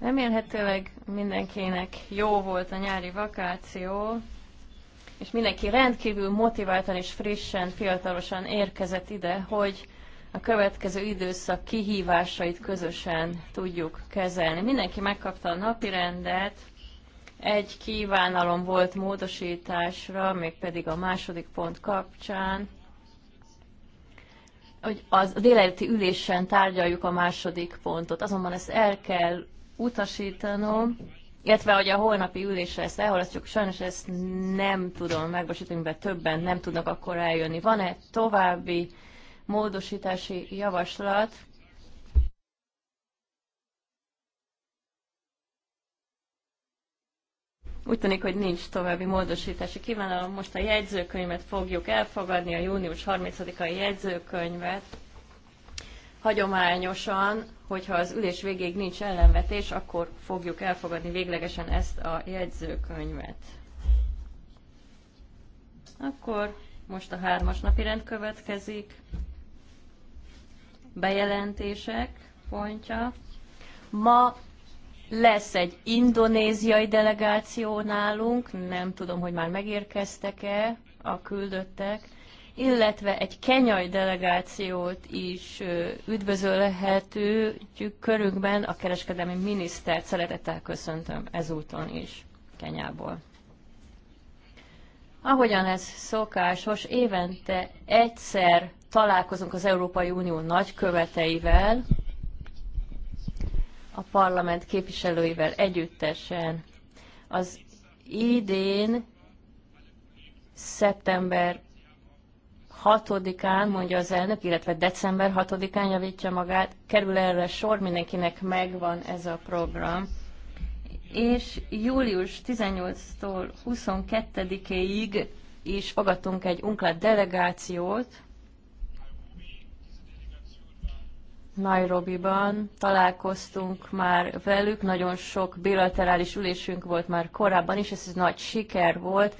Remélhetőleg mindenkinek jó volt a nyári vakáció, és mindenki rendkívül motiváltan és frissen, fiatalosan érkezett ide, hogy a következő időszak kihívásait közösen tudjuk kezelni. Mindenki megkapta a rendet, egy kívánalom volt módosításra, mégpedig a második pont kapcsán, hogy az délelőtti ülésen tárgyaljuk a második pontot. Azonban ezt el kell utasítanom, illetve hogy a holnapi ülésre ezt elhalasztjuk, sajnos ezt nem tudom megvasítani, mert többen nem tudnak akkor eljönni. Van-e további módosítási javaslat? Úgy tűnik, hogy nincs további módosítási kívánalom. Most a jegyzőkönyvet fogjuk elfogadni, a június 30-ai jegyzőkönyvet hagyományosan, hogyha az ülés végéig nincs ellenvetés, akkor fogjuk elfogadni véglegesen ezt a jegyzőkönyvet. Akkor most a hármas napi rend következik. Bejelentések pontja. Ma lesz egy indonéziai delegáció nálunk, nem tudom, hogy már megérkeztek-e a küldöttek, illetve egy kenyai delegációt is üdvözölhetőjük körünkben. A kereskedelmi minisztert szeretettel köszöntöm ezúton is Kenyából. Ahogyan ez szokásos, évente egyszer találkozunk az Európai Unió nagyköveteivel, a parlament képviselőivel együttesen. Az idén szeptember 6-án, mondja az elnök, illetve december 6-án javítja magát, kerül erre sor, mindenkinek megvan ez a program. És július 18-tól 22-ig is fogadtunk egy UNCLAD delegációt Nairobi-ban. Találkoztunk már velük, nagyon sok bilaterális ülésünk volt már korábban is, ez egy nagy siker volt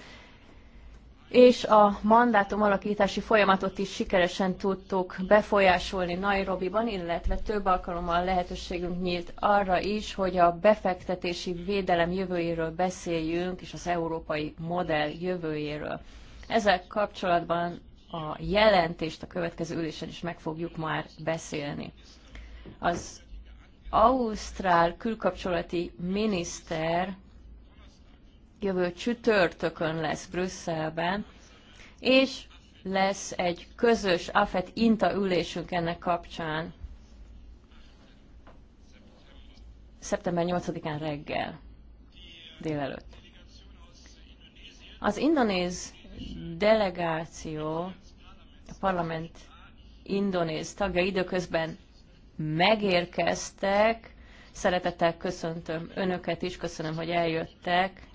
és a mandátum alakítási folyamatot is sikeresen tudtuk befolyásolni Nairobiban, illetve több alkalommal lehetőségünk nyílt arra is, hogy a befektetési védelem jövőjéről beszéljünk, és az európai modell jövőjéről. Ezzel kapcsolatban a jelentést a következő ülésen is meg fogjuk már beszélni. Az Ausztrál külkapcsolati miniszter jövő csütörtökön lesz Brüsszelben, és lesz egy közös AFET INTA ülésünk ennek kapcsán szeptember 8-án reggel délelőtt. Az indonéz delegáció, a parlament indonéz tagja időközben megérkeztek. Szeretettel köszöntöm önöket is, köszönöm, hogy eljöttek.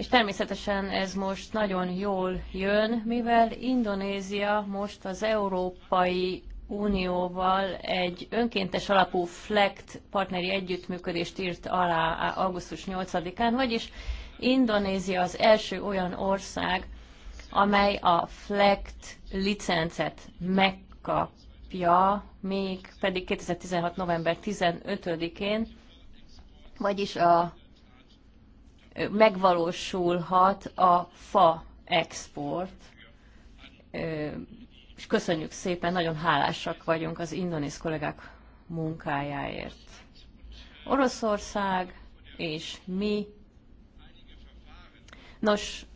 És természetesen ez most nagyon jól jön, mivel Indonézia most az Európai Unióval egy önkéntes alapú FLECT partneri együttműködést írt alá augusztus 8-án, vagyis Indonézia az első olyan ország, amely a FLECT licencet megkapja, még pedig 2016. november 15-én, vagyis a megvalósulhat a fa export. És köszönjük szépen, nagyon hálásak vagyunk az indonész kollégák munkájáért. Oroszország és mi. Nos,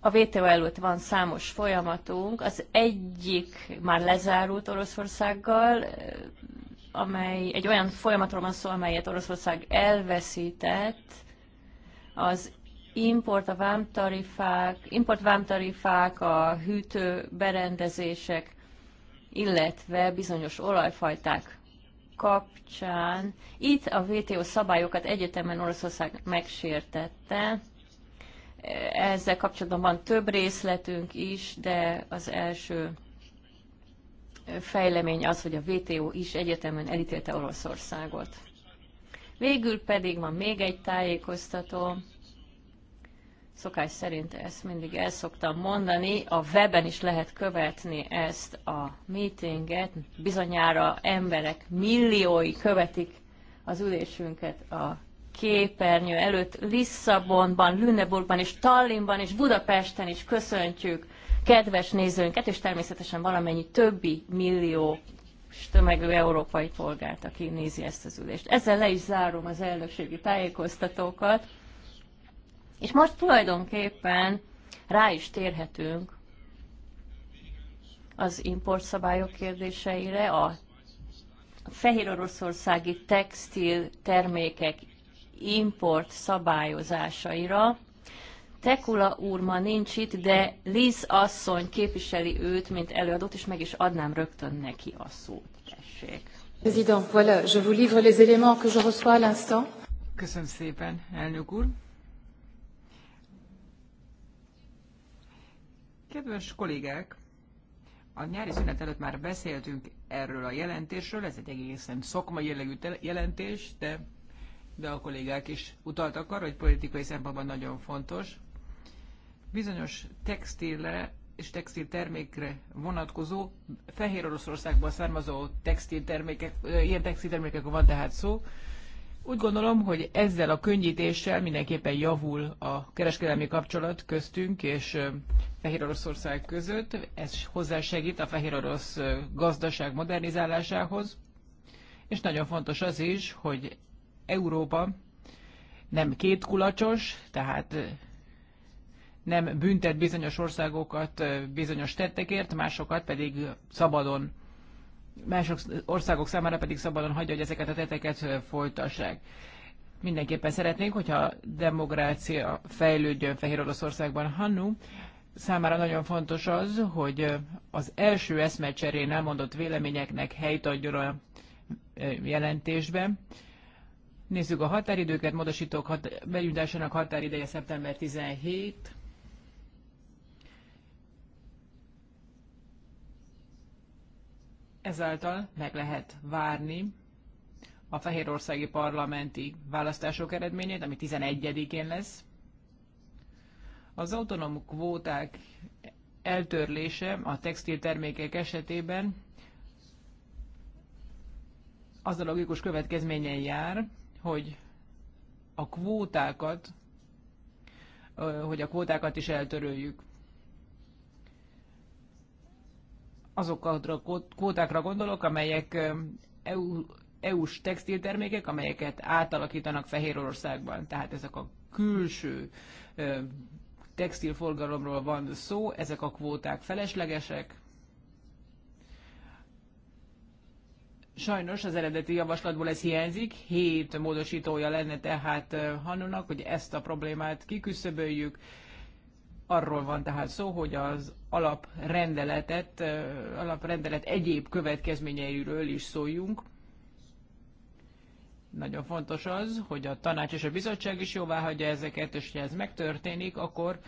a VTO előtt van számos folyamatunk. Az egyik már lezárult Oroszországgal, amely egy olyan folyamatról van szó, amelyet Oroszország elveszített, az import, a vámtarifák, import vámtarifák, a hűtő berendezések, illetve bizonyos olajfajták kapcsán. Itt a WTO szabályokat egyetemen Oroszország megsértette. Ezzel kapcsolatban van több részletünk is, de az első fejlemény az, hogy a WTO is egyetemen elítélte Oroszországot. Végül pedig van még egy tájékoztató. Szokás szerint ezt mindig el szoktam mondani, a weben is lehet követni ezt a meetinget. Bizonyára emberek milliói követik az ülésünket a képernyő előtt Lisszabonban, Lüneburgban és Tallinnban és Budapesten is köszöntjük kedves nézőinket, és természetesen valamennyi többi millió tömegű európai polgárt, aki nézi ezt az ülést. Ezzel le is zárom az elnökségi tájékoztatókat, és most tulajdonképpen rá is térhetünk az importszabályok kérdéseire, a fehér oroszországi textil termékek import szabályozásaira. Tekula úr ma nincs itt, de Liz asszony képviseli őt, mint előadót, és meg is adnám rögtön neki a szót. Tessék. Président, voilà, je vous livre les éléments que je reçois à l'instant. Köszönöm szépen, elnök úr. Kedves kollégák, a nyári szünet előtt már beszéltünk erről a jelentésről, ez egy egészen szakmai jellegű jelentés, de, de a kollégák is utaltak arra, hogy politikai szempontban nagyon fontos bizonyos textile és textil termékre vonatkozó, Fehér Oroszországból származó textil termékek, ilyen textil termékek van tehát szó. Úgy gondolom, hogy ezzel a könnyítéssel mindenképpen javul a kereskedelmi kapcsolat köztünk és Fehér Oroszország között. Ez hozzásegít a Fehér Orosz gazdaság modernizálásához. És nagyon fontos az is, hogy Európa nem kétkulacsos, tehát nem büntet bizonyos országokat bizonyos tettekért, másokat pedig szabadon, mások országok számára pedig szabadon hagyja, hogy ezeket a tetteket folytassák. Mindenképpen szeretnénk, hogyha demokrácia fejlődjön Fehér Oroszországban. Hannu, számára nagyon fontos az, hogy az első eszmecserén elmondott véleményeknek helyt adjon a jelentésbe. Nézzük a határidőket, módosítók hat, begyújtásának határideje szeptember 17, Ezáltal meg lehet várni a fehérországi parlamenti választások eredményét, ami 11-én lesz. Az autonóm kvóták eltörlése a textiltermékek esetében az a logikus következményen jár, hogy a kvótákat, hogy a kvótákat is eltöröljük. azokra a kvótákra gondolok, amelyek EU, EU-s textiltermékek, amelyeket átalakítanak Fehéroroszágban. Tehát ezek a külső textilforgalomról van szó, ezek a kvóták feleslegesek. Sajnos az eredeti javaslatból ez hiányzik, hét módosítója lenne tehát Hanunak, hogy ezt a problémát kiküszöböljük, Arról van tehát szó, hogy az alaprendeletet, alaprendelet egyéb következményeiről is szóljunk. Nagyon fontos az, hogy a tanács és a bizottság is jóvá hagyja ezeket, és ha ez megtörténik, akkor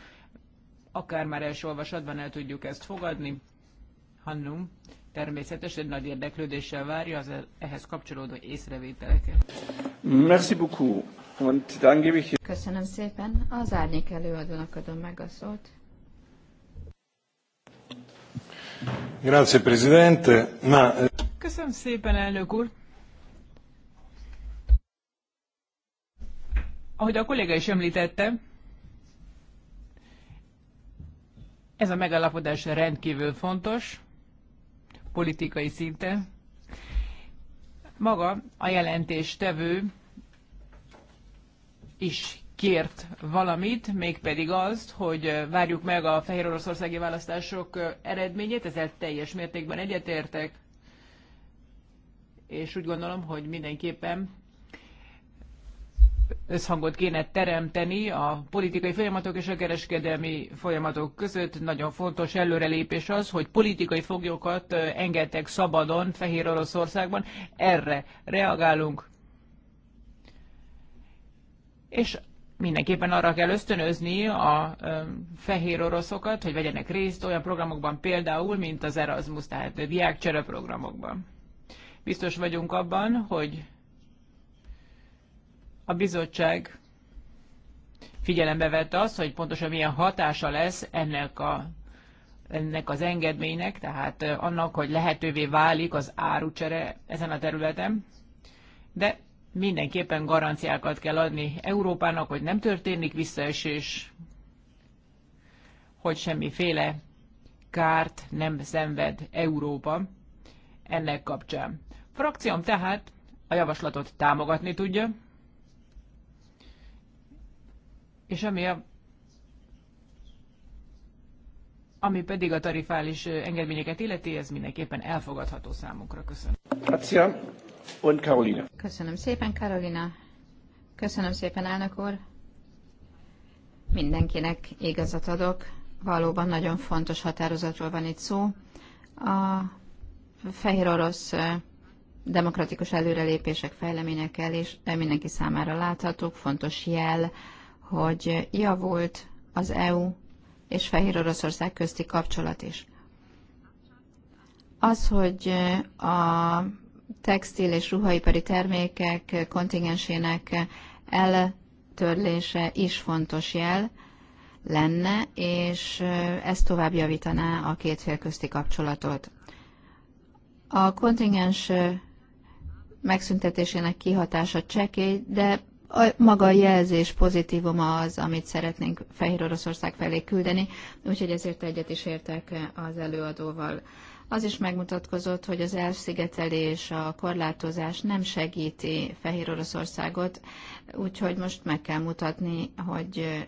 akár már első olvasatban el tudjuk ezt fogadni. Hannum természetesen nagy érdeklődéssel várja az ehhez kapcsolódó észrevételeket. Merci beaucoup. Köszönöm szépen. Az árnyék előadónak adom meg a szót. Grazie, Presidente. Ma... Eh, Köszönöm szépen, elnök úr. Ahogy a kolléga is említette, ez a megállapodás rendkívül fontos, politikai szinten. Maga a jelentéstevő is kért valamit, mégpedig azt, hogy várjuk meg a fehér oroszországi választások eredményét, ezzel teljes mértékben egyetértek, és úgy gondolom, hogy mindenképpen összhangot kéne teremteni a politikai folyamatok és a kereskedelmi folyamatok között. Nagyon fontos előrelépés az, hogy politikai foglyokat engedtek szabadon Fehér Oroszországban. Erre reagálunk és mindenképpen arra kell ösztönözni a fehér oroszokat, hogy vegyenek részt olyan programokban például, mint az Erasmus, tehát diákcsere programokban. Biztos vagyunk abban, hogy a bizottság figyelembe vette azt, hogy pontosan milyen hatása lesz ennek, a, ennek az engedménynek, tehát annak, hogy lehetővé válik az árucsere ezen a területen, de mindenképpen garanciákat kell adni Európának, hogy nem történik visszaesés, hogy semmiféle kárt nem szenved Európa ennek kapcsán. Frakcióm tehát a javaslatot támogatni tudja, és ami a ami pedig a tarifális engedményeket illeti, ez mindenképpen elfogadható számunkra. Köszönöm und Carolina. Köszönöm szépen, Carolina. Köszönöm szépen, elnök úr. Mindenkinek igazat adok. Valóban nagyon fontos határozatról van itt szó. A fehér orosz demokratikus előrelépések, fejlemények el, és mindenki számára láthatók, fontos jel, hogy javult az EU és Fehér Oroszország közti kapcsolat is. Az, hogy a textil és ruhaipari termékek kontingensének eltörlése is fontos jel lenne, és ez tovább javítaná a két fél közti kapcsolatot. A kontingens megszüntetésének kihatása csekély, de a maga a jelzés pozitívuma az, amit szeretnénk Fehér Oroszország felé küldeni, úgyhogy ezért egyet is értek az előadóval. Az is megmutatkozott, hogy az elszigetelés, a korlátozás nem segíti Fehér Oroszországot, úgyhogy most meg kell mutatni, hogy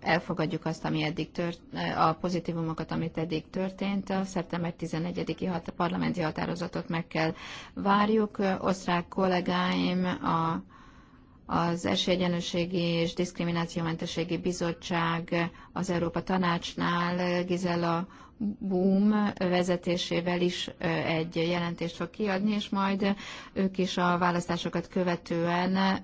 elfogadjuk azt, ami eddig tört, a pozitívumokat, amit eddig történt. A szeptember 11-i hat, parlamenti határozatot meg kell várjuk. Osztrák kollégáim a az Esélyegyenlőségi és Diszkriminációmentességi Bizottság az Európa Tanácsnál Gizela Boom vezetésével is egy jelentést fog kiadni, és majd ők is a választásokat követően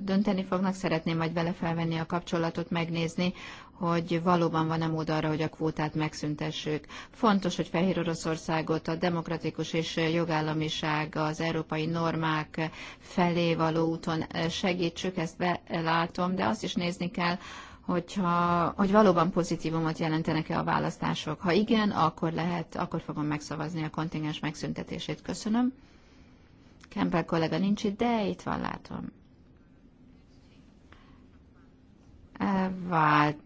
dönteni fognak. Szeretném majd vele felvenni a kapcsolatot, megnézni, hogy valóban van-e mód arra, hogy a kvótát megszüntessük. Fontos, hogy Fehér Oroszországot a demokratikus és jogállamiság az európai normák felé való úton eh, segítsük, ezt belátom, de azt is nézni kell, hogyha, hogy valóban pozitívumot jelentenek-e a választások. Ha igen, akkor lehet, akkor fogom megszavazni a kontingens megszüntetését. Köszönöm. Campbell kollega nincs itt, de itt van, látom. Eh, vált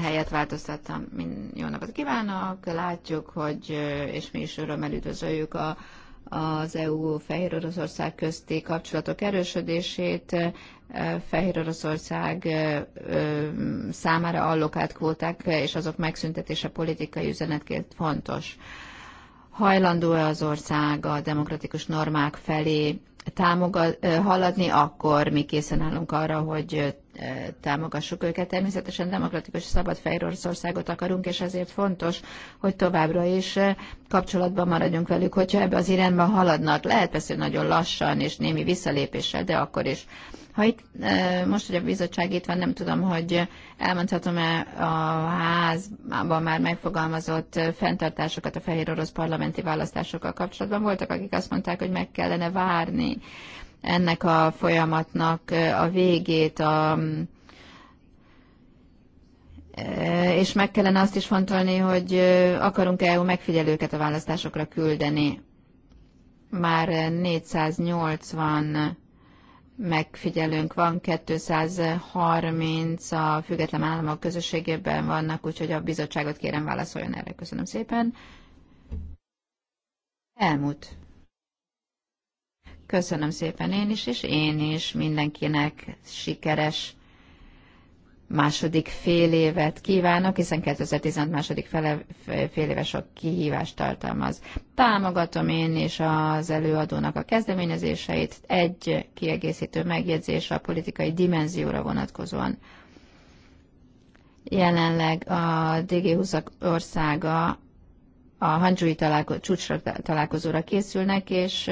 helyet változtattam. mint jó napot kívánok! Látjuk, hogy, és mi is örömmel üdvözöljük a, az EU Fehér Oroszország közti kapcsolatok erősödését. Fehér Oroszország számára allokált kvóták és azok megszüntetése politikai üzenetként fontos. Hajlandó-e az ország a demokratikus normák felé támogat, haladni, akkor mi készen állunk arra, hogy támogassuk őket. Természetesen demokratikus és szabad fehér Oroszországot akarunk, és ezért fontos, hogy továbbra is kapcsolatban maradjunk velük, hogyha ebbe az irányba haladnak. Lehet persze nagyon lassan és némi visszalépéssel, de akkor is. Ha itt, most, hogy a bizottság itt van, nem tudom, hogy elmondhatom-e a házban már megfogalmazott fenntartásokat a fehér orosz parlamenti választásokkal kapcsolatban. Voltak, akik azt mondták, hogy meg kellene várni ennek a folyamatnak a végét, a, és meg kellene azt is fontolni, hogy akarunk-e EU megfigyelőket a választásokra küldeni. Már 480 megfigyelőnk van, 230 a független államok közösségében vannak, úgyhogy a bizottságot kérem válaszoljon erre. Köszönöm szépen. Elmúlt. Köszönöm szépen én is, és én is mindenkinek sikeres második fél évet kívánok, hiszen 2016 második fele, fél éve sok kihívást tartalmaz. Támogatom én is az előadónak a kezdeményezéseit, egy kiegészítő megjegyzés a politikai dimenzióra vonatkozóan. Jelenleg a DG20 országa a Hanzsúi találko- csúcsra találkozóra készülnek, és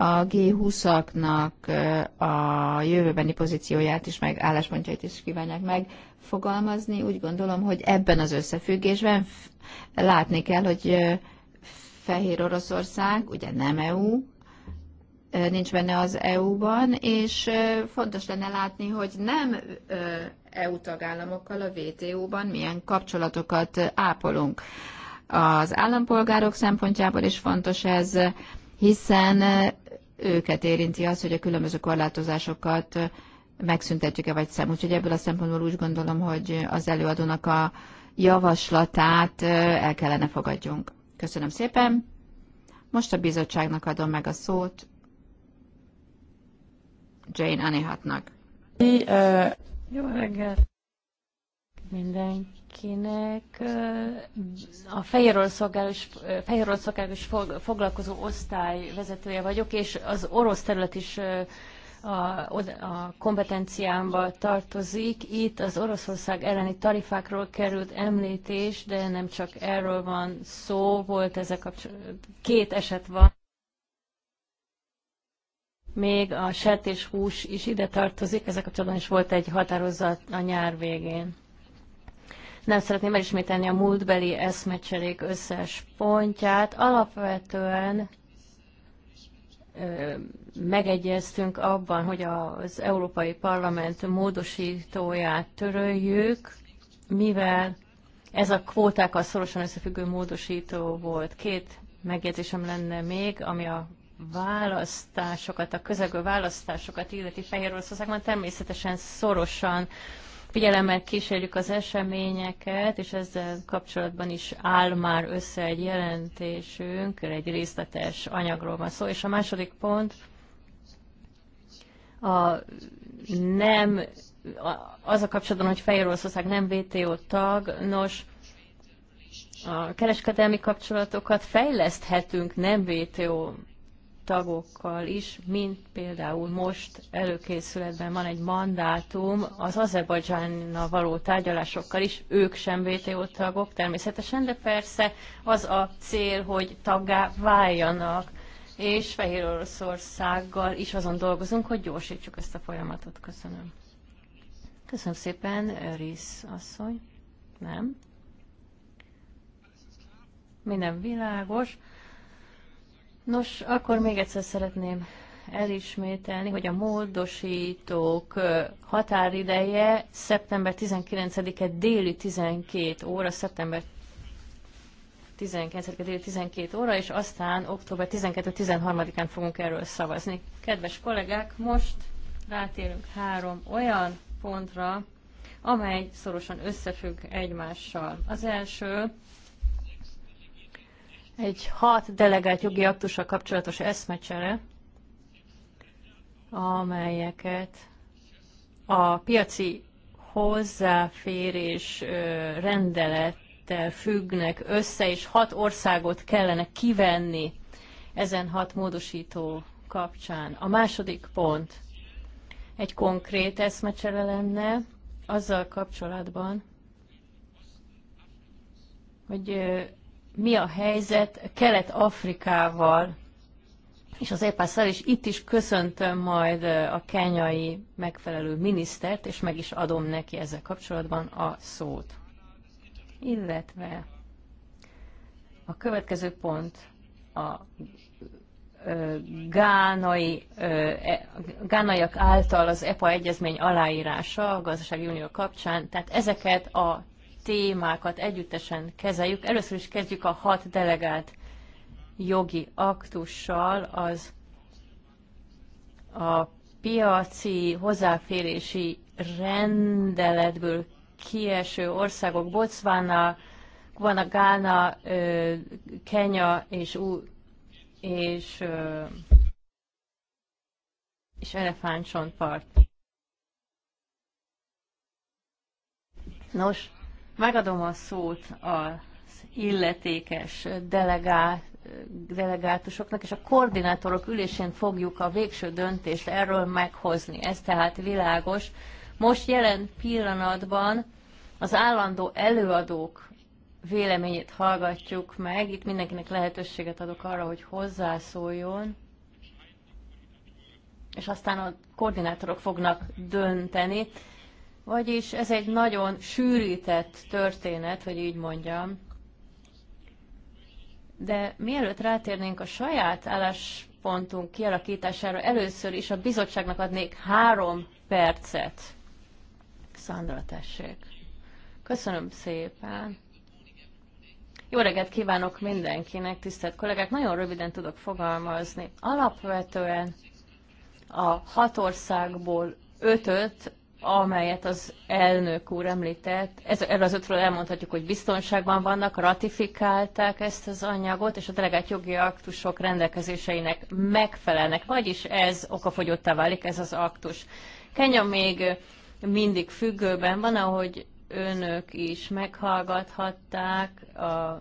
a G20-aknak a jövőbeni pozícióját is, meg álláspontjait is kívánják megfogalmazni. Úgy gondolom, hogy ebben az összefüggésben látni kell, hogy Fehér Oroszország, ugye nem EU, nincs benne az EU-ban, és fontos lenne látni, hogy nem EU tagállamokkal a WTO-ban milyen kapcsolatokat ápolunk. Az állampolgárok szempontjából is fontos ez, hiszen őket érinti az, hogy a különböző korlátozásokat megszüntetjük-e vagy szem. Úgyhogy ebből a szempontból úgy gondolom, hogy az előadónak a javaslatát el kellene fogadjunk. Köszönöm szépen. Most a bizottságnak adom meg a szót Jane Anihatnak. Jó reggelt mindenki akinek a fehérről szakállos foglalkozó osztály vezetője vagyok, és az orosz terület is a, a kompetenciámba tartozik. Itt az Oroszország elleni tarifákról került említés, de nem csak erről van szó, volt ezek kapcsolatban. Két eset van. Még a hús is ide tartozik, Ezek kapcsolatban is volt egy határozat a nyár végén. Nem szeretném elismételni a múltbeli eszmecserék összes pontját. Alapvetően megegyeztünk abban, hogy az Európai Parlament módosítóját töröljük, mivel ez a kvótákkal szorosan összefüggő módosító volt. Két megjegyzésem lenne még, ami a választásokat, a közegő választásokat illeti Fehéroroszországban természetesen szorosan figyelemmel kísérjük az eseményeket, és ezzel kapcsolatban is áll már össze egy jelentésünk, egy részletes anyagról van szó. És a második pont a nem, az a kapcsolatban, hogy Fehér Oroszország nem WTO tag, nos, a kereskedelmi kapcsolatokat fejleszthetünk nem WTO tagokkal is, mint például most előkészületben van egy mandátum az Azerbajdzsánnal való tárgyalásokkal is, ők sem VTO tagok természetesen, de persze az a cél, hogy taggá váljanak, és Fehér Oroszországgal is azon dolgozunk, hogy gyorsítsuk ezt a folyamatot. Köszönöm. Köszönöm szépen, Risz asszony. Nem? Minden világos. Nos, akkor még egyszer szeretném elismételni, hogy a módosítók határideje szeptember 19-e déli 12 óra, szeptember 19-e déli 12 óra, és aztán október 12-13-án fogunk erről szavazni. Kedves kollégák, most rátérünk három olyan pontra, amely szorosan összefügg egymással. Az első egy hat delegált jogi aktusa kapcsolatos eszmecsere, amelyeket a piaci hozzáférés rendelettel függnek össze, és hat országot kellene kivenni ezen hat módosító kapcsán. A második pont egy konkrét eszmecsere lenne azzal kapcsolatban, hogy mi a helyzet Kelet-Afrikával, és az epa is itt is köszöntöm majd a kenyai megfelelő minisztert, és meg is adom neki ezzel kapcsolatban a szót. Illetve a következő pont a gánai, e, gánaiak által az EPA egyezmény aláírása a gazdasági unió kapcsán, tehát ezeket a témákat együttesen kezeljük. Először is kezdjük a hat delegált jogi aktussal, az a piaci hozzáférési rendeletből kieső országok, Botswana, Guana, Gána, Kenya és, u és, és part Nos, Megadom a szót az illetékes delegát, delegátusoknak, és a koordinátorok ülésén fogjuk a végső döntést erről meghozni. Ez tehát világos. Most jelen pillanatban az állandó előadók véleményét hallgatjuk meg. Itt mindenkinek lehetőséget adok arra, hogy hozzászóljon. És aztán a koordinátorok fognak dönteni. Vagyis ez egy nagyon sűrített történet, hogy így mondjam. De mielőtt rátérnénk a saját álláspontunk kialakítására, először is a bizottságnak adnék három percet. Szandra, tessék. Köszönöm szépen. Jó reggelt kívánok mindenkinek, tisztelt kollégák! Nagyon röviden tudok fogalmazni. Alapvetően a hat országból ötöt amelyet az elnök úr említett. Ez, erről az ötről elmondhatjuk, hogy biztonságban vannak, ratifikálták ezt az anyagot, és a delegált jogi aktusok rendelkezéseinek megfelelnek, vagyis ez okafogyottá válik, ez az aktus. Kenya még mindig függőben van, ahogy önök is meghallgathatták, a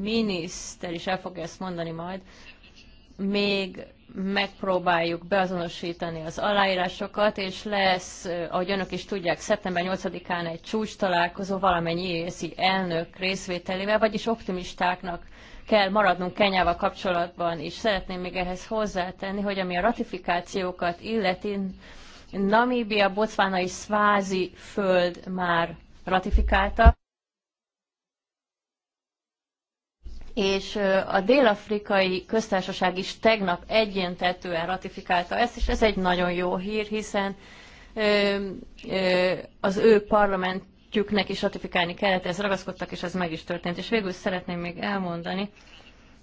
miniszter is el fogja ezt mondani majd, még megpróbáljuk beazonosítani az aláírásokat, és lesz, eh, ahogy önök is tudják, szeptember 8-án egy csúcs találkozó valamennyi észi elnök részvételével, vagyis optimistáknak kell maradnunk Kenyával kapcsolatban, és szeretném még ehhez hozzátenni, hogy ami a ratifikációkat illeti, Namíbia, Botswana és Szvázi föld már ratifikáltak. és a dél-afrikai köztársaság is tegnap egyéntetően ratifikálta ezt, és ez egy nagyon jó hír, hiszen az ő parlamentjüknek is ratifikálni kellett, ez ragaszkodtak, és ez meg is történt. És végül szeretném még elmondani,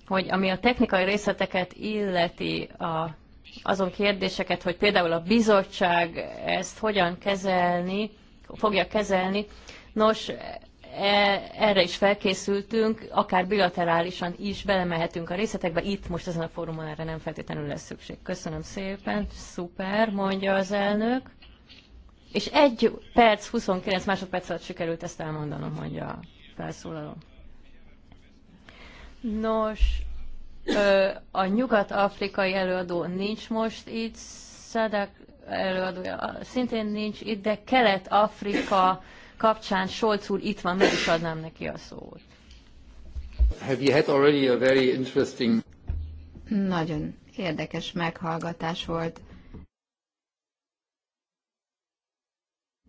hogy ami a technikai részleteket illeti a, azon kérdéseket, hogy például a bizottság ezt hogyan kezelni, fogja kezelni, nos, E, erre is felkészültünk, akár bilaterálisan is belemehetünk a részletekbe, itt most ezen a fórumon erre nem feltétlenül lesz szükség. Köszönöm szépen, szuper, mondja az elnök. És egy perc, 29 másodperc alatt sikerült ezt elmondanom, mondja a felszólaló. Nos, a nyugat-afrikai előadó nincs most itt, Szedek előadója szintén nincs itt, de Kelet-Afrika kapcsán Scholz úr itt van, meg is adnám neki a szót. Have you had already a very interesting... Nagyon érdekes meghallgatás volt.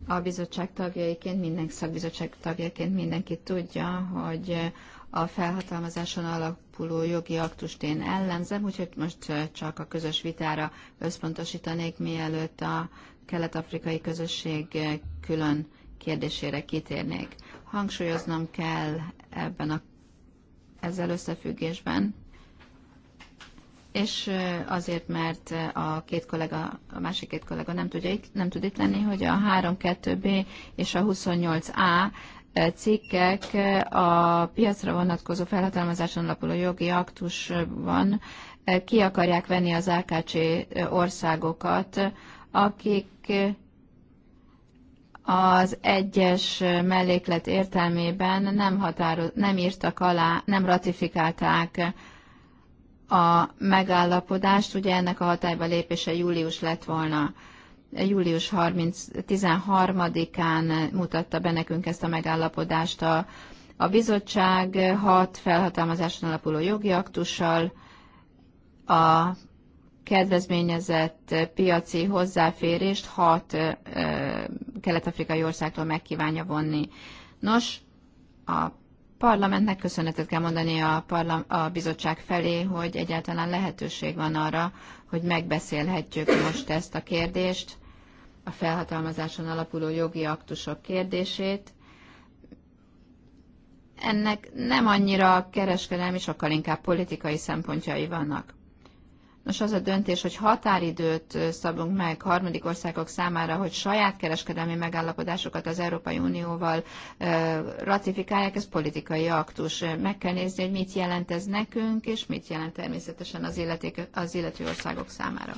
A bizottság tagjaiként, minden szakbizottság tagjaként mindenki tudja, hogy a felhatalmazáson alapuló jogi aktust én ellenzem, úgyhogy most csak a közös vitára összpontosítanék, mielőtt a kelet-afrikai közösség külön kérdésére kitérnék. Hangsúlyoznom kell ebben a, ezzel összefüggésben, és azért, mert a két kollega, a másik két kollega nem, tudja itt, nem tud itt lenni, hogy a 3.2b és a 28a cikkek a piacra vonatkozó felhatalmazáson alapuló jogi aktusban ki akarják venni az AKC országokat, akik az egyes melléklet értelmében nem, határoz, nem írtak alá, nem ratifikálták a megállapodást, ugye ennek a hatályba lépése július lett volna. Július 30, 13-án mutatta be nekünk ezt a megállapodást a, a bizottság hat felhatalmazáson alapuló jogi aktussal, a kedvezményezett piaci hozzáférést hat ö, kelet-afrikai országtól megkívánja vonni. Nos, a parlamentnek köszönetet kell mondani a, parlam- a bizottság felé, hogy egyáltalán lehetőség van arra, hogy megbeszélhetjük most ezt a kérdést, a felhatalmazáson alapuló jogi aktusok kérdését. Ennek nem annyira kereskedelmi, sokkal inkább politikai szempontjai vannak. Nos, az a döntés, hogy határidőt szabunk meg harmadik országok számára, hogy saját kereskedelmi megállapodásokat az Európai Unióval ratifikálják, ez politikai aktus. Meg kell nézni, hogy mit jelent ez nekünk, és mit jelent természetesen az, illeték, az illető országok számára.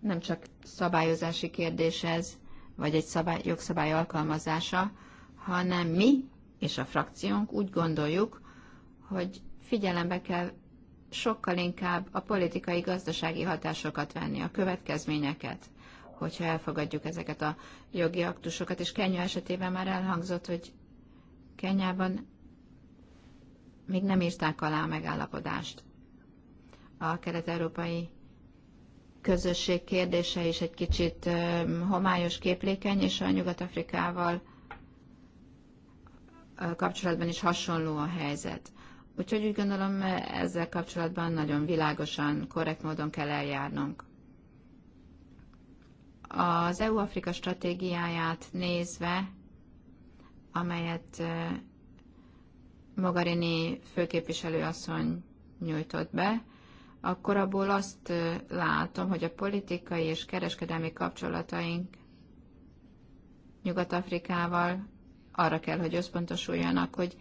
Nem csak szabályozási kérdés ez, vagy egy szabály, jogszabály alkalmazása, hanem mi és a frakciónk úgy gondoljuk, hogy figyelembe kell sokkal inkább a politikai-gazdasági hatásokat venni, a következményeket, hogyha elfogadjuk ezeket a jogi aktusokat. És Kenya esetében már elhangzott, hogy Kenyában még nem írták alá a megállapodást. A kelet-európai közösség kérdése is egy kicsit homályos képlékeny, és a Nyugat-Afrikával kapcsolatban is hasonló a helyzet. Úgyhogy úgy gondolom, ezzel kapcsolatban nagyon világosan, korrekt módon kell eljárnunk. Az EU-Afrika stratégiáját nézve, amelyet Mogarini főképviselőasszony nyújtott be, akkor abból azt látom, hogy a politikai és kereskedelmi kapcsolataink Nyugat-Afrikával arra kell, hogy összpontosuljanak, hogy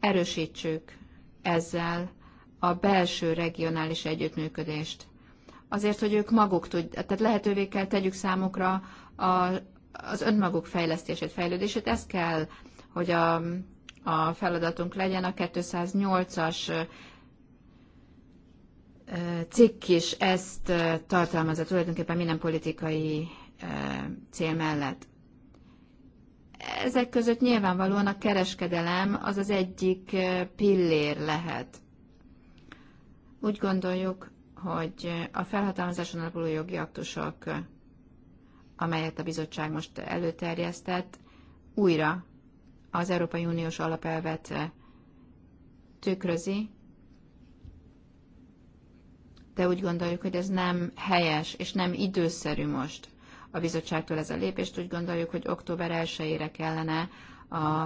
erősítsük ezzel a belső regionális együttműködést. Azért, hogy ők maguk tud, tehát lehetővé kell tegyük számukra a, az önmaguk fejlesztését, fejlődését. Ez kell, hogy a, a feladatunk legyen a 208-as cikk is ezt tartalmazza tulajdonképpen minden politikai cél mellett. Ezek között nyilvánvalóan a kereskedelem az az egyik pillér lehet. Úgy gondoljuk, hogy a felhatalmazáson alapuló jogi aktusok, amelyet a bizottság most előterjesztett, újra az Európai Uniós alapelvet tükrözi, de úgy gondoljuk, hogy ez nem helyes és nem időszerű most a bizottságtól ez a lépést. Úgy gondoljuk, hogy október 1-ére kellene a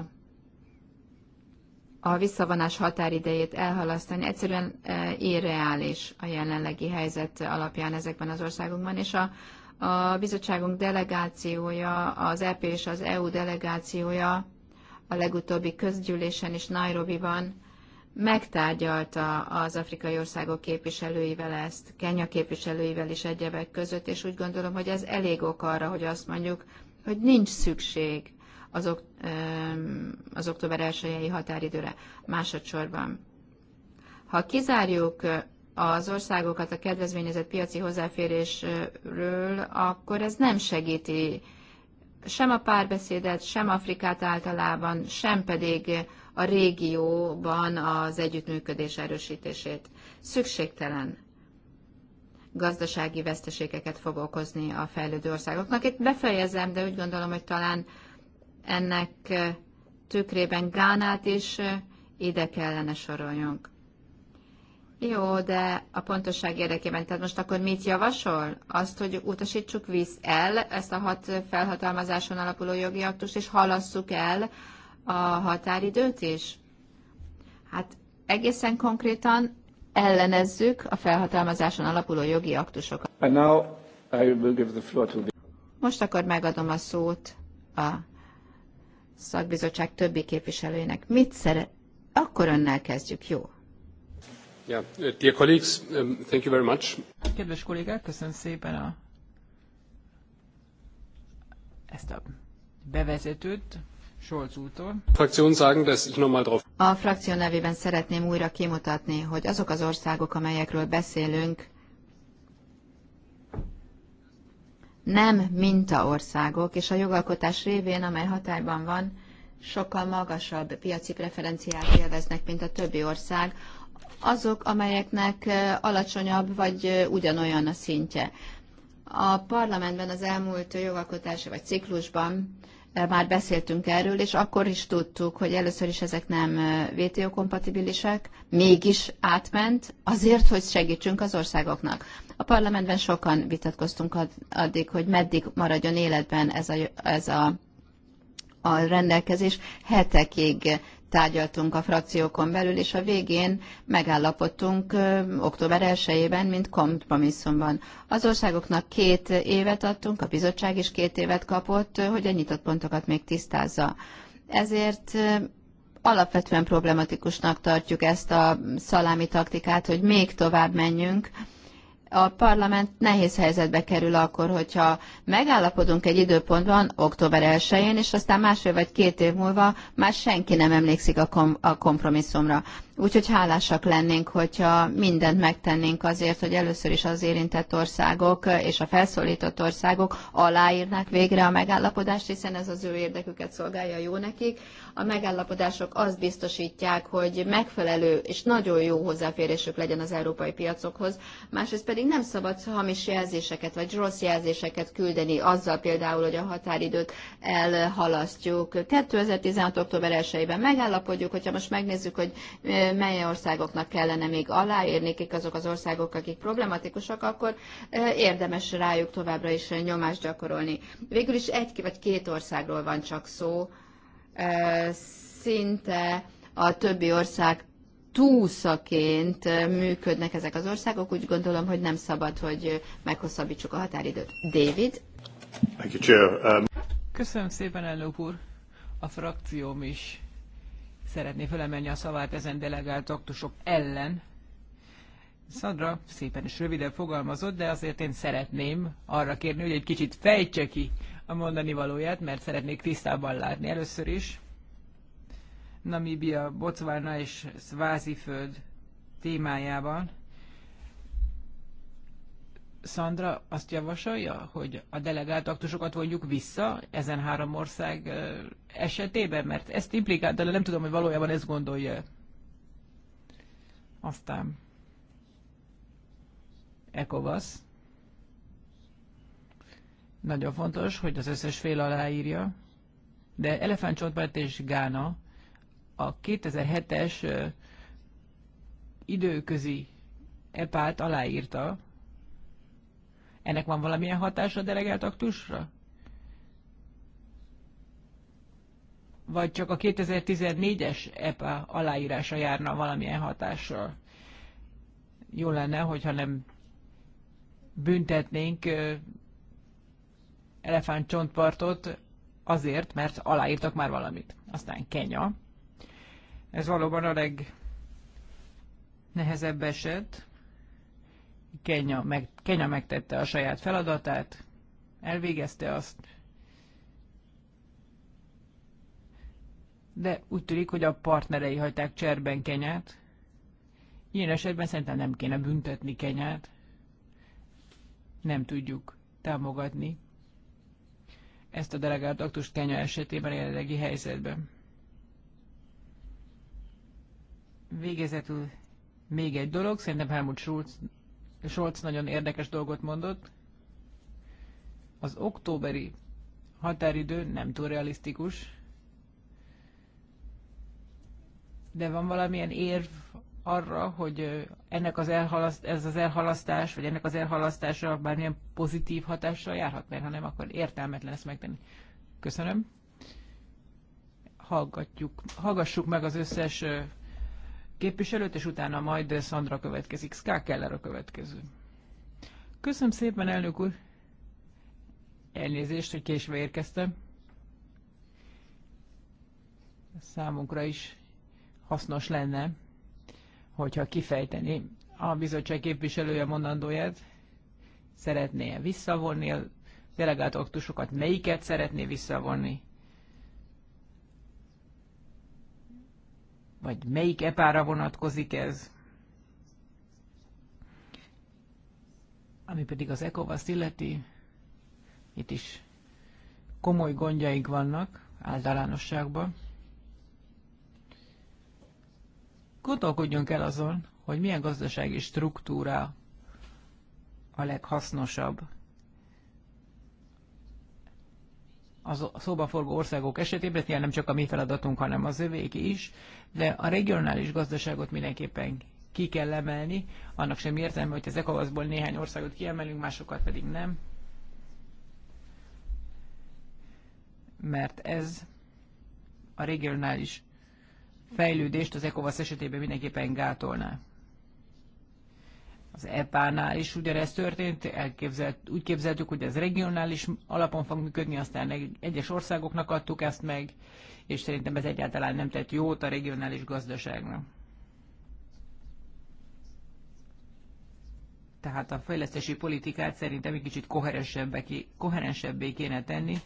a visszavonás határidejét elhalasztani egyszerűen e, irreális a jelenlegi helyzet alapján ezekben az országokban, és a, a bizottságunk delegációja, az EP és az EU delegációja a legutóbbi közgyűlésen is Nairobi Nairobi-ban megtárgyalta az afrikai országok képviselőivel ezt, Kenya képviselőivel is egyebek között, és úgy gondolom, hogy ez elég ok arra, hogy azt mondjuk, hogy nincs szükség az, ok, az október 1 határidőre másodszorban. Ha kizárjuk az országokat a kedvezményezett piaci hozzáférésről, akkor ez nem segíti sem a párbeszédet, sem Afrikát általában, sem pedig a régióban az együttműködés erősítését. Szükségtelen gazdasági veszteségeket fog okozni a fejlődő országoknak. Itt befejezem, de úgy gondolom, hogy talán ennek tükrében Gánát is ide kellene soroljunk. Jó, de a pontosság érdekében, tehát most akkor mit javasol? Azt, hogy utasítsuk visz el ezt a hat felhatalmazáson alapuló jogi aktust, és halasszuk el a határidőt is? Hát egészen konkrétan ellenezzük a felhatalmazáson alapuló jogi aktusokat. Most akkor megadom a szót a szakbizottság többi képviselőjének. Mit szeret? Akkor önnel kezdjük, jó? Yeah. Dear colleagues, um, thank you very much. Kedves kollégák, köszönöm szépen a, ezt a bevezetőt. A frakció nevében szeretném újra kimutatni, hogy azok az országok, amelyekről beszélünk, nem mintaországok, és a jogalkotás révén, amely hatályban van, sokkal magasabb piaci preferenciát élveznek, mint a többi ország, azok, amelyeknek alacsonyabb vagy ugyanolyan a szintje. A parlamentben az elmúlt jogalkotási vagy ciklusban már beszéltünk erről, és akkor is tudtuk, hogy először is ezek nem WTO kompatibilisek, mégis átment, azért, hogy segítsünk az országoknak. A parlamentben sokan vitatkoztunk addig, hogy meddig maradjon életben ez a, ez a a rendelkezés hetekig tárgyaltunk a frakciókon belül, és a végén megállapodtunk ö, október 1-ében, mint kompromisszumban. Az országoknak két évet adtunk, a bizottság is két évet kapott, hogy a nyitott pontokat még tisztázza. Ezért ö, alapvetően problematikusnak tartjuk ezt a szalámi taktikát, hogy még tovább menjünk, a parlament nehéz helyzetbe kerül akkor, hogyha megállapodunk egy időpontban, október 1-én, és aztán másfél vagy két év múlva már senki nem emlékszik a, kom- a kompromisszumra. Úgyhogy hálásak lennénk, hogyha mindent megtennénk azért, hogy először is az érintett országok és a felszólított országok aláírnák végre a megállapodást, hiszen ez az ő érdeküket szolgálja jó nekik a megállapodások azt biztosítják, hogy megfelelő és nagyon jó hozzáférésük legyen az európai piacokhoz, másrészt pedig nem szabad hamis jelzéseket vagy rossz jelzéseket küldeni azzal például, hogy a határidőt elhalasztjuk. 2016. október 1-ben megállapodjuk, hogyha most megnézzük, hogy mely országoknak kellene még aláírni, kik azok az országok, akik problematikusak, akkor érdemes rájuk továbbra is nyomást gyakorolni. Végül is egy vagy két országról van csak szó, szinte a többi ország túszaként működnek ezek az országok, úgy gondolom, hogy nem szabad, hogy meghosszabbítsuk a határidőt. David? Um, Köszönöm szépen, elnök úr. A frakcióm is szeretné felemelni a szavát ezen delegált aktusok ellen. Szandra szépen és röviden fogalmazott, de azért én szeretném arra kérni, hogy egy kicsit fejtse ki a mondani valóját, mert szeretnék tisztában látni. Először is Namíbia, Botswana és Sváziföld témájában Szandra azt javasolja, hogy a delegált aktusokat vonjuk vissza ezen három ország esetében, mert ezt implikált, de nem tudom, hogy valójában ezt gondolja. Aztán ECOWAS. Nagyon fontos, hogy az összes fél aláírja, de Elefántcsontpárt és Gána a 2007-es időközi epát aláírta. Ennek van valamilyen hatása a delegált aktusra? Vagy csak a 2014-es EPA aláírása járna valamilyen hatással? Jó lenne, hogyha nem büntetnénk elefántcsontpartot azért, mert aláírtak már valamit. Aztán Kenya. Ez valóban a legnehezebb eset. Kenya, meg, Kenya megtette a saját feladatát, elvégezte azt, de úgy tűnik, hogy a partnerei hagyták cserben Kenyát. Ilyen esetben szerintem nem kéne büntetni Kenyát. Nem tudjuk támogatni ezt a delegált aktust Kenya esetében a jelenlegi helyzetben. Végezetül még egy dolog, szerintem Helmut Schulz, Scholz nagyon érdekes dolgot mondott. Az októberi határidő nem túl realisztikus, de van valamilyen érv arra, hogy ennek az elhalaszt, ez az elhalasztás, vagy ennek az elhalasztása bármilyen pozitív hatással járhat, mert ha nem, akkor értelmetlen ezt megtenni. Köszönöm. Hallgatjuk, hallgassuk meg az összes képviselőt, és utána majd Szandra következik. Ská Keller a következő. Köszönöm szépen, elnök úr. Elnézést, hogy késve érkeztem. Számunkra is hasznos lenne hogyha kifejteni a bizottság képviselője mondandóját, szeretné -e visszavonni a delegált aktusokat, melyiket szeretné visszavonni, vagy melyik epára vonatkozik ez, ami pedig az ECOVAS illeti, itt is komoly gondjaink vannak általánosságban. Gondolkodjunk el azon, hogy milyen gazdasági struktúra a leghasznosabb az szóba forgó országok esetében, tehát nem csak a mi feladatunk, hanem az övék is, de a regionális gazdaságot mindenképpen ki kell emelni, annak sem értelme, hogy az ECOWAS-ból néhány országot kiemelünk, másokat pedig nem. Mert ez a regionális fejlődést az ECOWAS esetében mindenképpen gátolná. Az EPA-nál is ugyanezt történt, elképzelt, úgy képzeltük, hogy ez regionális alapon fog működni, aztán egyes országoknak adtuk ezt meg, és szerintem ez egyáltalán nem tett jót a regionális gazdaságnak. Tehát a fejlesztési politikát szerintem egy kicsit koherensebbé kéne tenni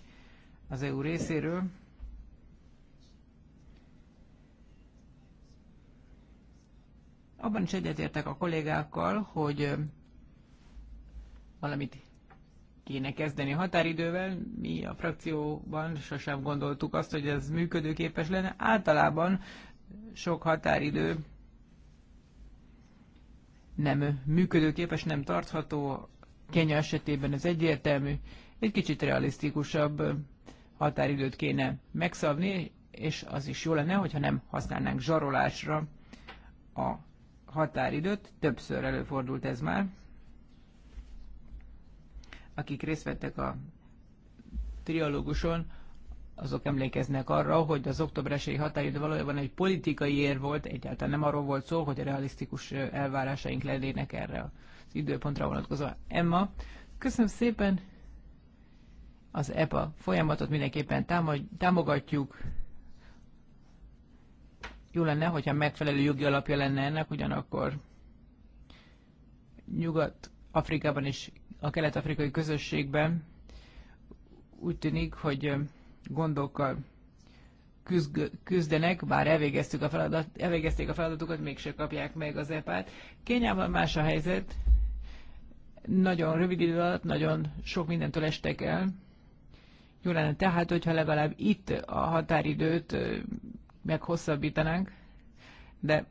az EU részéről. Abban is egyetértek a kollégákkal, hogy valamit kéne kezdeni határidővel. Mi a frakcióban sosem gondoltuk azt, hogy ez működőképes lenne. Általában sok határidő nem működőképes, nem tartható. Kenya esetében ez egyértelmű. Egy kicsit realisztikusabb határidőt kéne megszabni, és az is jó lenne, hogyha nem használnánk zsarolásra a határidőt, többször előfordult ez már. Akik részt vettek a trialóguson, azok emlékeznek arra, hogy az október esélyi határidő valójában egy politikai ér volt, egyáltalán nem arról volt szó, hogy a realisztikus elvárásaink lennének erre az időpontra vonatkozva. Emma, köszönöm szépen! Az EPA folyamatot mindenképpen támogatjuk, jó lenne, hogyha megfelelő jogi alapja lenne ennek, ugyanakkor Nyugat-Afrikában és a kelet-afrikai közösségben úgy tűnik, hogy gondokkal küzdenek, bár elvégeztük a feladat, elvégezték a feladatukat, mégse kapják meg az EPA-t. Kényában más a helyzet, nagyon rövid idő alatt nagyon sok mindentől estek el. Jó lenne tehát, hogyha legalább itt a határidőt meghosszabbítanánk, de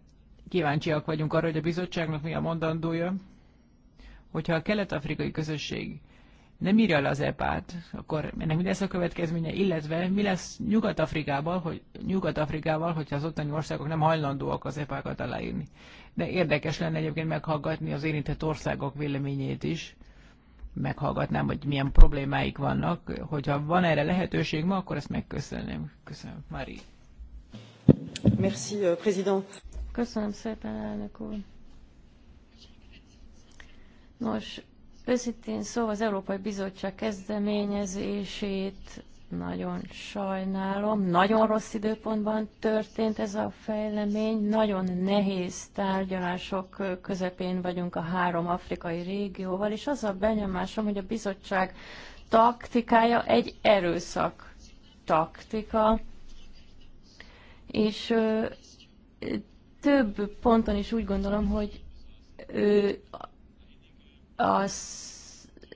kíváncsiak vagyunk arra, hogy a bizottságnak mi a mondandója, hogyha a kelet-afrikai közösség nem írja le az EPA-t, akkor ennek mi lesz a következménye, illetve mi lesz Nyugat-Afrikával, hogy, Nyugat-Afrikával, hogyha az ottani országok nem hajlandóak az EPA-kat aláírni. De érdekes lenne egyébként meghallgatni az érintett országok véleményét is, meghallgatnám, hogy milyen problémáik vannak. Hogyha van erre lehetőség ma, akkor ezt megköszönném. Köszönöm, Mari. Merci, euh, président. Köszönöm szépen, elnök úr. Nos, őszintén szó szóval az Európai Bizottság kezdeményezését nagyon sajnálom. Nagyon rossz időpontban történt ez a fejlemény. Nagyon nehéz tárgyalások közepén vagyunk a három afrikai régióval, és az a benyomásom, hogy a bizottság taktikája egy erőszak taktika és több ponton is úgy gondolom, hogy a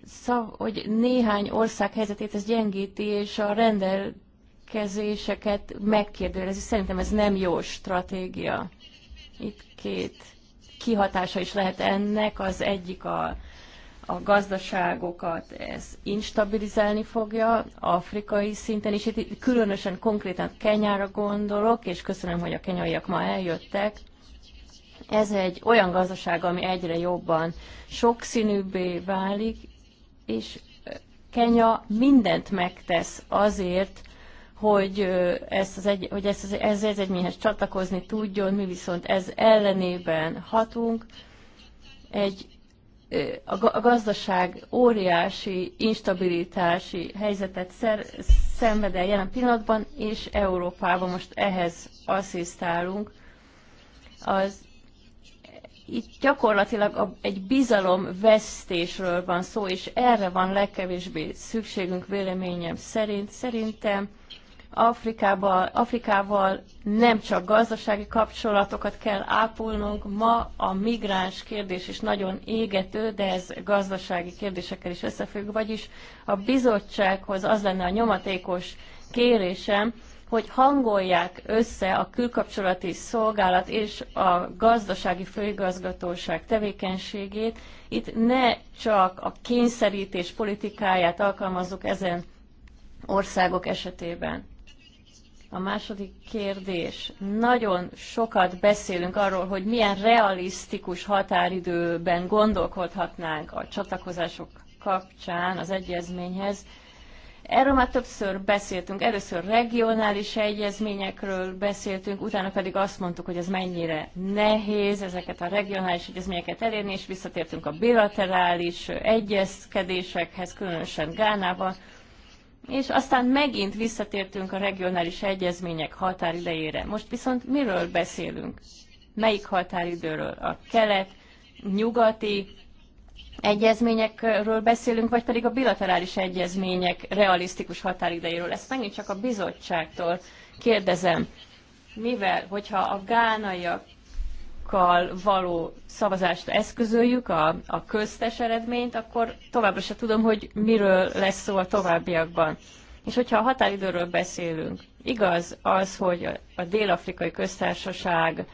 szav, hogy néhány ország helyzetét ez gyengíti, és a rendelkezéseket megkérdőjelezi. Szerintem ez nem jó stratégia. Itt két kihatása is lehet ennek. Az egyik a a gazdaságokat ez instabilizálni fogja, afrikai szinten is, itt különösen konkrétan Kenyára gondolok, és köszönöm, hogy a kenyaiak ma eljöttek. Ez egy olyan gazdaság, ami egyre jobban sokszínűbbé válik, és Kenya mindent megtesz azért, hogy ezt az egy, hogy ezt az, ez egyezményhez csatlakozni tudjon, mi viszont ez ellenében hatunk. Egy a gazdaság óriási instabilitási helyzetet szer, szenved el jelen pillanatban, és Európában most ehhez asszisztálunk. Az, itt gyakorlatilag a, egy vesztésről van szó, és erre van legkevésbé szükségünk véleményem szerint. Szerintem Afrikával, Afrikával nem csak gazdasági kapcsolatokat kell ápolnunk, ma a migráns kérdés is nagyon égető, de ez gazdasági kérdésekkel is összefügg, vagyis a bizottsághoz az lenne a nyomatékos kérésem, hogy hangolják össze a külkapcsolati szolgálat és a gazdasági főigazgatóság tevékenységét. Itt ne csak a kényszerítés politikáját alkalmazzuk ezen országok esetében. A második kérdés. Nagyon sokat beszélünk arról, hogy milyen realisztikus határidőben gondolkodhatnánk a csatlakozások kapcsán az egyezményhez. Erről már többször beszéltünk. Először regionális egyezményekről beszéltünk, utána pedig azt mondtuk, hogy ez mennyire nehéz ezeket a regionális egyezményeket elérni, és visszatértünk a bilaterális egyezkedésekhez, különösen Gánában és aztán megint visszatértünk a regionális egyezmények határidejére. Most viszont miről beszélünk? Melyik határidőről? A kelet-nyugati egyezményekről beszélünk, vagy pedig a bilaterális egyezmények realisztikus határidejéről? Ezt megint csak a bizottságtól kérdezem. Mivel, hogyha a gánaiak szavakkal való szavazást eszközöljük, a, a köztes eredményt, akkor továbbra se tudom, hogy miről lesz szó a továbbiakban. És hogyha a határidőről beszélünk, igaz az, hogy a Dél-Afrikai Köztársaság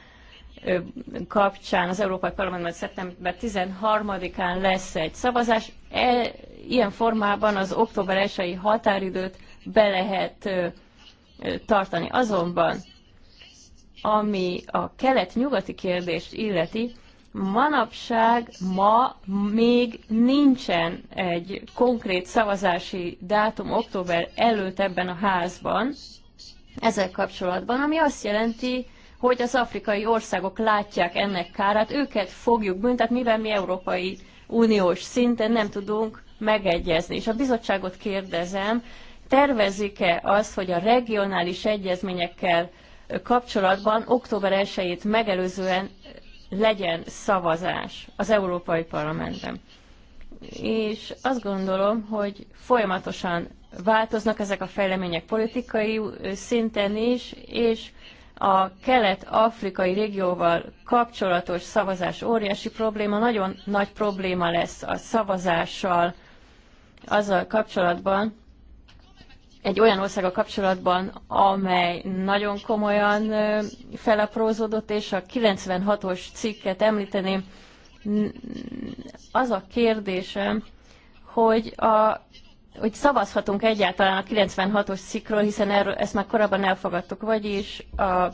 kapcsán az Európai Parlamentben szeptember 13-án lesz egy szavazás. E, ilyen formában az október 1 határidőt be lehet tartani. Azonban ami a kelet-nyugati kérdést illeti, manapság ma még nincsen egy konkrét szavazási dátum október előtt ebben a házban ezzel kapcsolatban, ami azt jelenti, hogy az afrikai országok látják ennek kárát, őket fogjuk büntetni, mivel mi Európai Uniós szinten nem tudunk megegyezni. És a bizottságot kérdezem, tervezik-e azt, hogy a regionális egyezményekkel kapcsolatban október 1 megelőzően legyen szavazás az Európai Parlamentben. És azt gondolom, hogy folyamatosan változnak ezek a fejlemények politikai szinten is, és a kelet-afrikai régióval kapcsolatos szavazás óriási probléma, nagyon nagy probléma lesz a szavazással azzal kapcsolatban, egy olyan országa kapcsolatban, amely nagyon komolyan felaprózódott, és a 96-os cikket említeném, az a kérdésem, hogy, a, hogy szavazhatunk egyáltalán a 96-os cikkről, hiszen erről, ezt már korábban elfogadtuk, vagyis a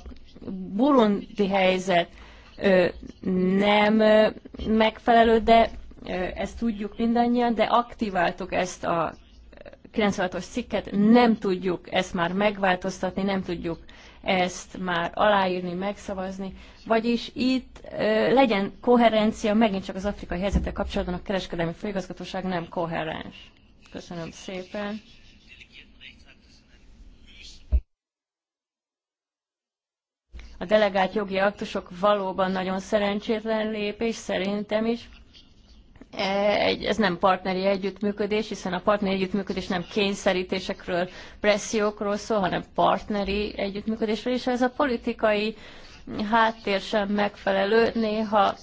burundi helyzet nem megfelelő, de ezt tudjuk mindannyian, de aktiváltuk ezt a 96-os cikket, nem tudjuk ezt már megváltoztatni, nem tudjuk ezt már aláírni, megszavazni, vagyis itt ö, legyen koherencia, megint csak az afrikai helyzetek kapcsolatban a kereskedelmi főigazgatóság nem koherens. Köszönöm szépen. A delegált jogi aktusok valóban nagyon szerencsétlen lépés, szerintem is ez nem partneri együttműködés, hiszen a partneri együttműködés nem kényszerítésekről, pressziókról szól, hanem partneri együttműködésről, és ez a politikai háttér sem megfelelő. Néha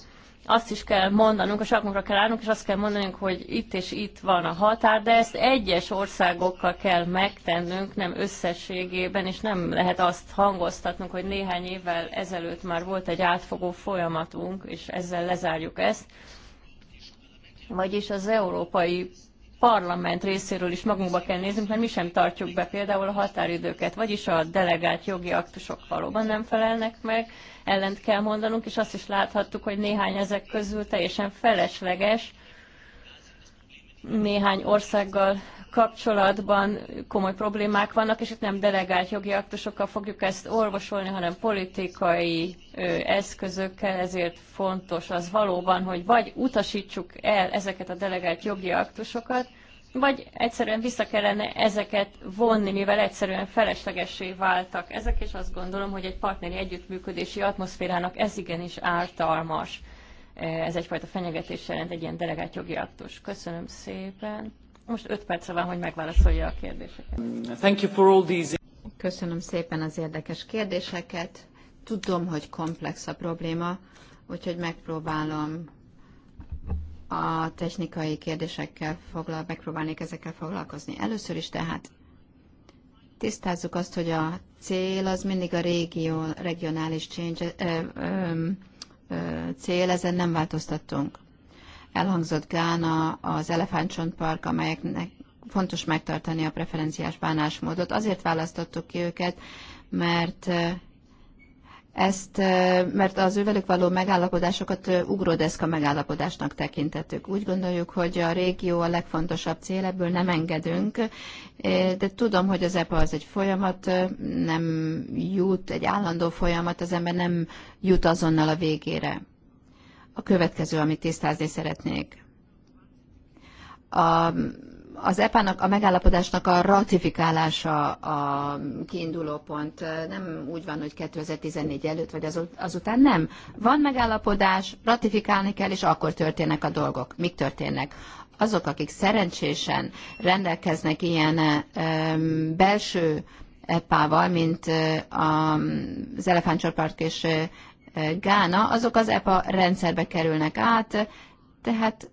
azt is kell mondanunk, a sarkunkra kell állnunk, és azt kell mondanunk, hogy itt és itt van a határ, de ezt egyes országokkal kell megtennünk, nem összességében, és nem lehet azt hangoztatnunk, hogy néhány évvel ezelőtt már volt egy átfogó folyamatunk, és ezzel lezárjuk ezt vagyis az Európai Parlament részéről is magunkba kell néznünk, mert mi sem tartjuk be például a határidőket, vagyis a delegált jogi aktusok valóban nem felelnek meg, ellent kell mondanunk, és azt is láthattuk, hogy néhány ezek közül teljesen felesleges, néhány országgal kapcsolatban komoly problémák vannak, és itt nem delegált jogi aktusokkal fogjuk ezt orvosolni, hanem politikai eszközökkel, ezért fontos az valóban, hogy vagy utasítsuk el ezeket a delegált jogi aktusokat, vagy egyszerűen vissza kellene ezeket vonni, mivel egyszerűen feleslegessé váltak ezek, és azt gondolom, hogy egy partneri együttműködési atmoszférának ez igenis ártalmas. Ez egyfajta fenyegetés jelent egy ilyen delegált jogi aktus. Köszönöm szépen. Most öt perce van, hogy megválaszolja a kérdéseket. Thank you for all these... Köszönöm szépen az érdekes kérdéseket. Tudom, hogy komplex a probléma, úgyhogy megpróbálom a technikai kérdésekkel foglal, megpróbálnék ezekkel foglalkozni. Először is tehát tisztázzuk azt, hogy a cél az mindig a régió, regionális change, ö, ö, ö, cél, ezen nem változtattunk. Elhangzott Gána, az Elefántcsont Park, amelyeknek fontos megtartani a preferenciás bánásmódot. Azért választottuk ki őket, mert ezt, mert az ővelük való megállapodásokat ugródeszka megállapodásnak tekintettük. Úgy gondoljuk, hogy a régió a legfontosabb cél, ebből nem engedünk, de tudom, hogy az EPA az egy folyamat, nem jut, egy állandó folyamat, az ember nem jut azonnal a végére. A következő, amit tisztázni szeretnék. A, az EPA-nak, a megállapodásnak a ratifikálása a kiinduló pont. Nem úgy van, hogy 2014 előtt vagy azután, nem. Van megállapodás, ratifikálni kell, és akkor történnek a dolgok. Mik történnek? Azok, akik szerencsésen rendelkeznek ilyen um, belső EPA-val, mint az elefántcsoportok és Eh, Gána, azok az EPA rendszerbe kerülnek át, tehát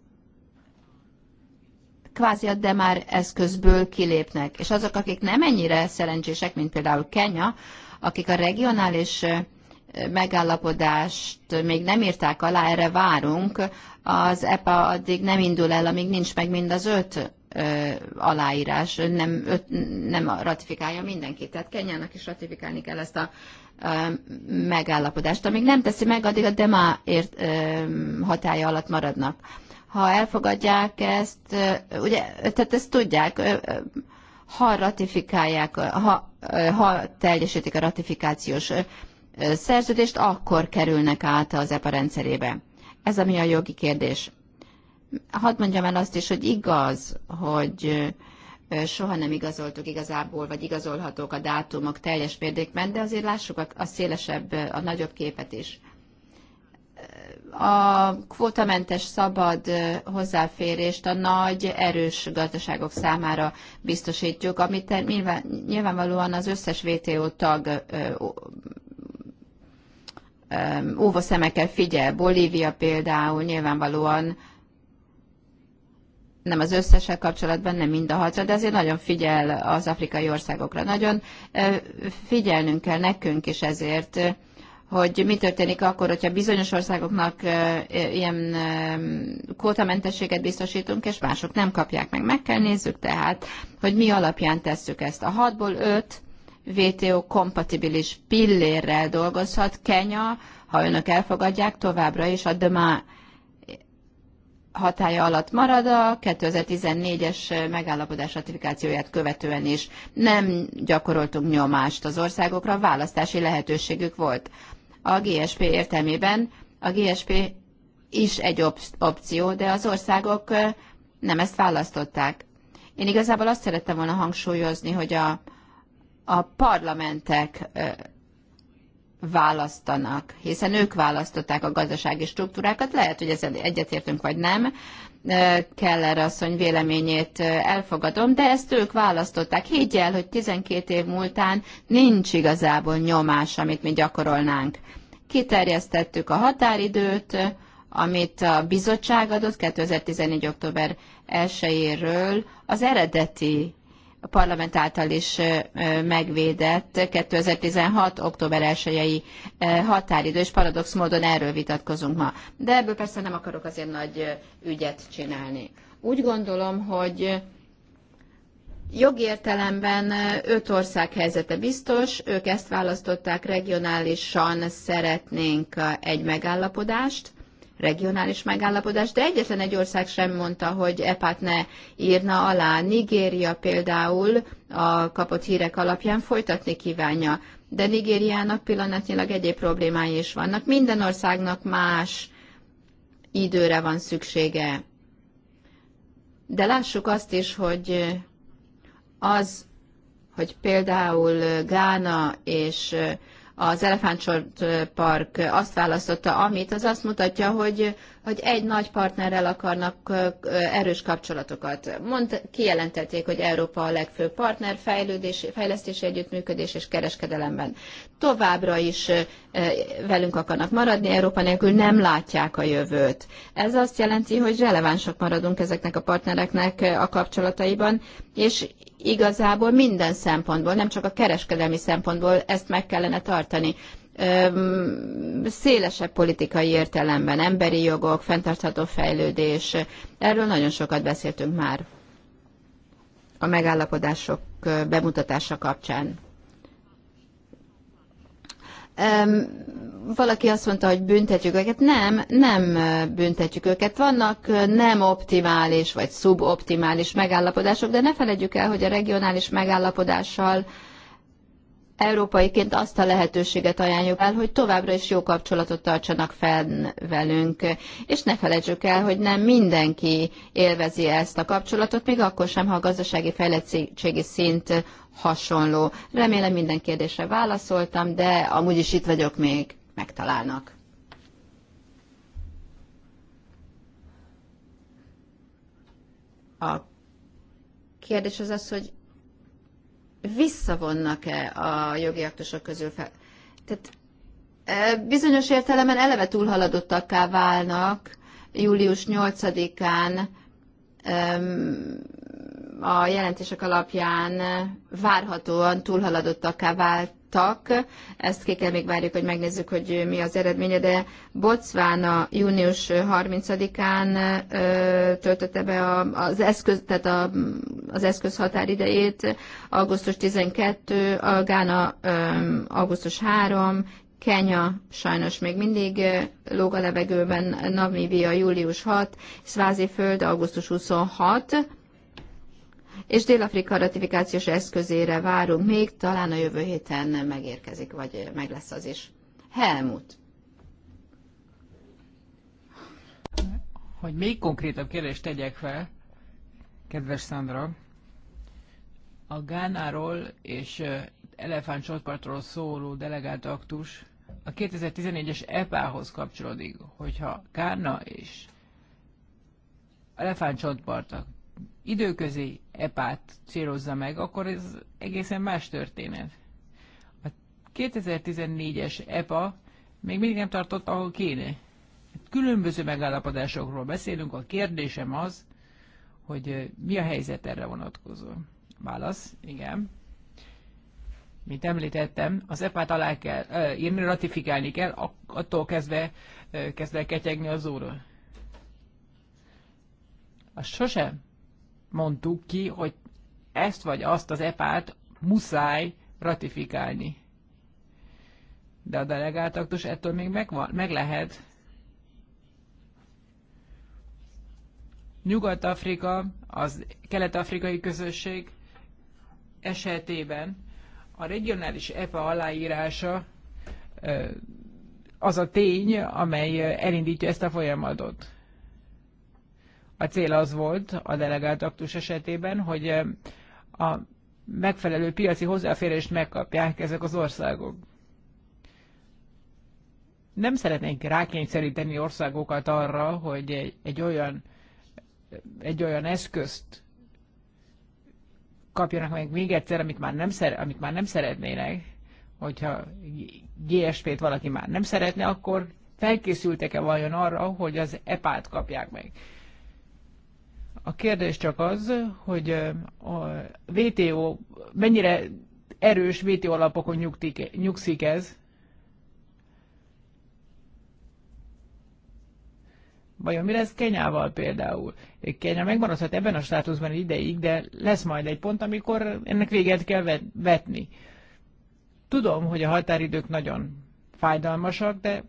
kvázi a demár eszközből kilépnek. És azok, akik nem ennyire szerencsések, mint például Kenya, akik a regionális eh, megállapodást még nem írták alá, erre várunk, az EPA addig nem indul el, amíg nincs meg mind az öt ö, eh, aláírás, nem, öt, nem ratifikálja mindenki. Tehát Kenyának is ratifikálni kell ezt a megállapodást. Amíg nem teszi meg, addig a DEMA ért, hatája alatt maradnak. Ha elfogadják ezt, ugye, tehát ezt tudják, ha ratifikálják, ha, ha teljesítik a ratifikációs szerződést, akkor kerülnek át az EPA rendszerébe. Ez ami a jogi kérdés. Hadd mondjam el azt is, hogy igaz, hogy soha nem igazoltuk igazából, vagy igazolhatók a dátumok teljes mértékben, de azért lássuk a, a szélesebb, a nagyobb képet is. A kvótamentes szabad hozzáférést a nagy, erős gazdaságok számára biztosítjuk, amit nyilvánvalóan az összes WTO tag óvószemekkel figyel. Bolívia például nyilvánvalóan nem az összesek kapcsolatban, nem mind a hatra, de azért nagyon figyel az afrikai országokra. Nagyon figyelnünk kell nekünk is ezért, hogy mi történik akkor, hogyha bizonyos országoknak ilyen kótamentességet biztosítunk, és mások nem kapják meg. Meg kell nézzük tehát, hogy mi alapján tesszük ezt. A 6-ból 5 WTO kompatibilis pillérrel dolgozhat Kenya, ha önök elfogadják továbbra is a demá hatája alatt marad a 2014-es megállapodás ratifikációját követően is. Nem gyakoroltunk nyomást az országokra, választási lehetőségük volt. A GSP értelmében a GSP is egy op- opció, de az országok nem ezt választották. Én igazából azt szerettem volna hangsúlyozni, hogy a, a parlamentek választanak, hiszen ők választották a gazdasági struktúrákat, lehet, hogy ezzel egyetértünk, vagy nem, Keller asszony véleményét elfogadom, de ezt ők választották. Higgy el, hogy 12 év múltán nincs igazából nyomás, amit mi gyakorolnánk. Kiterjesztettük a határidőt, amit a bizottság adott 2014. október 1-éről az eredeti a parlament által is megvédett 2016. október 1 határidő, és paradox módon erről vitatkozunk ma. De ebből persze nem akarok azért nagy ügyet csinálni. Úgy gondolom, hogy Jogi értelemben öt ország helyzete biztos, ők ezt választották, regionálisan szeretnénk egy megállapodást, regionális megállapodást, de egyetlen egy ország sem mondta, hogy EPÁT ne írna alá. Nigéria például a kapott hírek alapján folytatni kívánja, de Nigériának pillanatnyilag egyéb problémái is vannak. Minden országnak más időre van szüksége. De lássuk azt is, hogy az, hogy például Gána és az Elefántsort Park azt választotta, amit, az azt mutatja, hogy, hogy egy nagy partnerrel akarnak erős kapcsolatokat. Mond, kijelentették, hogy Európa a legfőbb partner fejlődés, fejlesztési együttműködés és kereskedelemben. Továbbra is velünk akarnak maradni, Európa nélkül nem látják a jövőt. Ez azt jelenti, hogy relevánsak maradunk ezeknek a partnereknek a kapcsolataiban, és igazából minden szempontból, nem csak a kereskedelmi szempontból ezt meg kellene tartani szélesebb politikai értelemben, emberi jogok, fenntartható fejlődés, erről nagyon sokat beszéltünk már a megállapodások bemutatása kapcsán valaki azt mondta, hogy büntetjük őket. Nem, nem büntetjük őket. Vannak nem optimális vagy szuboptimális megállapodások, de ne felejtjük el, hogy a regionális megállapodással európaiként azt a lehetőséget ajánljuk el, hogy továbbra is jó kapcsolatot tartsanak fenn velünk. És ne felejtsük el, hogy nem mindenki élvezi ezt a kapcsolatot, még akkor sem, ha a gazdasági fejlettségi szint hasonló. Remélem minden kérdésre válaszoltam, de amúgy is itt vagyok még, megtalálnak. A kérdés az az, hogy visszavonnak-e a jogi aktusok közül fel. Tehát e, bizonyos értelemben eleve túlhaladottakká válnak július 8-án a jelentések alapján várhatóan túlhaladottakká vált tak. Ezt ki kell még várjuk, hogy megnézzük, hogy mi az eredménye, de Botswana június 30-án töltötte be az eszköz, tehát a, az eszköz határidejét, augusztus 12, a Gána augusztus 3, Kenya sajnos még mindig lóg a levegőben, Namibia július 6, Szvázi föld augusztus 26, és Dél-Afrika ratifikációs eszközére várunk még, talán a jövő héten megérkezik, vagy meg lesz az is. Helmut. Hogy még konkrétabb kérdést tegyek fel, kedves Szandra, a Gánáról és Elefánt csontpartról szóló delegált aktus a 2014-es EPA-hoz kapcsolódik, hogyha Gána és Elefánt csontpartak időközi epát célozza meg, akkor ez egészen más történet. A 2014-es EPA még mindig nem tartott, ahol kéne. Különböző megállapodásokról beszélünk, a kérdésem az, hogy mi a helyzet erre vonatkozó. Válasz, igen. Mint említettem, az epát t alá kell írni, ratifikálni kell, attól kezdve kezd el ketyegni az óra. Az sosem mondtuk ki, hogy ezt vagy azt az epát muszáj ratifikálni. De a delegált aktus ettől még megvan, meg lehet. Nyugat-Afrika, az kelet-afrikai közösség esetében a regionális EPA aláírása az a tény, amely elindítja ezt a folyamatot. A cél az volt a delegált aktus esetében, hogy a megfelelő piaci hozzáférést megkapják ezek az országok. Nem szeretnénk rákényszeríteni országokat arra, hogy egy, egy olyan egy olyan eszközt kapjanak meg még egyszer, amit már nem, szere, amit már nem szeretnének, hogyha GSP-t valaki már nem szeretne, akkor felkészültek-e vajon arra, hogy az epát t kapják meg. A kérdés csak az, hogy a VTO mennyire erős VTO alapokon nyugtik, nyugszik ez. Vajon mi lesz Kenyával például? Kenya megmaradhat ebben a státuszban egy ideig, de lesz majd egy pont, amikor ennek véget kell vetni. Tudom, hogy a határidők nagyon fájdalmasak, de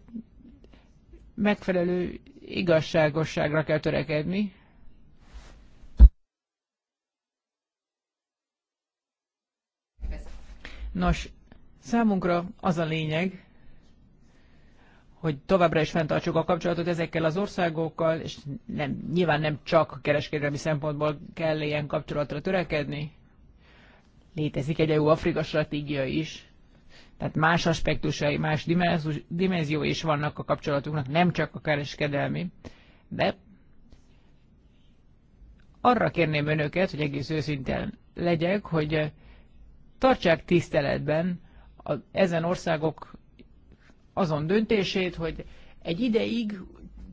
megfelelő igazságosságra kell törekedni. Nos, számunkra az a lényeg, hogy továbbra is fenntartsuk a kapcsolatot ezekkel az országokkal, és nem, nyilván nem csak kereskedelmi szempontból kell ilyen kapcsolatra törekedni. Létezik egy EU-Afrika stratégia is, tehát más aspektusai, más dimenzió is vannak a kapcsolatunknak, nem csak a kereskedelmi, de arra kérném önöket, hogy egész őszintén legyek, hogy tartsák tiszteletben a, ezen országok azon döntését, hogy egy ideig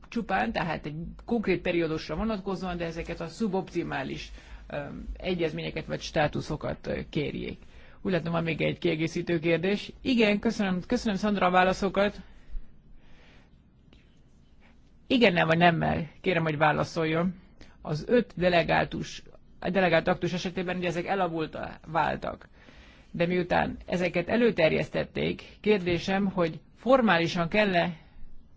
csupán, tehát egy konkrét periódusra vonatkozóan, de ezeket a szuboptimális um, egyezményeket vagy státuszokat kérjék. Úgy látom, van még egy kiegészítő kérdés. Igen, köszönöm, köszönöm Szandra a válaszokat. Igen, nem vagy nemmel, kérem, hogy válaszoljon. Az öt a delegált aktus esetében, hogy ezek elavulta váltak de miután ezeket előterjesztették, kérdésem, hogy formálisan kell-e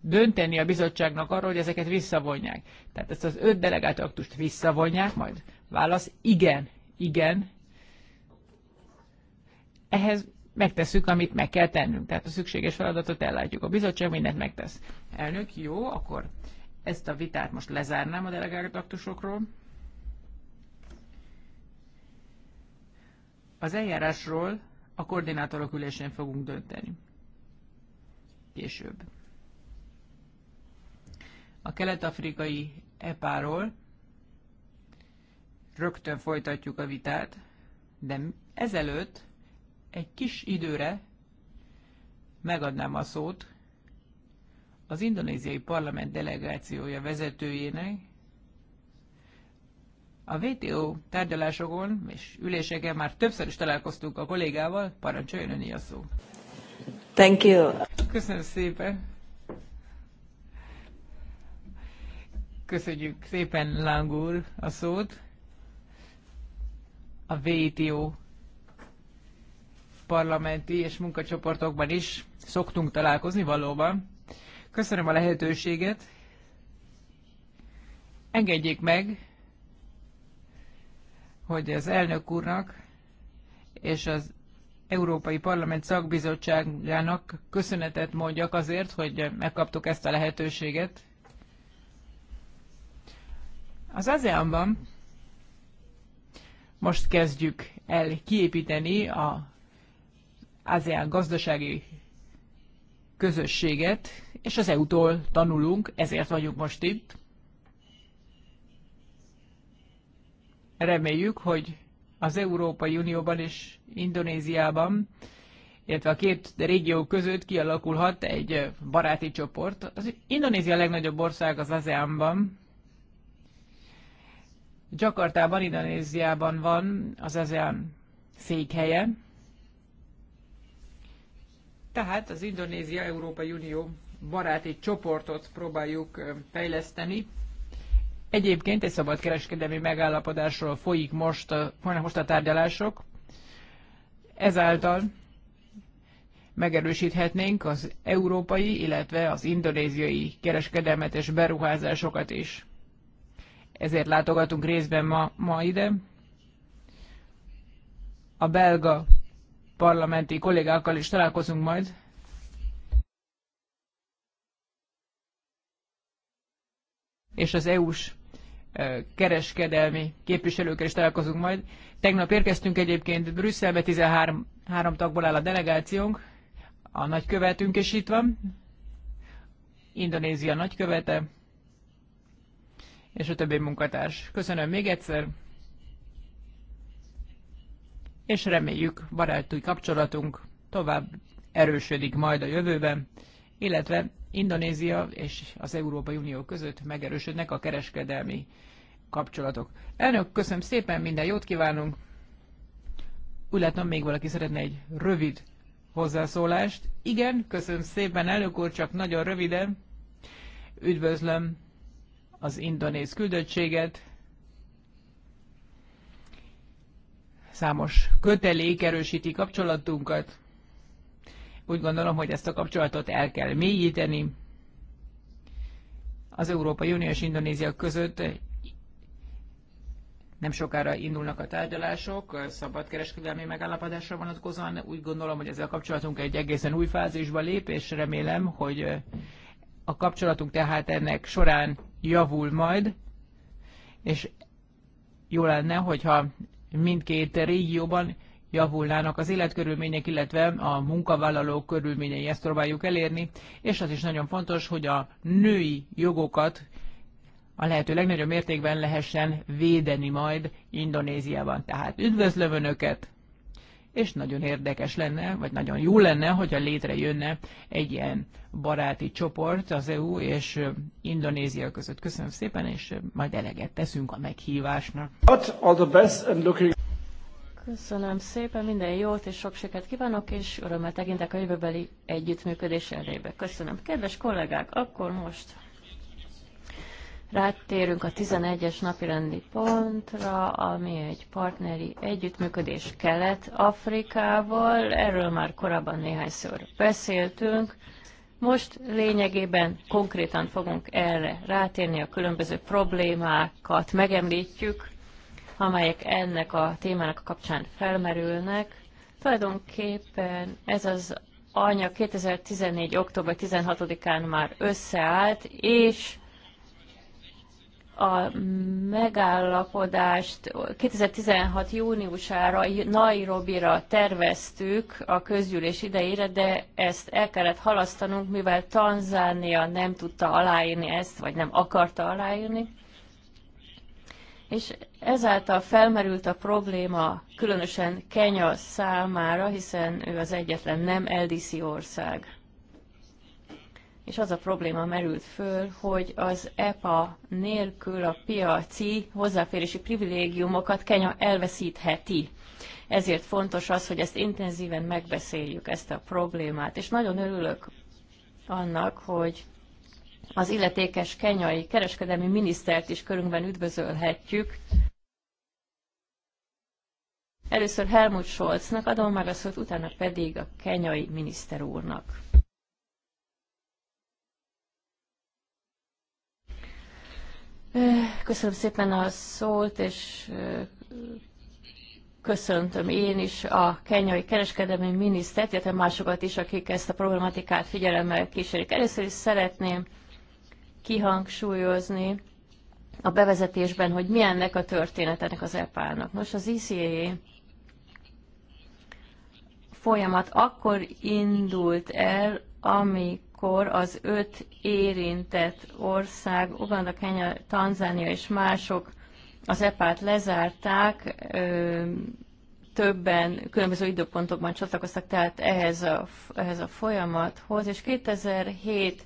dönteni a bizottságnak arról, hogy ezeket visszavonják. Tehát ezt az öt delegált aktust visszavonják, majd válasz igen, igen. Ehhez megtesszük, amit meg kell tennünk. Tehát a szükséges feladatot ellátjuk. A bizottság mindent megtesz. Elnök, jó, akkor ezt a vitát most lezárnám a delegált aktusokról. Az eljárásról a koordinátorok ülésén fogunk dönteni. Később. A kelet-afrikai epáról rögtön folytatjuk a vitát, de ezelőtt egy kis időre megadnám a szót az indonéziai parlament delegációja vezetőjének, a VTO tárgyalásokon és üléseken már többször is találkoztunk a kollégával, parancsoljon öné a szó. Thank you. Köszönöm szépen. Köszönjük szépen, Langur úr, a szót. A VTO parlamenti és munkacsoportokban is szoktunk találkozni valóban. Köszönöm a lehetőséget. Engedjék meg, hogy az elnök úrnak és az Európai Parlament szakbizottságának köszönetet mondjak azért, hogy megkaptuk ezt a lehetőséget. Az ASEAN-ban most kezdjük el kiépíteni az ASEAN gazdasági közösséget, és az EU-tól tanulunk, ezért vagyunk most itt. Reméljük, hogy az Európai Unióban és Indonéziában, illetve a két régió között kialakulhat egy baráti csoport. Az Indonézia legnagyobb ország az ASEAN-ban. Jakartában, Indonéziában van az ASEAN székhelye. Tehát az Indonézia-Európai Unió baráti csoportot próbáljuk fejleszteni. Egyébként egy kereskedelmi megállapodásról folyik most, folynak most a tárgyalások. Ezáltal megerősíthetnénk az európai, illetve az indonéziai kereskedelmet és beruházásokat is. Ezért látogatunk részben ma, ma ide. A belga parlamenti kollégákkal is találkozunk majd. És az EU-s kereskedelmi képviselőkkel is találkozunk majd. Tegnap érkeztünk egyébként Brüsszelbe, 13 három tagból áll a delegációnk, a nagykövetünk is itt van, Indonézia nagykövete, és a többi munkatárs. Köszönöm még egyszer, és reméljük baráti kapcsolatunk tovább erősödik majd a jövőben, illetve Indonézia és az Európai Unió között megerősödnek a kereskedelmi kapcsolatok. Elnök, köszönöm szépen, minden jót kívánunk. Úgy látom, még valaki szeretne egy rövid hozzászólást. Igen, köszönöm szépen, elnök úr, csak nagyon röviden. Üdvözlöm az indonéz küldöttséget. Számos kötelék erősíti kapcsolatunkat. Úgy gondolom, hogy ezt a kapcsolatot el kell mélyíteni. Az Európai Unió és Indonézia között nem sokára indulnak a tárgyalások, szabadkereskedelmi megállapodásra vonatkozóan. Úgy gondolom, hogy ezzel a kapcsolatunk egy egészen új fázisba lép, és remélem, hogy a kapcsolatunk tehát ennek során javul majd, és jó lenne, hogyha mindkét régióban javulnának az életkörülmények, illetve a munkavállalók körülményei, ezt próbáljuk elérni, és az is nagyon fontos, hogy a női jogokat a lehető legnagyobb mértékben lehessen védeni majd Indonéziában. Tehát üdvözlöm Önöket, és nagyon érdekes lenne, vagy nagyon jó lenne, hogyha létrejönne egy ilyen baráti csoport az EU és Indonézia között. Köszönöm szépen, és majd eleget teszünk a meghívásnak. Köszönöm szépen, minden jót és sok sikert kívánok, és örömmel tekintek a jövőbeli együttműködés elébe. Köszönöm. Kedves kollégák, akkor most rátérünk a 11-es napirendi pontra, ami egy partneri együttműködés Kelet-Afrikával. Erről már korábban néhányszor beszéltünk. Most lényegében konkrétan fogunk erre rátérni a különböző problémákat, megemlítjük amelyek ennek a témának a kapcsán felmerülnek. Tulajdonképpen ez az anya 2014. október 16-án már összeállt, és a megállapodást 2016. júniusára Nairobi-ra terveztük a közgyűlés idejére, de ezt el kellett halasztanunk, mivel Tanzánia nem tudta aláírni ezt, vagy nem akarta aláírni és ezáltal felmerült a probléma különösen Kenya számára, hiszen ő az egyetlen nem LDC ország. És az a probléma merült föl, hogy az EPA nélkül a piaci hozzáférési privilégiumokat Kenya elveszítheti. Ezért fontos az, hogy ezt intenzíven megbeszéljük, ezt a problémát. És nagyon örülök annak, hogy az illetékes kenyai kereskedelmi minisztert is körünkben üdvözölhetjük. Először Helmut Scholznak adom meg a szót, utána pedig a kenyai miniszter úrnak. Köszönöm szépen a szót, és köszöntöm én is a kenyai kereskedelmi minisztert, illetve másokat is, akik ezt a problematikát figyelemmel kísérik. Először is szeretném kihangsúlyozni a bevezetésben, hogy milyennek a történetenek az EPA-nak. Most az ICA e folyamat akkor indult el, amikor az öt érintett ország, Uganda, Kenya, Tanzánia és mások az EPA-t lezárták, többen különböző időpontokban csatlakoztak tehát ehhez a, ehhez a folyamathoz, és 2007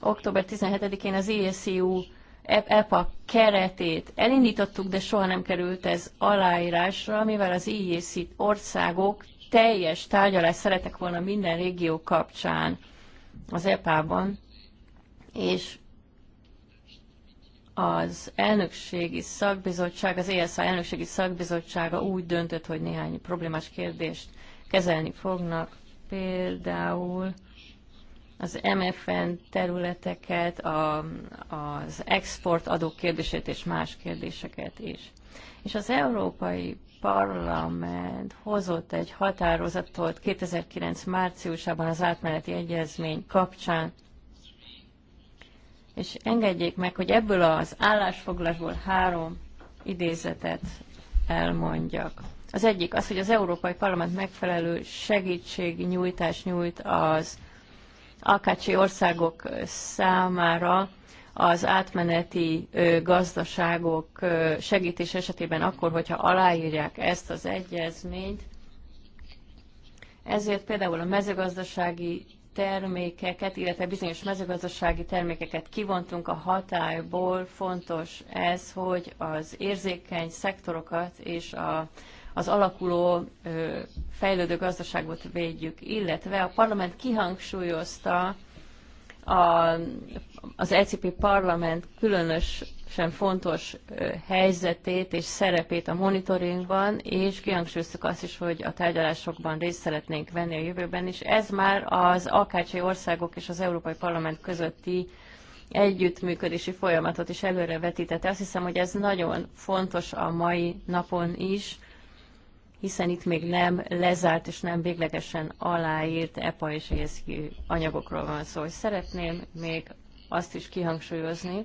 október 17-én az ESCU EPA e keretét elindítottuk, de soha nem került ez aláírásra, mivel az IEC országok teljes tárgyalást szeretek volna minden régió kapcsán az EPA-ban, és az elnökségi szakbizottság, az ESA elnökségi szakbizottsága úgy döntött, hogy néhány problémás kérdést kezelni fognak, például az MFN területeket, a, az export adók kérdését és más kérdéseket is. És az Európai Parlament hozott egy határozatot 2009. márciusában az átmeneti egyezmény kapcsán, és engedjék meg, hogy ebből az állásfoglásból három idézetet elmondjak. Az egyik az, hogy az Európai Parlament megfelelő nyújtás nyújt az akácsi országok számára az átmeneti gazdaságok segítés esetében akkor, hogyha aláírják ezt az egyezményt. Ezért például a mezőgazdasági termékeket, illetve bizonyos mezőgazdasági termékeket kivontunk a hatályból. Fontos ez, hogy az érzékeny szektorokat és a az alakuló fejlődő gazdaságot védjük, illetve a parlament kihangsúlyozta a, az ECP parlament különösen fontos helyzetét és szerepét a monitoringban, és kihangsúlyoztuk azt is, hogy a tárgyalásokban részt szeretnénk venni a jövőben is. Ez már az akácsai országok és az Európai Parlament közötti együttműködési folyamatot is előre vetítette. Azt hiszem, hogy ez nagyon fontos a mai napon is, hiszen itt még nem lezárt és nem véglegesen aláírt EPA és ESG anyagokról van szó. hogy szeretném még azt is kihangsúlyozni,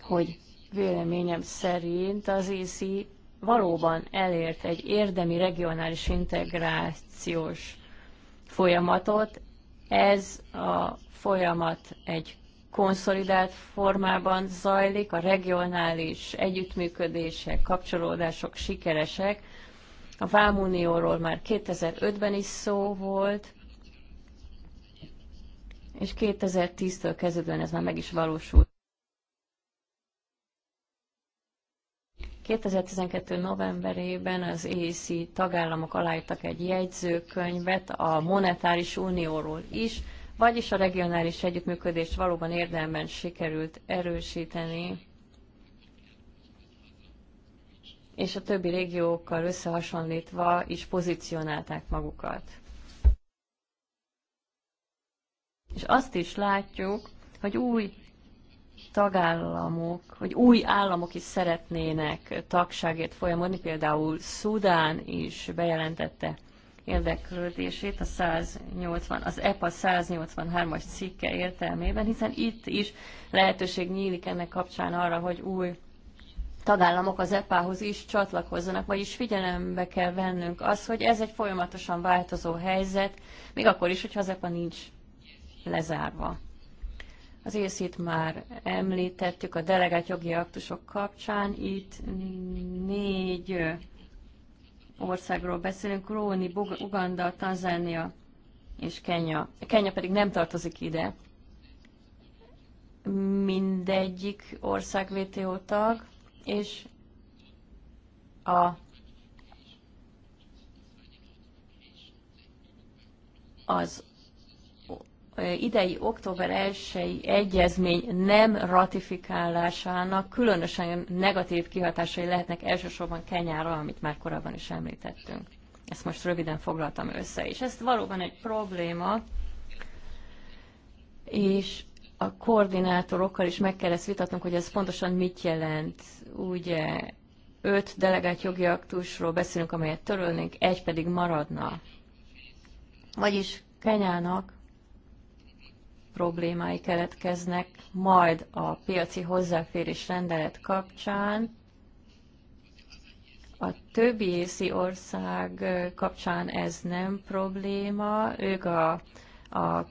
hogy véleményem szerint az ISI valóban elért egy érdemi regionális integrációs folyamatot. Ez a folyamat egy konszolidált formában zajlik, a regionális együttműködések, kapcsolódások sikeresek, a Vámunióról már 2005-ben is szó volt, és 2010-től kezdődően ez már meg is valósult. 2012. novemberében az EC tagállamok aláírtak egy jegyzőkönyvet a monetáris unióról is, vagyis a regionális együttműködést valóban érdemben sikerült erősíteni és a többi régiókkal összehasonlítva is pozícionálták magukat. És azt is látjuk, hogy új tagállamok, hogy új államok is szeretnének tagságért folyamodni, például Szudán is bejelentette érdeklődését a 180, az EPA 183-as cikke értelmében, hiszen itt is lehetőség nyílik ennek kapcsán arra, hogy új tagállamok az EPA-hoz is csatlakozzanak, vagyis figyelembe kell vennünk az, hogy ez egy folyamatosan változó helyzet, még akkor is, hogyha az EPA nincs lezárva. Az észit már említettük a delegált jogi aktusok kapcsán. Itt négy országról beszélünk, Róni, Uganda, Tanzánia és Kenya. Kenya pedig nem tartozik ide. Mindegyik ország WTO tag, és a az idei október 1 egyezmény nem ratifikálásának különösen negatív kihatásai lehetnek elsősorban Kenyára, amit már korábban is említettünk. Ezt most röviden foglaltam össze, és ez valóban egy probléma, és a koordinátorokkal is meg kell ezt vitatnunk, hogy ez pontosan mit jelent. Ugye öt delegált jogi aktusról beszélünk, amelyet törölnénk, egy pedig maradna. Vagyis Kenyának problémái keletkeznek, majd a piaci hozzáférés rendelet kapcsán, a többi észi ország kapcsán ez nem probléma, ők a, a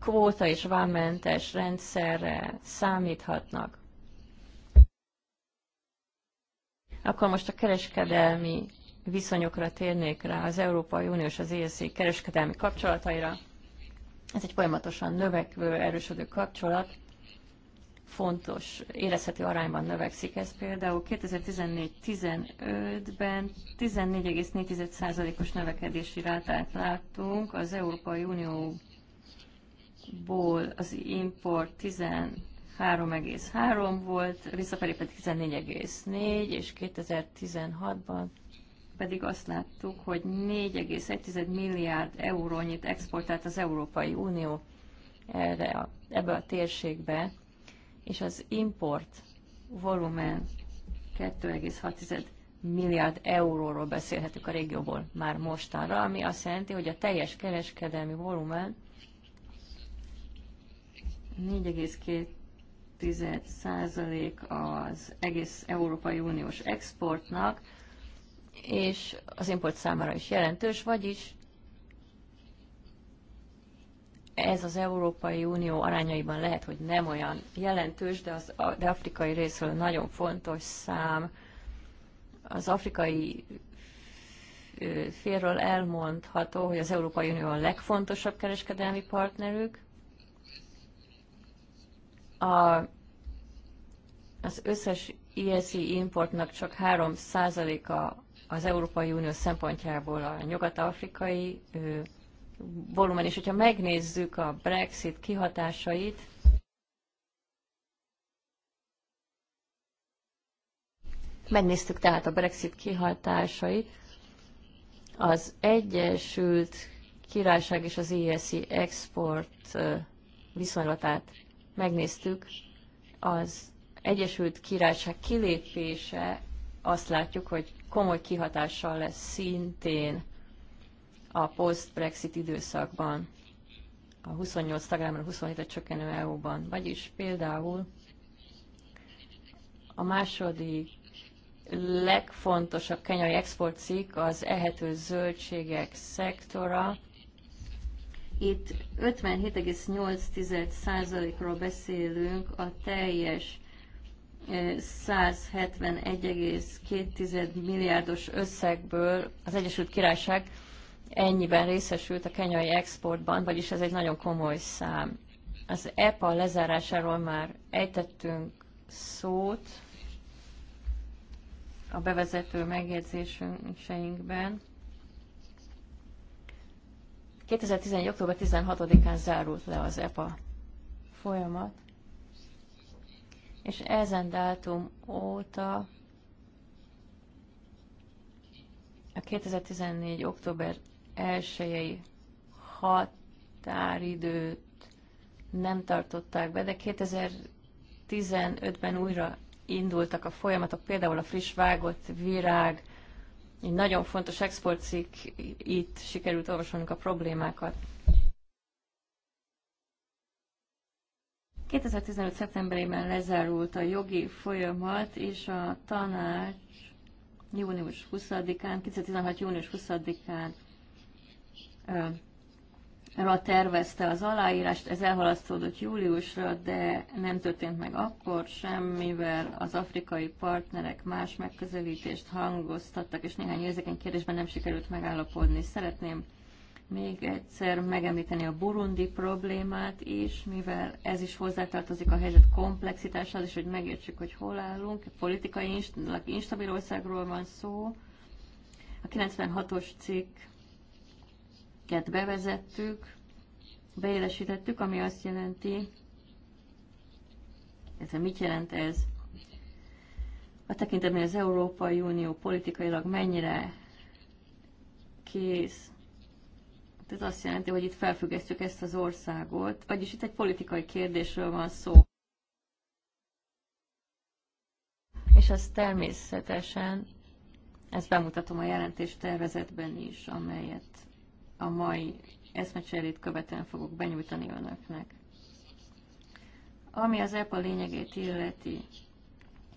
kvóta és vámmentes rendszerre számíthatnak. Akkor most a kereskedelmi viszonyokra térnék rá, az Európai Unió és az ESZ kereskedelmi kapcsolataira. Ez egy folyamatosan növekvő, erősödő kapcsolat. Fontos, érezhető arányban növekszik ez például. 2014-15-ben 14,4%-os növekedési rátát láttunk az Európai Unió ból az import 13,3 volt, visszafelé pedig 14,4, és 2016-ban pedig azt láttuk, hogy 4,1 milliárd eurónyit exportált az Európai Unió erre a, ebbe a térségbe, és az import volumen 2,6 milliárd euróról beszélhetünk a régióból már mostanra, ami azt jelenti, hogy a teljes kereskedelmi volumen 4,2% az egész Európai Uniós exportnak, és az import számára is jelentős, vagyis ez az Európai Unió arányaiban lehet, hogy nem olyan jelentős, de az de afrikai részről nagyon fontos szám. Az afrikai félről elmondható, hogy az Európai Unió a legfontosabb kereskedelmi partnerük, a, az összes ISI importnak csak 3%-a az Európai Unió szempontjából a nyugat-afrikai volumen, és hogyha megnézzük a Brexit kihatásait, megnéztük tehát a Brexit kihatásait, az Egyesült Királyság és az ESI export viszonylatát megnéztük az Egyesült Királyság kilépése, azt látjuk, hogy komoly kihatással lesz szintén a post-Brexit időszakban, a 28 tagállamra 27-re csökkenő EU-ban. Vagyis például a második legfontosabb kenyai exportcikk az ehető zöldségek szektora, itt 57,8%-ról beszélünk a teljes 171,2 milliárdos összegből az Egyesült Királyság ennyiben részesült a kenyai exportban, vagyis ez egy nagyon komoly szám. Az EPA lezárásáról már ejtettünk szót a bevezető megjegyzéseinkben. 2011. október 16-án zárult le az EPA folyamat, és ezen dátum óta a 2014. október 1-i határidőt nem tartották be, de 2015-ben újra indultak a folyamatok, például a friss vágott virág egy nagyon fontos exportcikk, itt sikerült olvasolnunk a problémákat. 2015. szeptemberében lezárult a jogi folyamat, és a tanács június 20-án, 2016. június 20-án ra tervezte az aláírást, ez elhalasztódott júliusra, de nem történt meg akkor sem, mivel az afrikai partnerek más megközelítést hangoztattak, és néhány érzékeny kérdésben nem sikerült megállapodni. Szeretném még egyszer megemlíteni a burundi problémát is, mivel ez is hozzátartozik a helyzet komplexitásához, és hogy megértsük, hogy hol állunk. Politikai instabil országról van szó. A 96-os cikk ket bevezettük, beélesítettük, ami azt jelenti, ez mit jelent ez? A tekintetben az Európai Unió politikailag mennyire kész. Ez azt jelenti, hogy itt felfüggesztjük ezt az országot, vagyis itt egy politikai kérdésről van szó. És az természetesen, ezt bemutatom a jelentés tervezetben is, amelyet a mai eszmecserét követően fogok benyújtani önöknek. Ami az EPA lényegét illeti,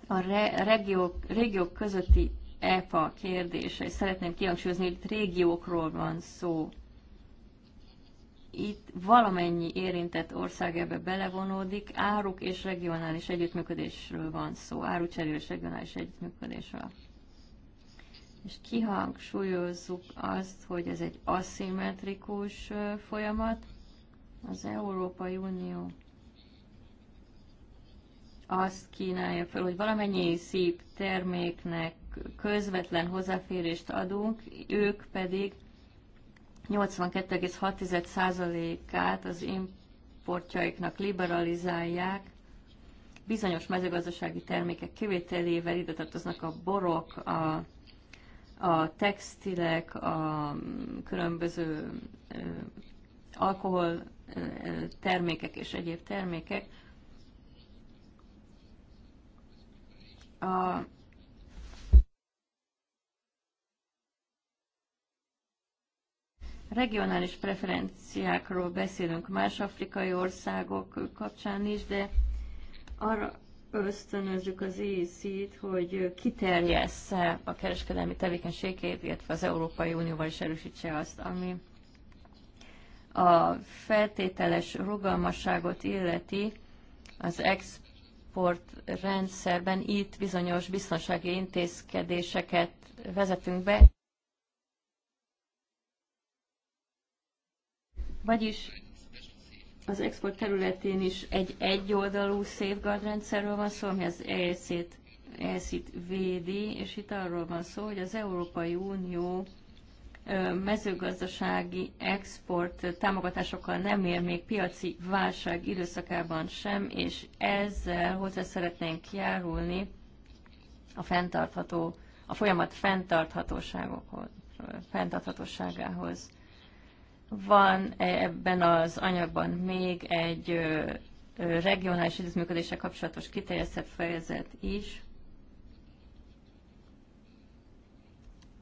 a re, regiók, régiók közötti EPA kérdése, és szeretném kihangsúlyozni, hogy itt régiókról van szó. Itt valamennyi érintett ország ebbe belevonódik, áruk és regionális együttműködésről van szó, árucserél és regionális együttműködésről és kihangsúlyozzuk azt, hogy ez egy aszimmetrikus folyamat. Az Európai Unió azt kínálja fel, hogy valamennyi szép terméknek közvetlen hozzáférést adunk, ők pedig 82,6%-át az importjaiknak liberalizálják, bizonyos mezőgazdasági termékek kivételével ide tartoznak a borok, a a textilek, a különböző alkohol termékek és egyéb termékek. A regionális preferenciákról beszélünk más afrikai országok kapcsán is, de arra ösztönözzük az EC-t, hogy kiterjessze a kereskedelmi tevékenységét, illetve az Európai Unióval is erősítse azt, ami a feltételes rugalmasságot illeti az export rendszerben. Itt bizonyos biztonsági intézkedéseket vezetünk be. Vagyis az export területén is egy egyoldalú safeguard rendszerről van szó, ami az ESZ-t ESZ védi, és itt arról van szó, hogy az Európai Unió mezőgazdasági export támogatásokkal nem ér még piaci válság időszakában sem, és ezzel hozzá szeretnénk járulni a fenntartható, a folyamat fenntarthatóságához. Van e ebben az anyagban még egy regionális együttműködéssel kapcsolatos kiterjesztett fejezet is.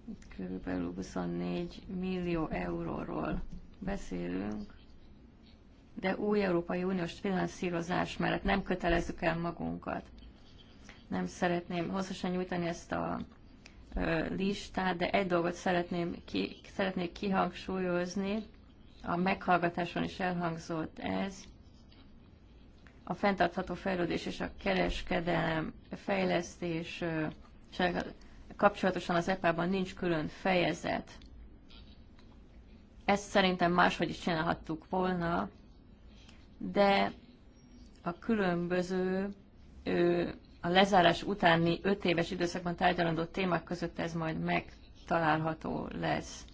Itt körülbelül 24 millió euróról beszélünk, de új Európai Uniós finanszírozás mellett nem kötelezzük el magunkat. Nem szeretném hosszasan nyújtani ezt a listát, de egy dolgot szeretném ki, szeretnék kihangsúlyozni, a meghallgatáson is elhangzott ez, a fenntartható fejlődés és a kereskedelem fejlesztés kapcsolatosan az EPA-ban nincs külön fejezet. Ezt szerintem máshogy is csinálhattuk volna, de a különböző a lezárás utáni öt éves időszakban tárgyalandó témák között ez majd megtalálható lesz.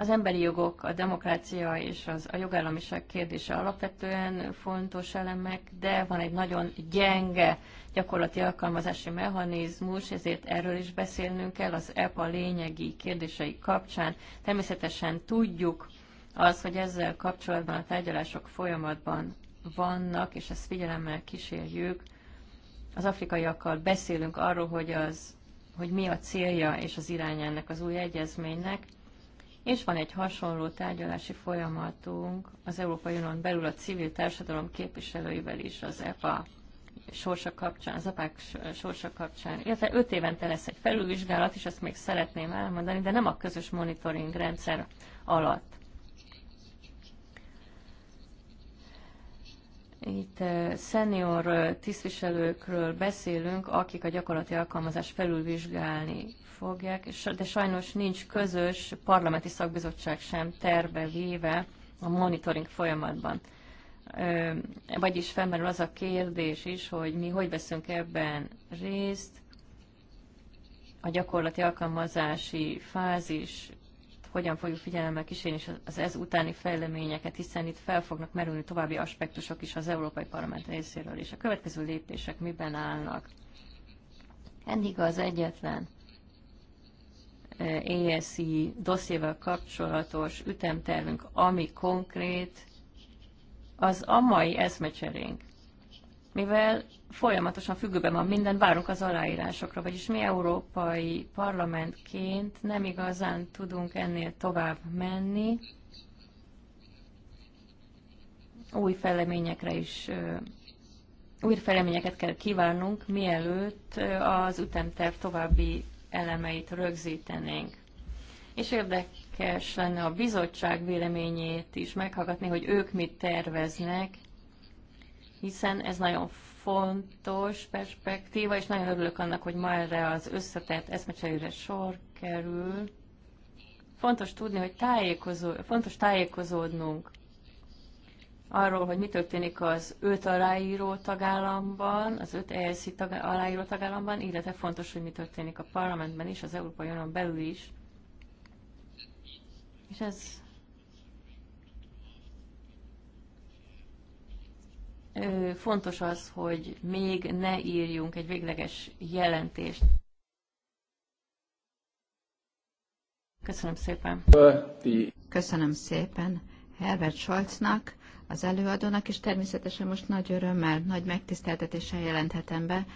Az emberi jogok, a demokrácia és az, a jogállamiság kérdése alapvetően fontos elemek, de van egy nagyon gyenge gyakorlati alkalmazási mechanizmus, ezért erről is beszélnünk kell az EPA lényegi kérdései kapcsán. Természetesen tudjuk az, hogy ezzel kapcsolatban a tárgyalások folyamatban vannak, és ezt figyelemmel kísérjük. Az afrikaiakkal beszélünk arról, hogy, az, hogy mi a célja és az irány ennek az új egyezménynek, és van egy hasonló tárgyalási folyamatunk az Európai Unión belül a civil társadalom képviselőivel is az EPA sorsa kapcsán, az e apák sorsa kapcsán, illetve öt évente lesz egy felülvizsgálat, és ezt még szeretném elmondani, de nem a közös monitoring rendszer alatt. Itt szenior tisztviselőkről beszélünk, akik a gyakorlati alkalmazást felülvizsgálni fogják, de sajnos nincs közös parlamenti szakbizottság sem terve véve a monitoring folyamatban. Vagyis felmerül az a kérdés is, hogy mi hogy veszünk ebben részt, a gyakorlati alkalmazási fázis hogyan fogjuk figyelemmel kísérni és az ez utáni fejleményeket, hiszen itt fel fognak merülni további aspektusok is az Európai Parlament részéről, és a következő lépések miben állnak. Eddig az egyetlen ESI dossziéval kapcsolatos ütemtervünk, ami konkrét, az a mai eszmecserénk. Mivel folyamatosan függőben van minden, várunk az aláírásokra, vagyis mi európai parlamentként nem igazán tudunk ennél tovább menni. Új feleményekre is új feleményeket kell kívánnunk, mielőtt az ütemterv további elemeit rögzítenénk. És érdekes lenne a bizottság véleményét is meghallgatni, hogy ők mit terveznek, hiszen ez nagyon fontos perspektíva, és nagyon örülök annak, hogy ma erre az összetett eszmecserére sor kerül. Fontos tudni, hogy tájékozó, fontos tájékozódnunk arról, hogy mi történik az öt aláíró tagállamban, az öt ESZ tag, aláíró tagállamban, illetve fontos, hogy mi történik a parlamentben is, az Európai Unión belül is. És ez fontos az, hogy még ne írjunk egy végleges jelentést. Köszönöm szépen. Köszönöm szépen Herbert Scholznak az előadónak, és természetesen most nagy örömmel, nagy megtiszteltetéssel jelenthetem be,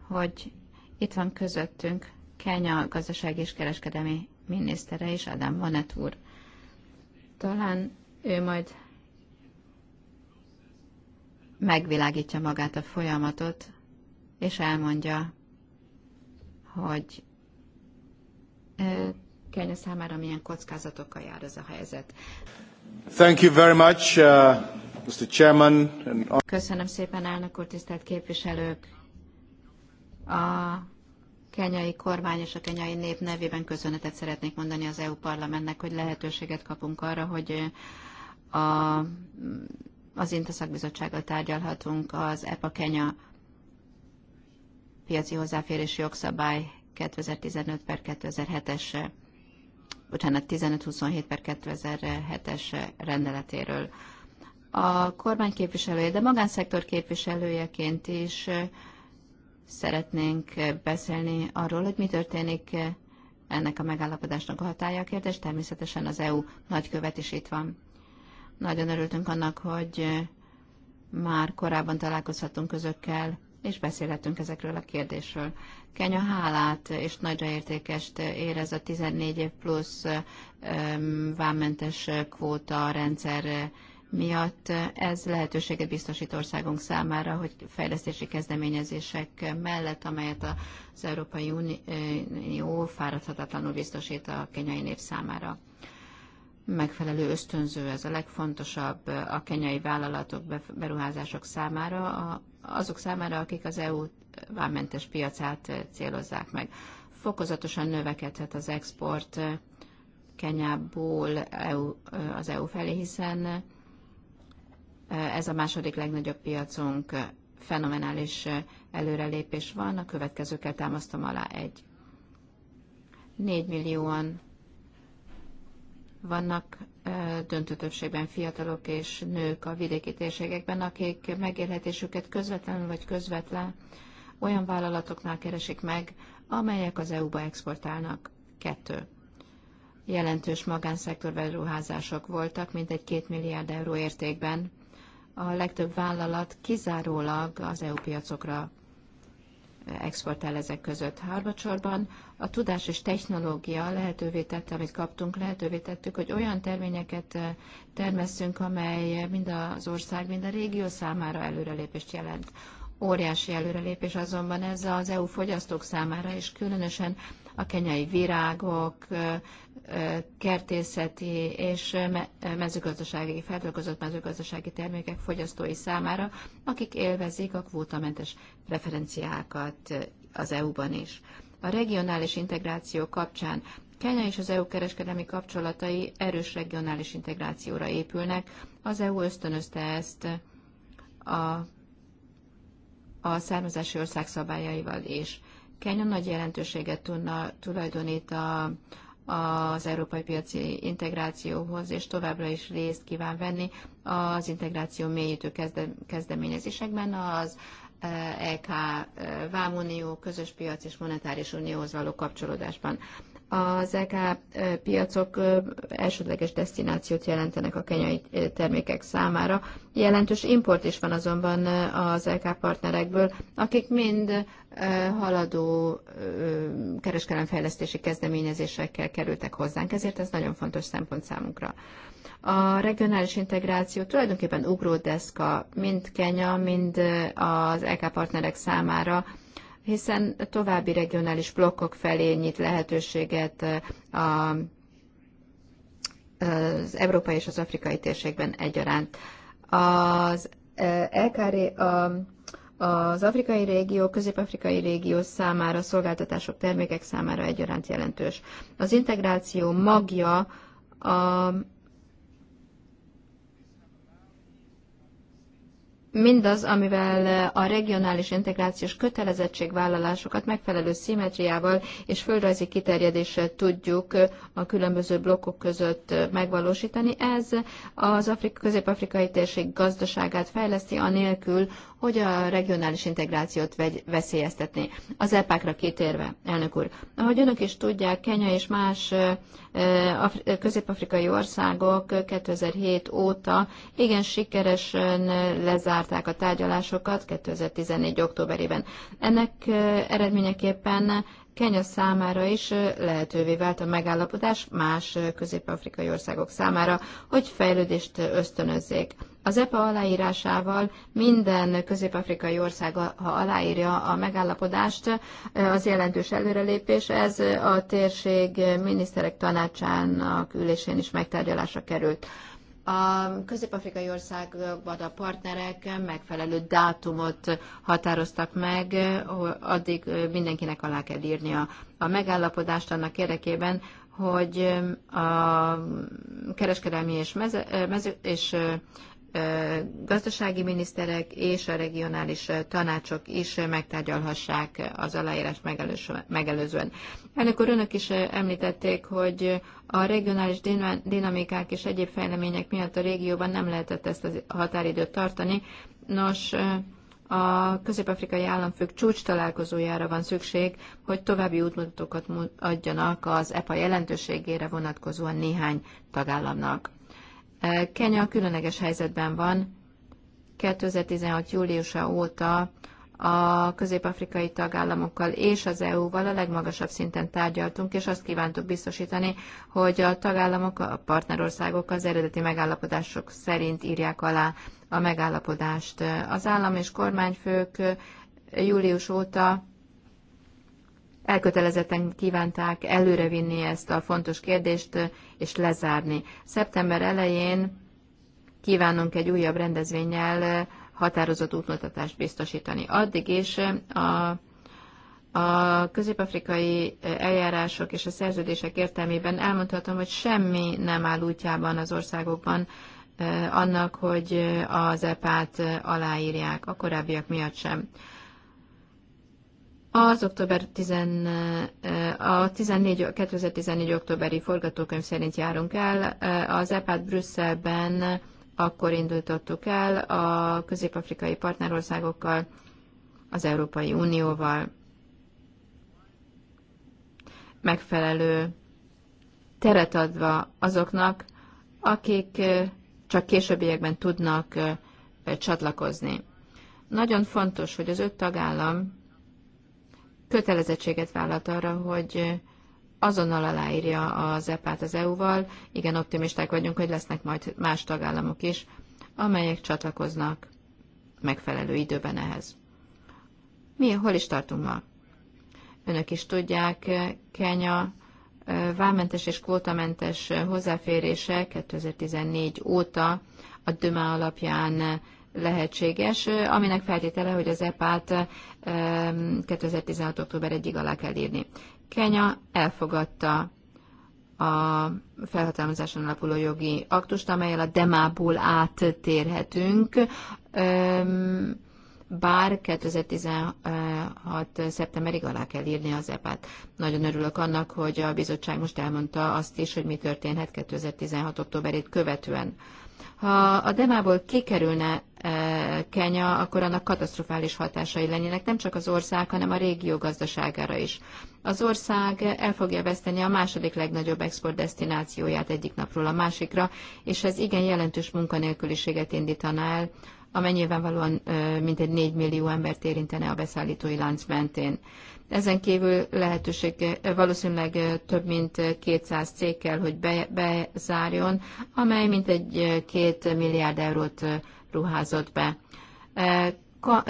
hogy itt van közöttünk Kenya gazdaság és kereskedelmi minisztere és Adam Monet úr. Talán ő majd megvilágítja magát a folyamatot, és elmondja, hogy Kenya számára milyen kockázatokkal jár ez a helyzet. Uh, Köszönöm szépen, elnök úr, tisztelt képviselők. A kenyai kormány és a kenyai nép nevében köszönetet szeretnék mondani az EU parlamentnek, hogy lehetőséget kapunk arra, hogy uh, a, az INTA szakbizottsággal tárgyalhatunk az EPA Kenya piaci hozzáférési jogszabály 2015 per 2007-es bocsánat, 1527 per 2007-es rendeletéről. A kormány képviselője, de magánszektor képviselőjeként is eh, szeretnénk eh, beszélni arról, hogy mi történik eh, ennek a megállapodásnak a hatája a kérdés. Természetesen az EU nagykövet is itt van. Nagyon örültünk annak, hogy már korábban találkozhatunk közökkel, és beszélhetünk ezekről a kérdésről. Kenya hálát és nagyra értékest érez a 14 év plusz vámmentes kvóta rendszer miatt ez lehetőséget biztosít országunk számára, hogy fejlesztési kezdeményezések mellett, amelyet az Európai Unió fáradhatatlanul biztosít a kenyai nép számára megfelelő ösztönző, ez a legfontosabb a kenyai vállalatok, beruházások számára, azok számára, akik az EU vámmentes piacát eh, célozzák meg. Fokozatosan növekedhet az export eh, Kenyából EU, eh, az EU felé, hiszen ez a második legnagyobb piacunk, fenomenális előrelépés van, a következőkkel támasztom alá egy. 4 millióan vannak döntő többségben fiatalok és nők a vidéki térségekben, akik megélhetésüket közvetlenül vagy közvetlen olyan vállalatoknál keresik meg, amelyek az EU-ba exportálnak. Kettő. Jelentős magánszektor beruházások voltak, mintegy két milliárd euró értékben. A legtöbb vállalat kizárólag az EU piacokra exportál ezek között. Harmadsorban a tudás és technológia lehetővé tette, amit kaptunk, lehetővé tettük, hogy olyan terményeket eh, termesszünk, amely mind az ország, mind a régió számára előrelépést jelent. Óriási előrelépés azonban ez az EU fogyasztók számára, és különösen a kenyai virágok, eh, eh, kertészeti és mezőgazdasági, feldolgozott mezőgazdasági termékek fogyasztói számára, akik élvezik a kvótamentes preferenciákat az EU-ban is. A regionális integráció kapcsán Kenya és az EU kereskedelmi kapcsolatai erős regionális integrációra épülnek. Az EU ösztönözte ezt a, a származási ország szabályaival is. Kenya nagy jelentőséget tudna, tulajdonít a, az európai piaci integrációhoz, és továbbra is részt kíván venni az integráció mélyítő kezdeményezésekben, az EK, e, Vámunió, Közös Piac és Monetáris Unióhoz való kapcsolódásban az EK piacok elsődleges destinációt jelentenek a kenyai termékek számára. Jelentős import is van azonban az EK partnerekből, akik mind haladó kereskedelemfejlesztési kezdeményezésekkel kerültek hozzánk, ezért ez nagyon fontos szempont számunkra. A regionális integráció tulajdonképpen ugródeszka mind Kenya, mind az EK partnerek számára, hiszen további regionális blokkok felé nyit lehetőséget a, az európai és az afrikai térségben egyaránt. Az LKR, a, az afrikai régió, közép-afrikai régió számára, szolgáltatások, termékek számára egyaránt jelentős. Az integráció magja a mindaz, amivel eh, a regionális integrációs kötelezettségvállalásokat megfelelő szimetriával és földrajzi kiterjedéssel tudjuk eh, a különböző blokkok között eh, megvalósítani. Ez az Afrika közép-afrikai térség gazdaságát fejleszti, anélkül, hogy a regionális integrációt vegy, veszélyeztetné. Az EPÁKra kitérve, elnök úr. Ahogy önök is tudják, Kenya és más közép-afrikai országok 2007 óta igen sikeresen lezárták a tárgyalásokat 2014. októberében. Ennek eredményeképpen Kenya számára is lehetővé vált a megállapodás más közép-afrikai országok számára, hogy fejlődést ösztönözzék. Az EPA aláírásával minden közép-afrikai ország, ha aláírja a megállapodást, az jelentős előrelépés. Ez a térség miniszterek tanácsának ülésén is megtárgyalásra került. A közép-afrikai országban a partnerek megfelelő dátumot határoztak meg, addig mindenkinek alá kell írnia a megállapodást annak érdekében, hogy a kereskedelmi és, meze, mező, és gazdasági miniszterek és a regionális tanácsok is megtárgyalhassák az aláírás megelőzően. Elnök úr, önök is említették, hogy a regionális dinamikák és egyéb fejlemények miatt a régióban nem lehetett ezt a határidőt tartani. Nos, a közép-afrikai államfők csúcs találkozójára van szükség, hogy további útmutatókat adjanak az EPA jelentőségére vonatkozóan néhány tagállamnak. Kenya különleges helyzetben van. 2016. júliusa óta a közép-afrikai tagállamokkal és az EU-val a legmagasabb szinten tárgyaltunk, és azt kívántuk biztosítani, hogy a tagállamok, a partnerországok az eredeti megállapodások szerint írják alá a megállapodást. Az állam és kormányfők július óta elkötelezetten kívánták előrevinni ezt a fontos kérdést és lezárni. Szeptember elején kívánunk egy újabb rendezvényel határozott útmutatást biztosítani. Addig is a a közép-afrikai eljárások és a szerződések értelmében elmondhatom, hogy semmi nem áll útjában az országokban annak, hogy az EPÁT aláírják, a korábbiak miatt sem. Az október 10, a 14, 2014. októberi forgatókönyv szerint járunk el. Az EPAD Brüsszelben akkor indultottuk el a közép-afrikai partnerországokkal, az Európai Unióval megfelelő teret adva azoknak, akik csak későbbiekben tudnak csatlakozni. Nagyon fontos, hogy az öt tagállam kötelezettséget vállalt arra, hogy azonnal aláírja az EPÁT az EU-val. Igen, optimisták vagyunk, hogy lesznek majd más tagállamok is, amelyek csatlakoznak megfelelő időben ehhez. Mi, hol is tartunk ma? Önök is tudják, Kenya vámmentes és kvótamentes hozzáférése 2014 óta a döme alapján lehetséges, aminek feltétele, hogy az EPÁT 2016. október 1-ig alá kell írni. Kenya elfogadta a felhatalmazáson alapuló jogi aktust, amelyel a demából áttérhetünk, bár 2016. szeptemberig alá kell írni az EPÁT. Nagyon örülök annak, hogy a bizottság most elmondta azt is, hogy mi történhet 2016. októberét követően. Ha a demából kikerülne E, Kenya, akkor annak katasztrofális hatásai lennének nem csak az ország, hanem a régió gazdaságára is. Az ország el fogja veszteni a második legnagyobb exportdestinációját egyik napról a másikra, és ez igen jelentős munkanélküliséget indítaná el, amely nyilvánvalóan e, mintegy 4 millió embert érintene a beszállítói lánc mentén. Ezen kívül lehetőség e, valószínűleg több mint 200 cég kell, hogy be, bezárjon, amely mintegy 2 milliárd eurót ruházott be. E,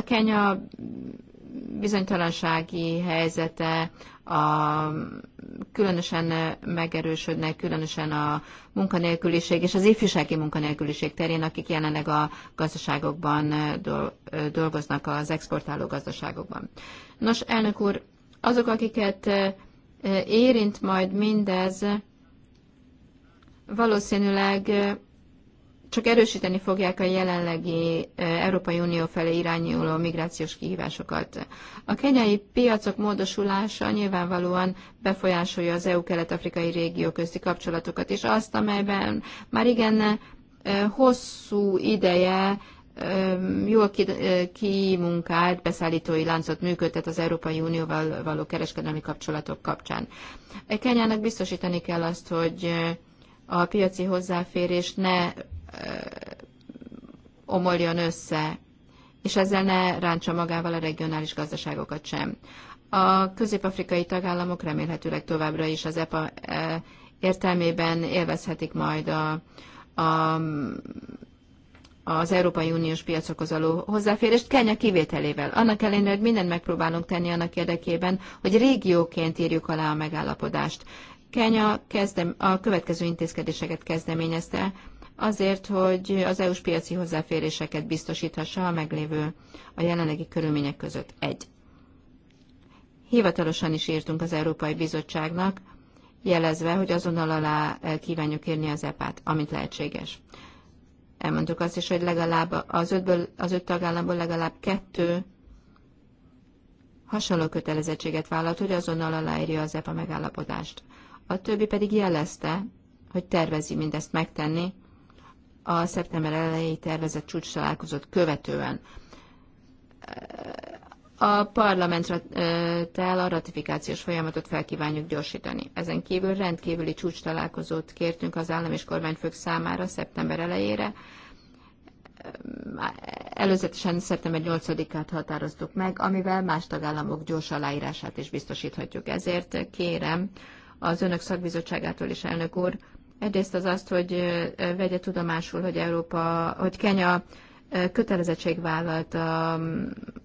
Kenya bizonytalansági helyzete, a, különösen megerősödnek, különösen a munkanélküliség és az ifjúsági munkanélküliség terén, akik jelenleg a gazdaságokban e, e, dolgoznak, az exportáló gazdaságokban. Nos, elnök úr, azok, akiket érint majd mindez, valószínűleg csak erősíteni fogják a jelenlegi e, Európai Unió felé irányuló migrációs kihívásokat. A kenyai piacok módosulása nyilvánvalóan befolyásolja az EU-kelet-afrikai régió közti kapcsolatokat, és azt, amelyben már igen e, hosszú ideje e, jól kimunkált beszállítói láncot működtet az Európai Unióval való kereskedelmi kapcsolatok kapcsán. Kenyának biztosítani kell azt, hogy a piaci hozzáférés ne omoljon össze, és ezzel ne rántsa magával a regionális gazdaságokat sem. A közép-afrikai tagállamok remélhetőleg továbbra is az EPA értelmében élvezhetik majd a, a, az Európai Uniós piacokhoz való hozzáférést, Kenya kivételével. Annak ellenére, hogy mindent megpróbálunk tenni annak érdekében, hogy régióként írjuk alá a megállapodást. Kenya kezdem, a következő intézkedéseket kezdeményezte, azért, hogy az EU-s piaci hozzáféréseket biztosíthassa a meglévő, a jelenlegi körülmények között. Egy. Hivatalosan is írtunk az Európai Bizottságnak, jelezve, hogy azonnal alá eh, kívánjuk írni az epe-t, amint lehetséges. Elmondtuk azt is, hogy legalább az, ötből, az öt tagállamból legalább kettő hasonló kötelezettséget vállalt, hogy azonnal aláírja az EPA megállapodást. A többi pedig jelezte, hogy tervezi mindezt megtenni, a szeptember elejé tervezett csúcs találkozót követően. A tel a ratifikációs folyamatot felkívánjuk gyorsítani. Ezen kívül rendkívüli csúcs találkozót kértünk az állam és kormányfők számára szeptember elejére. Előzetesen szeptember 8-át határoztuk meg, amivel más tagállamok gyors aláírását is biztosíthatjuk. Ezért kérem az önök szakbizottságától is, elnök úr, Egyrészt az azt, hogy vegye tudomásul, hogy Európa, hogy Kenya vállalt a,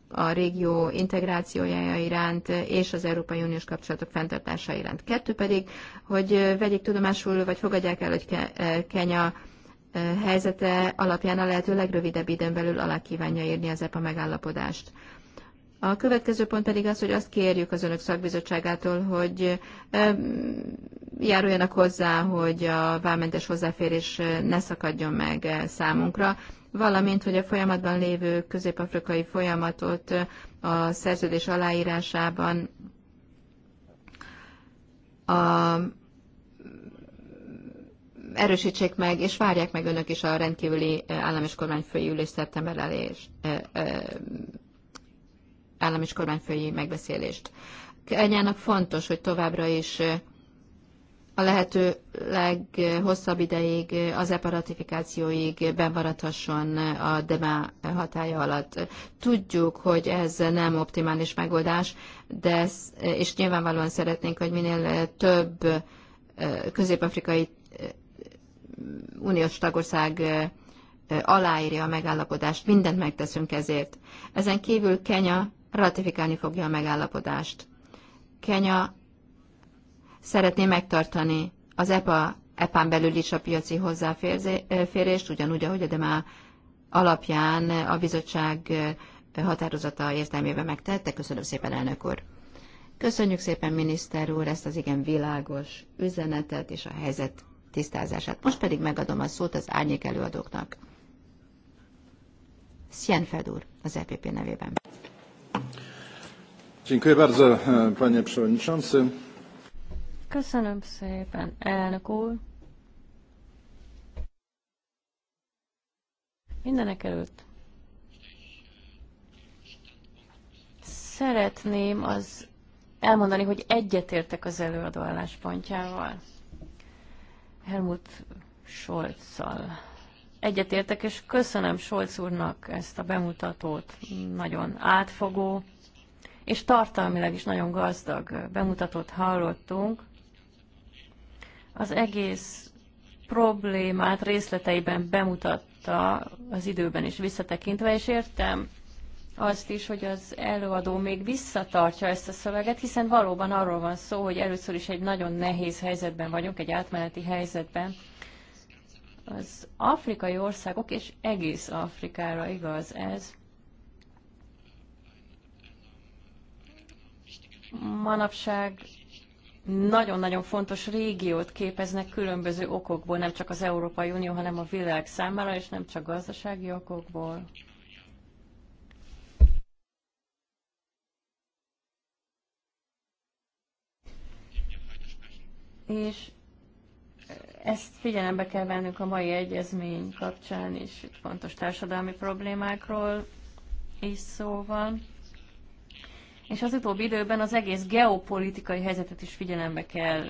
a régió integrációjája iránt és az Európai Uniós kapcsolatok fenntartása iránt. Kettő pedig, hogy vegyék tudomásul, vagy fogadják el, hogy Kenya helyzete alapján a lehető legrövidebb időn belül alá kívánja írni az EPA megállapodást. A következő pont pedig az, hogy azt kérjük az önök szakbizottságától, hogy járuljanak hozzá, hogy a vámentes hozzáférés ne szakadjon meg eh, számunkra, valamint, hogy a folyamatban lévő közép-afrikai folyamatot eh, a szerződés aláírásában a erősítsék meg, és várják meg önök is a rendkívüli eh, állam és kormányfői ülés szeptember e, állam és kormányfői megbeszélést. Kenyának fontos, hogy továbbra is a lehető leghosszabb ideig az EPA ratifikációig a DEMA hatája alatt. Tudjuk, hogy ez nem optimális megoldás, de és nyilvánvalóan szeretnénk, hogy minél több közép-afrikai uniós tagország aláírja a megállapodást, mindent megteszünk ezért. Ezen kívül Kenya ratifikálni fogja a megállapodást. Kenya szeretné megtartani az EPA, EPA-n belül is a piaci hozzáférést, ugyanúgy, ahogy a DEMA alapján a bizottság határozata értelmében megtette. Köszönöm szépen, elnök úr! Köszönjük szépen, miniszter úr, ezt az igen világos üzenetet és a helyzet tisztázását. Most pedig megadom a szót az árnyék előadóknak. Szienfeld úr, az EPP nevében. Dziękuję bardzo, panie przewodniczący. Köszönöm szépen, elnök úr. Mindenek előtt szeretném az elmondani, hogy egyetértek az előadó álláspontjával. Helmut Scholz-szal. Egyetértek, és köszönöm Solc úrnak ezt a bemutatót, nagyon átfogó, és tartalmilag is nagyon gazdag bemutatót hallottunk. Az egész problémát részleteiben bemutatta az időben is visszatekintve, és értem azt is, hogy az előadó még visszatartja ezt a szöveget, hiszen valóban arról van szó, hogy először is egy nagyon nehéz helyzetben vagyunk, egy átmeneti helyzetben, az afrikai országok, és egész Afrikára igaz ez, manapság nagyon-nagyon fontos régiót képeznek különböző okokból, nem csak az Európai Unió, hanem a világ számára, és nem csak gazdasági okokból. És ezt figyelembe kell vennünk a mai egyezmény kapcsán is, itt fontos társadalmi problémákról is szó van. És az utóbbi időben az egész geopolitikai helyzetet is figyelembe kell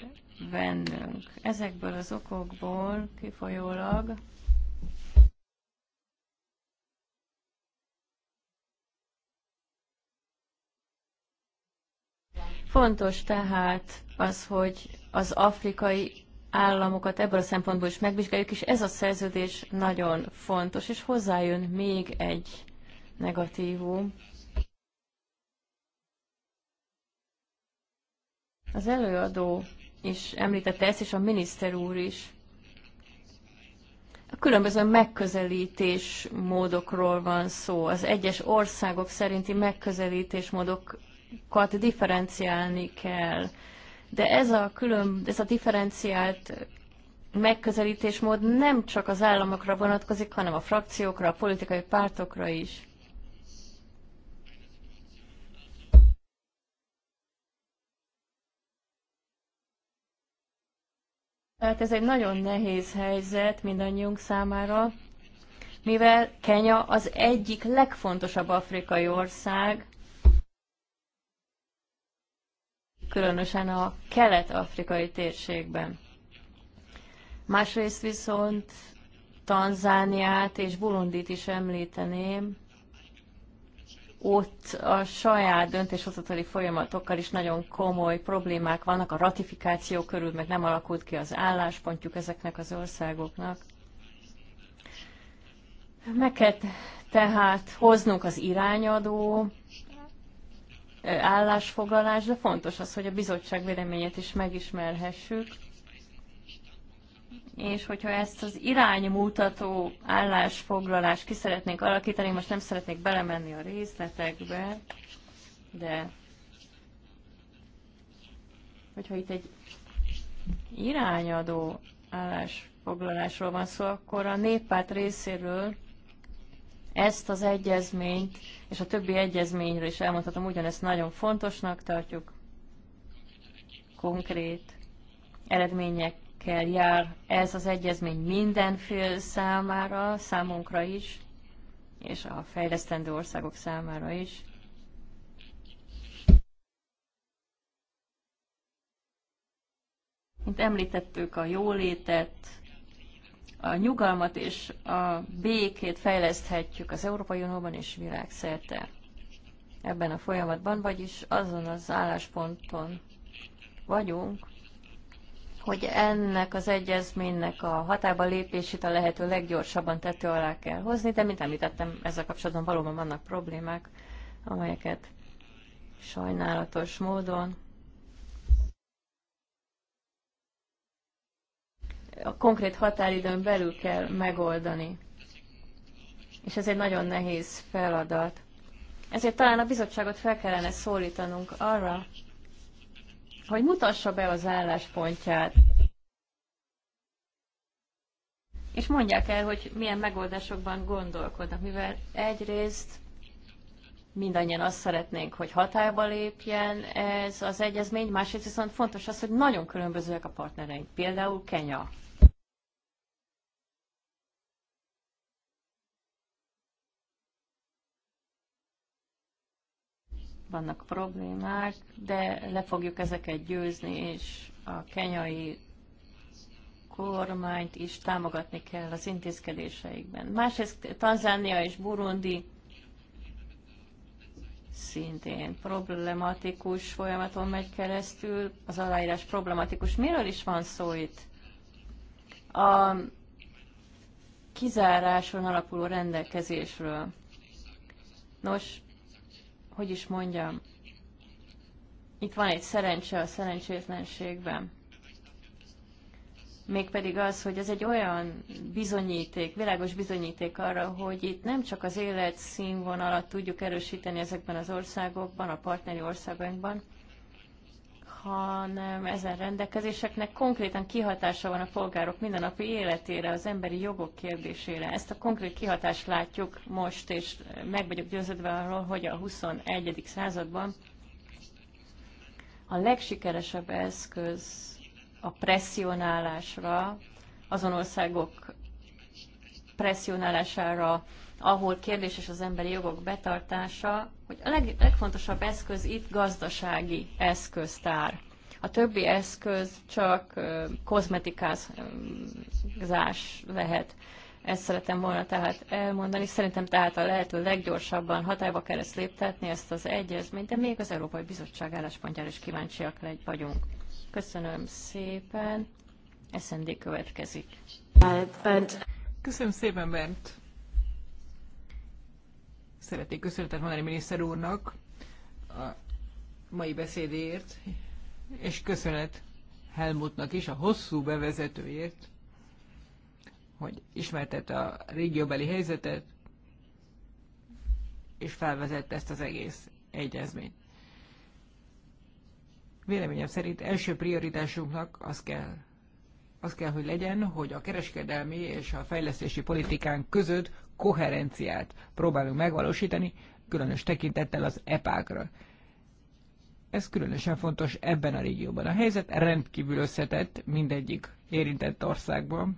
vennünk. Ezekből az okokból kifolyólag Fontos tehát az, hogy az afrikai államokat ebből a szempontból is megvizsgáljuk, és ez a szerződés nagyon fontos, és hozzájön még egy negatívum. Az előadó is említette ezt, és a miniszter úr is. A különböző megközelítés módokról van szó. Az egyes országok szerinti megközelítés módokat differenciálni kell de ez a külön, ez a differenciált megközelítésmód nem csak az államokra vonatkozik, hanem a frakciókra, a politikai pártokra is. Tehát ez egy nagyon nehéz helyzet mindannyiunk számára, mivel Kenya az egyik legfontosabb afrikai ország, különösen a kelet-afrikai térségben. Másrészt viszont Tanzániát és Burundit is említeném, ott a saját döntéshozatali folyamatokkal is nagyon komoly problémák vannak, a ratifikáció körül meg nem alakult ki az álláspontjuk ezeknek az országoknak. Meg kell tehát hoznunk az irányadó állásfoglalás, de fontos az, hogy a bizottság véleményét is megismerhessük. És hogyha ezt az iránymutató állásfoglalást ki szeretnénk alakítani, most nem szeretnék belemenni a részletekbe, de hogyha itt egy irányadó állásfoglalásról van szó, akkor a néppárt részéről ezt az egyezményt és a többi egyezményről is elmondhatom, ugyanezt nagyon fontosnak tartjuk. Konkrét eredményekkel jár ez az egyezmény minden fél számára, számunkra is, és a fejlesztendő országok számára is. Mint említettük, a jólétet, a nyugalmat és a békét fejleszthetjük az Európai Unióban és világszerte ebben a folyamatban, vagyis azon az állásponton vagyunk, hogy ennek az egyezménynek a hatába lépését a lehető leggyorsabban tető alá kell hozni, de mint említettem, ezzel kapcsolatban valóban vannak problémák, amelyeket sajnálatos módon a konkrét határidőn belül kell megoldani. És ez egy nagyon nehéz feladat. Ezért talán a bizottságot fel kellene szólítanunk arra, hogy mutassa be az álláspontját. És mondják el, hogy milyen megoldásokban gondolkodnak, mivel egyrészt mindannyian azt szeretnénk, hogy hatályba lépjen ez az egyezmény, másrészt viszont fontos az, hogy nagyon különbözőek a partnereink, például Kenya. vannak problémák, de le fogjuk ezeket győzni, és a kenyai kormányt is támogatni kell az intézkedéseikben. Másrészt Tanzánia és Burundi szintén problematikus folyamaton megy keresztül, az aláírás problematikus. Miről is van szó itt? A kizáráson alapuló rendelkezésről. Nos, hogy is mondjam, itt van egy szerencse a szerencsétlenségben. Mégpedig az, hogy ez egy olyan bizonyíték, világos bizonyíték arra, hogy itt nem csak az élet színvonalat tudjuk erősíteni ezekben az országokban, a partneri országainkban, hanem ezen rendelkezéseknek konkrétan kihatása van a polgárok mindennapi életére, az emberi jogok kérdésére. Ezt a konkrét kihatást látjuk most, és meg vagyok győződve arról, hogy a 21. században a legsikeresebb eszköz a presszionálásra, azon országok presszionálására, ahol kérdéses az emberi jogok betartása, hogy a leg, legfontosabb eszköz itt gazdasági eszköztár. A többi eszköz csak kozmetikázás lehet. Ezt szeretem volna tehát elmondani. Szerintem tehát a lehető leggyorsabban hatályba kell ezt léptetni, ezt az egyezményt, de még az Európai Bizottság álláspontjára is kíváncsiak legy vagyunk. Köszönöm szépen. SND következik. Köszönöm szépen, Bent. Szeretnék köszönetet mondani miniszter úrnak a mai beszédért, és köszönet Helmutnak is a hosszú bevezetőért, hogy ismertette a régióbeli helyzetet, és felvezette ezt az egész egyezményt. Véleményem szerint első prioritásunknak az kell, az kell, hogy legyen, hogy a kereskedelmi és a fejlesztési politikánk között koherenciát próbálunk megvalósítani, különös tekintettel az epákra. Ez különösen fontos ebben a régióban. A helyzet rendkívül összetett mindegyik érintett országban.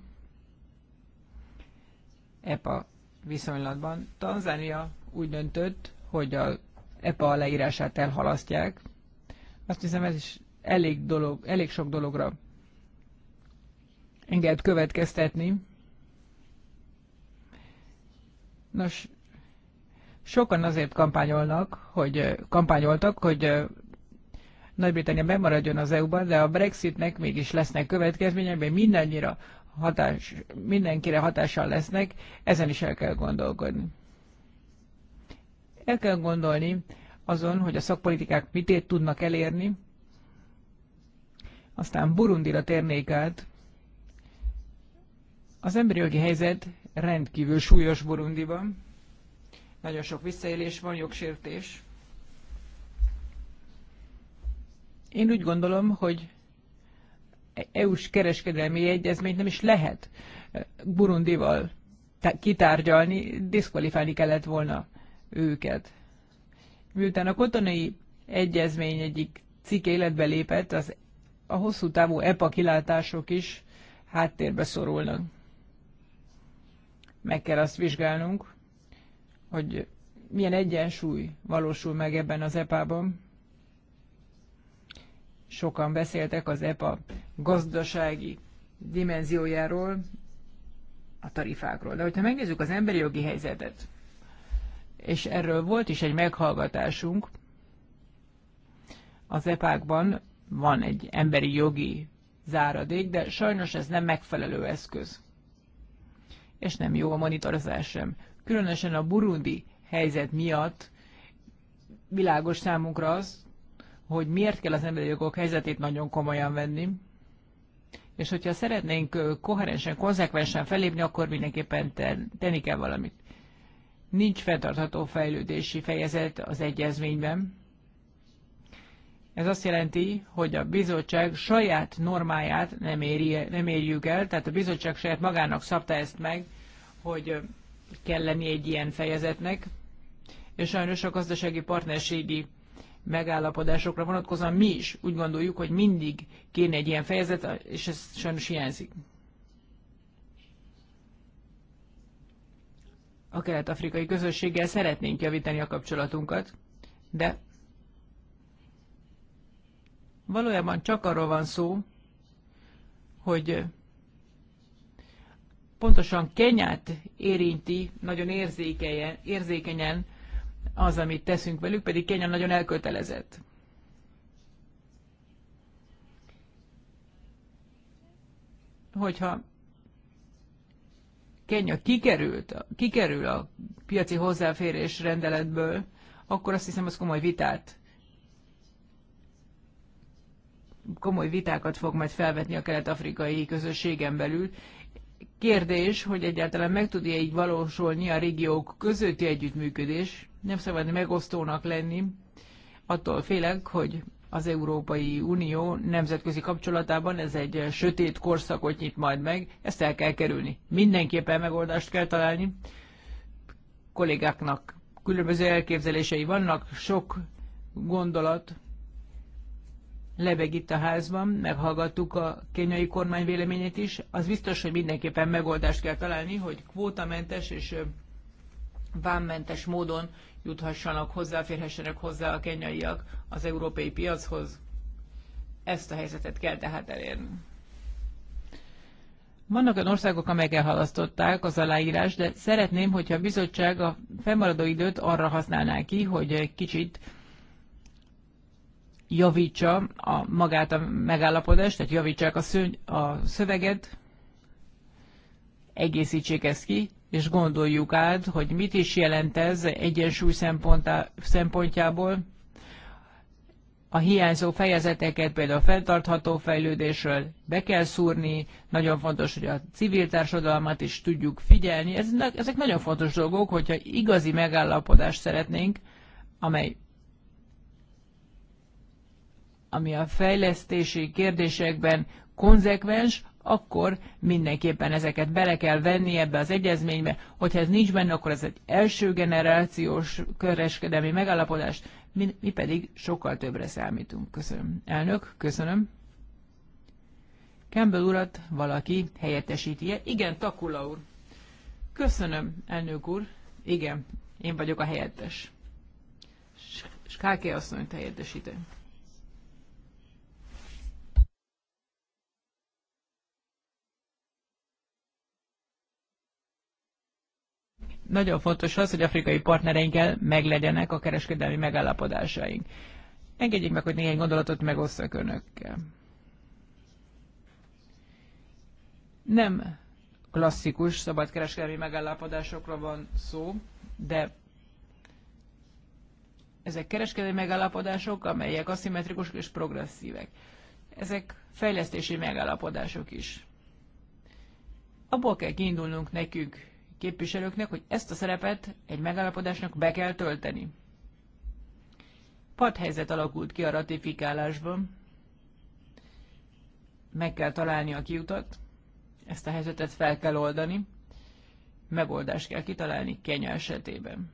EPA viszonylatban. Tanzánia úgy döntött, hogy a EPA leírását elhalasztják. Azt hiszem, ez is elég, dolog, elég sok dologra enged következtetni. Nos, sokan azért kampányolnak, hogy kampányoltak, hogy Nagy-Britannia bemaradjon az EU-ban, de a Brexitnek mégis lesznek következményei, mert mindannyira hatás, mindenkire hatással lesznek, ezen is el kell gondolkodni. El kell gondolni azon, hogy a szakpolitikák mitét tudnak elérni, aztán Burundira térnék át. Az emberi jogi helyzet rendkívül súlyos Burundiban. Nagyon sok visszaélés van, jogsértés. Én úgy gondolom, hogy EU-s kereskedelmi egyezményt nem is lehet e, Burundival kitárgyalni, diszkvalifálni kellett volna őket. Miután a kotonai egyezmény egyik cikke életbe lépett, az a hosszú távú EPA kilátások is háttérbe szorulnak meg kell azt vizsgálnunk, hogy milyen egyensúly valósul meg ebben az EPA-ban. Sokan beszéltek az EPA gazdasági dimenziójáról, a tarifákról. De hogyha megnézzük az emberi jogi helyzetet, és erről volt is egy meghallgatásunk, az EPÁkban van egy emberi jogi záradék, de sajnos ez nem megfelelő eszköz és nem jó a monitorozás sem. Különösen a burundi helyzet miatt világos számunkra az, hogy miért kell az emberi jogok helyzetét nagyon komolyan venni, és hogyha szeretnénk koherensen, konzekvensen felépni, akkor mindenképpen tenni kell valamit. Nincs fenntartható fejlődési fejezet az egyezményben, ez azt jelenti, hogy a bizottság saját normáját nem, éri, nem érjük el, tehát a bizottság saját magának szabta ezt meg, hogy kell lenni egy ilyen fejezetnek, és sajnos a gazdasági partnerségi megállapodásokra vonatkozóan mi is úgy gondoljuk, hogy mindig kéne egy ilyen fejezet, és ez sajnos hiányzik. A kelet-afrikai közösséggel szeretnénk javítani a kapcsolatunkat, de Valójában csak arról van szó, hogy pontosan Kenyát érinti nagyon érzékenyen, érzékenyen az, amit teszünk velük, pedig Kenya nagyon elkötelezett. Hogyha Kenya kikerült, kikerül a piaci hozzáférés rendeletből, akkor azt hiszem, az komoly vitát komoly vitákat fog majd felvetni a kelet-afrikai közösségen belül. Kérdés, hogy egyáltalán meg tudja így valósulni a régiók közötti együttműködés, nem szabad megosztónak lenni, attól félek, hogy az Európai Unió nemzetközi kapcsolatában ez egy sötét korszakot nyit majd meg, ezt el kell kerülni. Mindenképpen megoldást kell találni. Kollégáknak különböző elképzelései vannak, sok gondolat lebeg itt a házban, meghallgattuk a kényai kormány véleményét is. Az biztos, hogy mindenképpen megoldást kell találni, hogy kvótamentes és vámmentes módon juthassanak, hozzáférhessenek hozzá a kenyaiak az európai piachoz. Ezt a helyzetet kell tehát elérni. Vannak olyan országok, amelyek elhalasztották az aláírás, de szeretném, hogyha a bizottság a fennmaradó időt arra használná ki, hogy egy kicsit javítsa a magát a megállapodást, tehát javítsák a, szöny, a szöveget, egészítsék ezt ki, és gondoljuk át, hogy mit is jelent ez egyensúly szempontjából. A hiányzó fejezeteket például a fenntartható fejlődésről be kell szúrni, nagyon fontos, hogy a civil társadalmat is tudjuk figyelni. ezek nagyon fontos dolgok, hogyha igazi megállapodást szeretnénk, amely ami a fejlesztési kérdésekben konzekvens, akkor mindenképpen ezeket bele kell venni ebbe az egyezménybe. Hogyha ez nincs benne, akkor ez egy első generációs kereskedelmi megállapodás, mi, mi pedig sokkal többre számítunk. Köszönöm. Elnök, köszönöm. Campbell urat valaki helyettesíti -e? Igen, Takula úr. Köszönöm, elnök úr. Igen, én vagyok a helyettes. Skáke asszonyt helyettesíteni. nagyon fontos az, hogy afrikai partnereinkkel meglegyenek a kereskedelmi megállapodásaink. Engedjék meg, hogy néhány gondolatot megosszak önökkel. Nem klasszikus szabadkereskedelmi megállapodásokra van szó, de ezek kereskedelmi megállapodások, amelyek aszimmetrikusok és progresszívek. Ezek fejlesztési megállapodások is. Abból kell kiindulnunk nekünk képviselőknek, hogy ezt a szerepet egy megállapodásnak be kell tölteni. Padhelyzet alakult ki a ratifikálásban. Meg kell találni a kiutat, ezt a helyzetet fel kell oldani, megoldást kell kitalálni Kenya esetében.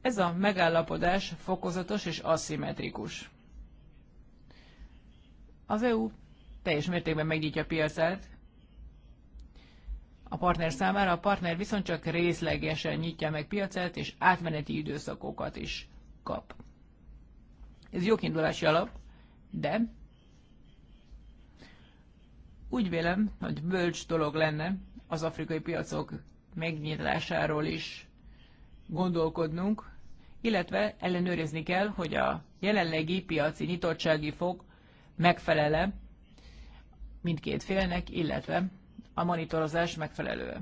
Ez a megállapodás fokozatos és aszimmetrikus. Az EU teljes mértékben megnyitja a piacát a partner számára, a partner viszont csak részlegesen nyitja meg piacát, és átmeneti időszakokat is kap. Ez jó kiindulási alap, de úgy vélem, hogy bölcs dolog lenne az afrikai piacok megnyitásáról is gondolkodnunk, illetve ellenőrizni kell, hogy a jelenlegi piaci nyitottsági fog megfelele mindkét félnek, illetve a monitorozás megfelelő.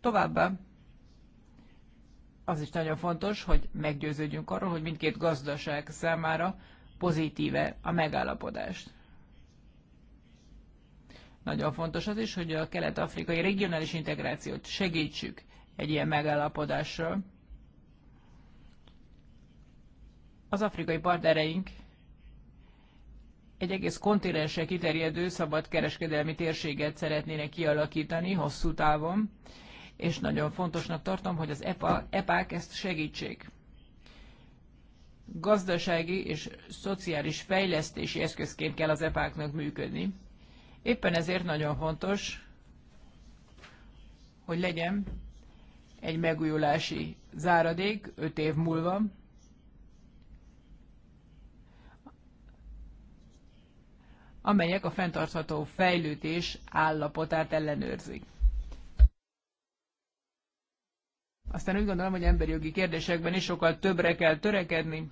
Továbbá az is nagyon fontos, hogy meggyőződjünk arról, hogy mindkét gazdaság számára pozitíve a megállapodást. Nagyon fontos az is, hogy a kelet-afrikai regionális integrációt segítsük egy ilyen megállapodással. Az afrikai partnereink egy egész kontinensre kiterjedő szabad kereskedelmi térséget szeretnének kialakítani hosszú távon, és nagyon fontosnak tartom, hogy az EPA, EPA-k ezt segítsék. Gazdasági és szociális fejlesztési eszközként kell az EPA-knak működni. Éppen ezért nagyon fontos, hogy legyen egy megújulási záradék 5 év múlva, amelyek a fenntartható fejlődés állapotát ellenőrzik. Aztán úgy gondolom, hogy emberi jogi kérdésekben is sokkal többre kell törekedni.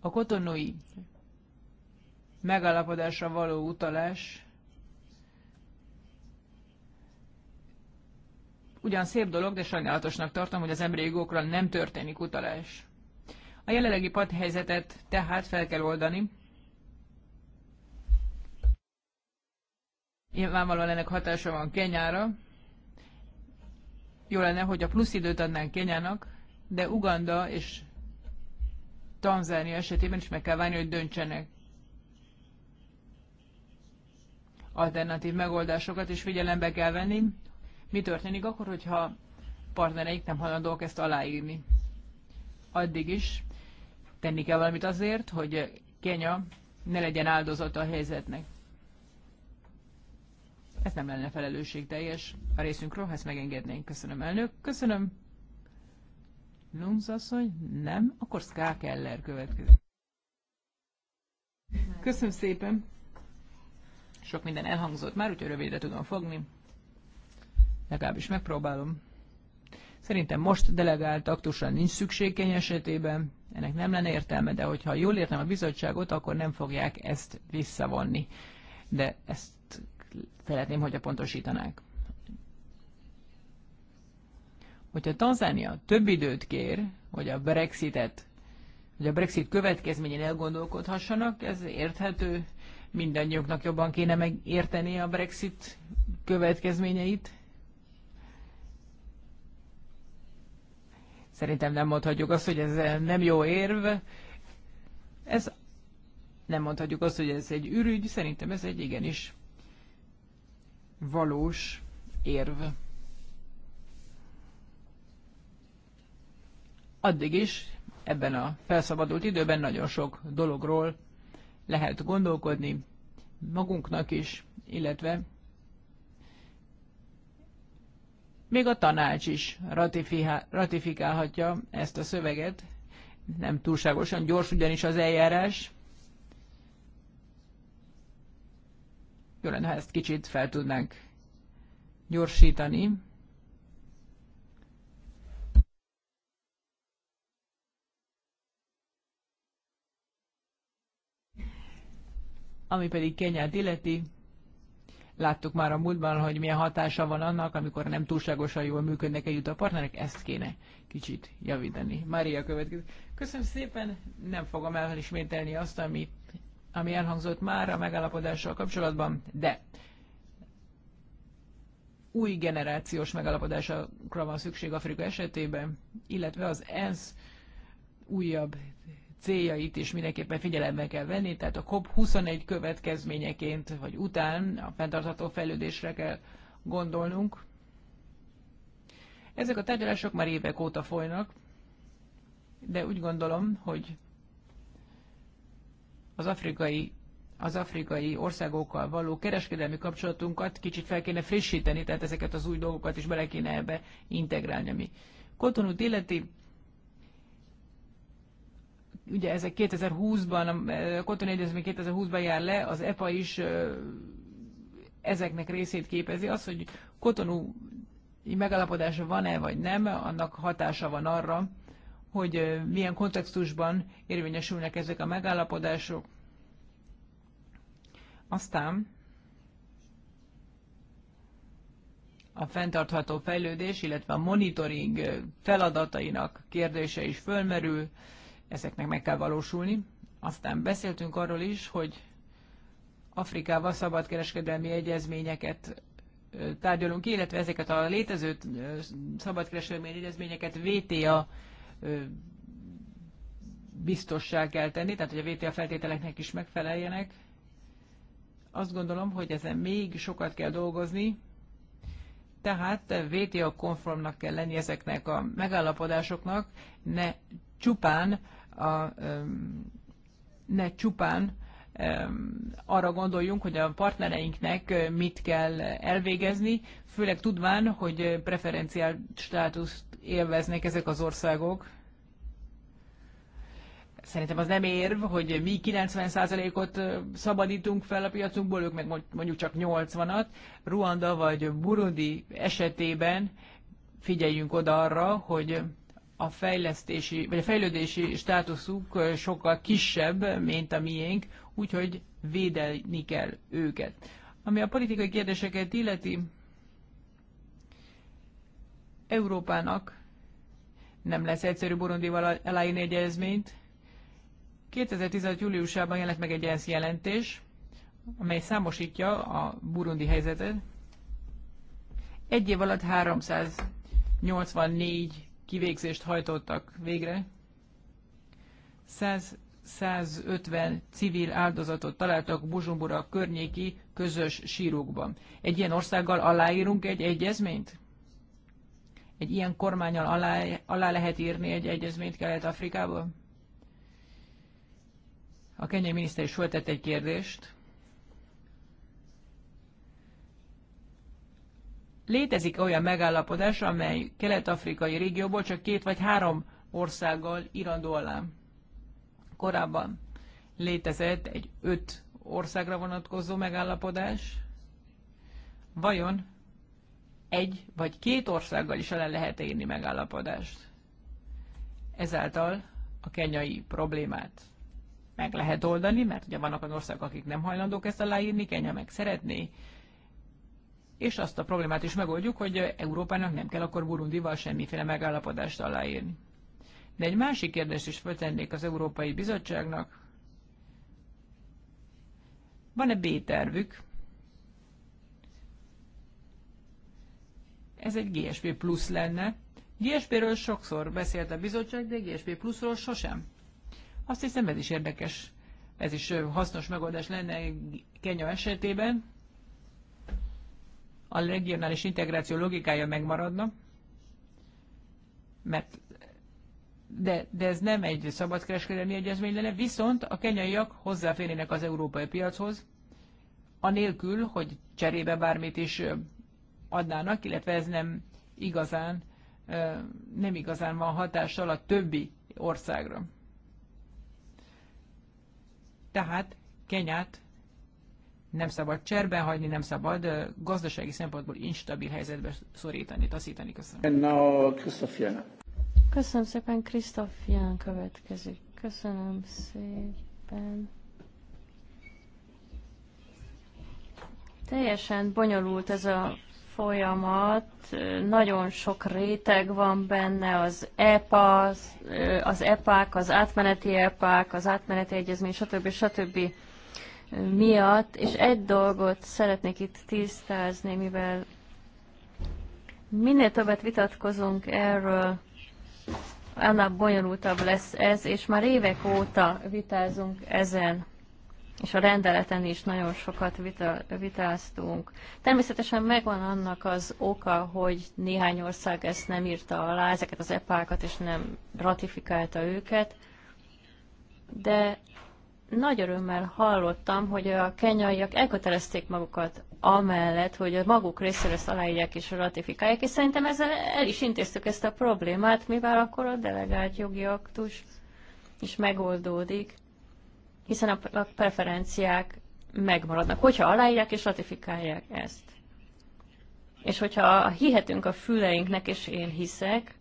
A kotonói megállapodásra való utalás ugyan szép dolog, de sajnálatosnak tartom, hogy az emberi jogokra nem történik utalás. A jelenlegi padhelyzetet tehát fel kell oldani, Nyilvánvalóan ennek hatása van Kenyára. Jó lenne, hogy a plusz időt adnánk Kenyának, de Uganda és Tanzánia esetében is meg kell várni, hogy döntsenek. Alternatív megoldásokat is figyelembe kell venni. Mi történik akkor, hogyha partnereik nem hajlandóak ezt aláírni? Addig is tenni kell valamit azért, hogy Kenya ne legyen áldozata a helyzetnek. Ez nem lenne teljes a részünkről, ha ezt megengednénk. Köszönöm, elnök. Köszönöm. Lungs asszony? Nem? Akkor Ská Keller következik. Köszönöm szépen. Sok minden elhangzott már, úgyhogy rövidre tudom fogni. Legalábbis megpróbálom. Szerintem most delegált aktusra nincs szükség esetében, ennek nem lenne értelme, de hogyha jól értem a bizottságot, akkor nem fogják ezt visszavonni. De ezt szeretném, hogyha pontosítanák. Hogyha Tanzánia több időt kér, hogy a Brexitet, hogy a Brexit következményén elgondolkodhassanak, ez érthető, mindannyiunknak jobban kéne megérteni a Brexit következményeit. Szerintem nem mondhatjuk azt, hogy ez nem jó érv. Ez nem mondhatjuk azt, hogy ez egy ürügy, szerintem ez egy igenis valós érv. Addig is, ebben a felszabadult időben nagyon sok dologról lehet gondolkodni magunknak is, illetve még a tanács is ratifikálhatja ezt a szöveget. Nem túlságosan gyors ugyanis az eljárás, Jó lenne, ha ezt kicsit fel tudnánk gyorsítani. Ami pedig Kenyát illeti, láttuk már a múltban, hogy milyen hatása van annak, amikor nem túlságosan jól működnek együtt a partnerek, ezt kéne kicsit javítani. Mária következik. Köszönöm szépen, nem fogom elismételni azt, amit ami elhangzott már a megállapodással kapcsolatban, de új generációs megállapodásra van szükség Afrika esetében, illetve az ENSZ újabb céljait is mindenképpen figyelembe kell venni, tehát a COP21 következményeként vagy után a fenntartható fejlődésre kell gondolnunk. Ezek a tárgyalások már évek óta folynak, de úgy gondolom, hogy az afrikai az afrikai országokkal való kereskedelmi kapcsolatunkat kicsit fel kéne frissíteni, tehát ezeket az új dolgokat is bele kéne ebbe integrálni, ami Kotonút illeti, ugye ezek 2020-ban, a Kotonú e, Egyezmény 2020-ban jár le, az EPA is e, ezeknek részét képezi. Az, hogy Kotonú megalapodása van-e vagy nem, annak hatása van arra, hogy milyen kontextusban érvényesülnek ezek a megállapodások. Aztán a fenntartható fejlődés, illetve a monitoring feladatainak kérdése is fölmerül, ezeknek meg kell valósulni. Aztán beszéltünk arról is, hogy Afrikával szabadkereskedelmi egyezményeket tárgyalunk ki, illetve ezeket a létező szabadkereskedelmi egyezményeket VTA biztossá kell tenni, tehát hogy a VTA feltételeknek is megfeleljenek. Azt gondolom, hogy ezen még sokat kell dolgozni, tehát VTA konformnak kell lenni ezeknek a megállapodásoknak, ne csupán a, ne csupán arra gondoljunk, hogy a partnereinknek mit kell elvégezni, főleg tudván, hogy preferenciál státuszt élveznék ezek az országok. Szerintem az nem érv, hogy mi 90%-ot szabadítunk fel a piacunkból, ők meg mondjuk csak 80-at. Ruanda vagy Burundi esetében figyeljünk oda arra, hogy a fejlesztési, vagy a fejlődési státuszuk sokkal kisebb, mint a miénk, úgyhogy védelni kell őket. Ami a politikai kérdéseket illeti, Európának nem lesz egyszerű Burundival aláírni egy egyezményt. 2016. júliusában jelent meg egy ENSZ jelentés, amely számosítja a burundi helyzetet. Egy év alatt 384 kivégzést hajtottak végre. 100 150 civil áldozatot találtak Buzsumbura környéki közös sírókban. Egy ilyen országgal aláírunk egy egyezményt? egy ilyen kormányal alá, alá lehet írni egy egyezményt Kelet-Afrikából? A kenyai miniszter is föltett egy kérdést. Létezik olyan megállapodás, amely kelet-afrikai régióból csak két vagy három országgal irandó alá. Korábban létezett egy öt országra vonatkozó megállapodás. Vajon egy vagy két országgal is el lehet érni megállapodást. Ezáltal a kenyai problémát meg lehet oldani, mert ugye vannak az országok, akik nem hajlandók ezt aláírni, Kenya meg szeretné, és azt a problémát is megoldjuk, hogy Európának nem kell akkor Burundival semmiféle megállapodást aláírni. De egy másik kérdést is föltennék az Európai Bizottságnak. Van-e B-tervük Ez egy GSP plusz lenne. GSP-ről sokszor beszélt a bizottság, de GSP pluszról sosem. Azt hiszem ez is érdekes, ez is hasznos megoldás lenne Kenya esetében. A regionális integráció logikája megmaradna, mert de, de ez nem egy szabadkereskedelmi egyezmény lenne, viszont a kenyaiak hozzáférnének az európai piachoz, anélkül, hogy cserébe bármit is adnának, illetve ez nem igazán, nem igazán van hatással a többi országra. Tehát Kenyát nem szabad cserben hagyni, nem szabad gazdasági szempontból instabil helyzetbe szorítani, taszítani. Köszönöm. Köszönöm szépen, Krisztof következik. Köszönöm szépen. Teljesen bonyolult ez a folyamat, nagyon sok réteg van benne, az EPA, az, e az k az átmeneti EPA-k, az átmeneti egyezmény, stb. stb. miatt, és egy dolgot szeretnék itt tisztázni, mivel minél többet vitatkozunk erről, annál bonyolultabb lesz ez, és már évek óta vitázunk ezen és a rendeleten is nagyon sokat vita, vitáztunk. Természetesen megvan annak az oka, hogy néhány ország ezt nem írta alá, ezeket az epákat, és nem ratifikálta őket, de nagy örömmel hallottam, hogy a kenyaiak elkötelezték magukat amellett, hogy a maguk részéről ezt aláírják és ratifikálják, és szerintem ezzel el is intéztük ezt a problémát, mivel akkor a delegált jogi aktus is megoldódik hiszen a preferenciák megmaradnak, hogyha aláírják és ratifikálják ezt. És hogyha hihetünk a füleinknek, és én hiszek,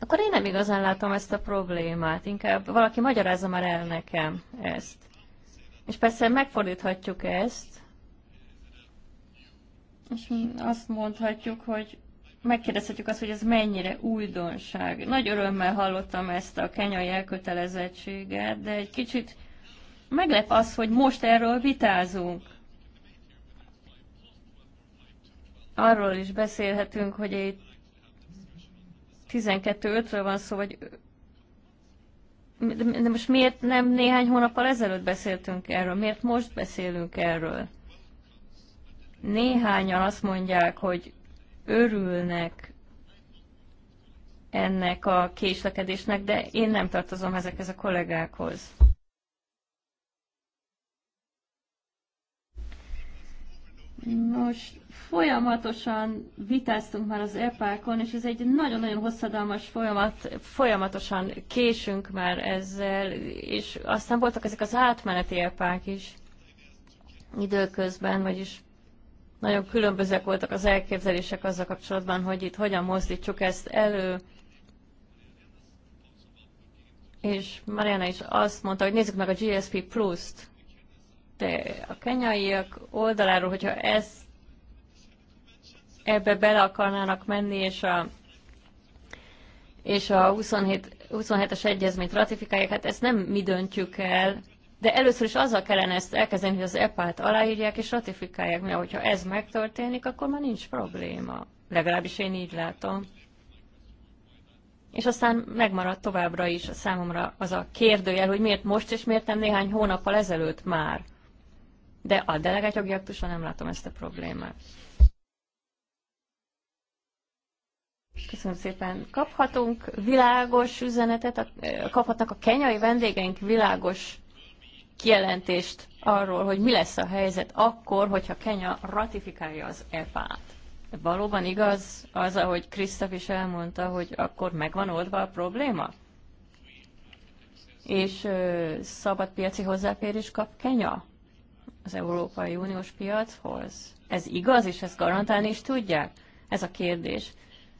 akkor én nem igazán látom ezt a problémát. Inkább valaki magyarázza már el nekem ezt. És persze megfordíthatjuk ezt, és azt mondhatjuk, hogy megkérdezhetjük azt, hogy ez mennyire újdonság. Nagy örömmel hallottam ezt a kenyai elkötelezettséget, de egy kicsit meglep az, hogy most erről vitázunk. Arról is beszélhetünk, hogy itt 5 ről van szó, vagy de most miért nem néhány hónappal ezelőtt beszéltünk erről? Miért most beszélünk erről? Néhányan azt mondják, hogy örülnek ennek a késlekedésnek, de én nem tartozom ezekhez a kollégákhoz. Nos, folyamatosan vitáztunk már az epákon, és ez egy nagyon-nagyon hosszadalmas folyamat, folyamatosan késünk már ezzel, és aztán voltak ezek az átmeneti epák is időközben, vagyis nagyon különbözőek voltak az elképzelések azzal kapcsolatban, hogy itt hogyan mozdítsuk ezt elő. És Mariana is azt mondta, hogy nézzük meg a GSP Plus-t. De a kenyaiak oldaláról, hogyha ez ebbe bele akarnának menni, és a, és a 27, 27-es egyezményt ratifikálják, hát ezt nem mi döntjük el, de először is azzal kellene ezt elkezdeni, hogy az EPA-t aláírják és ratifikálják, mert hogyha ez megtörténik, akkor már nincs probléma. Legalábbis én így látom. És aztán megmaradt továbbra is a számomra az a kérdőjel, hogy miért most és miért nem néhány hónappal ezelőtt már. De a delegált jogi nem látom ezt a problémát. Köszönöm szépen. Kaphatunk világos üzenetet, kaphatnak a kenyai vendégeink világos kijelentést arról, hogy mi lesz a helyzet akkor, hogyha Kenya ratifikálja az EPA-t. Valóban igaz az, ahogy Krisztaf is elmondta, hogy akkor megvan oldva a probléma? És ö, szabadpiaci hozzáférés kap Kenya az Európai Uniós piachoz? Ez igaz, és ezt garantálni is tudják? Ez a kérdés.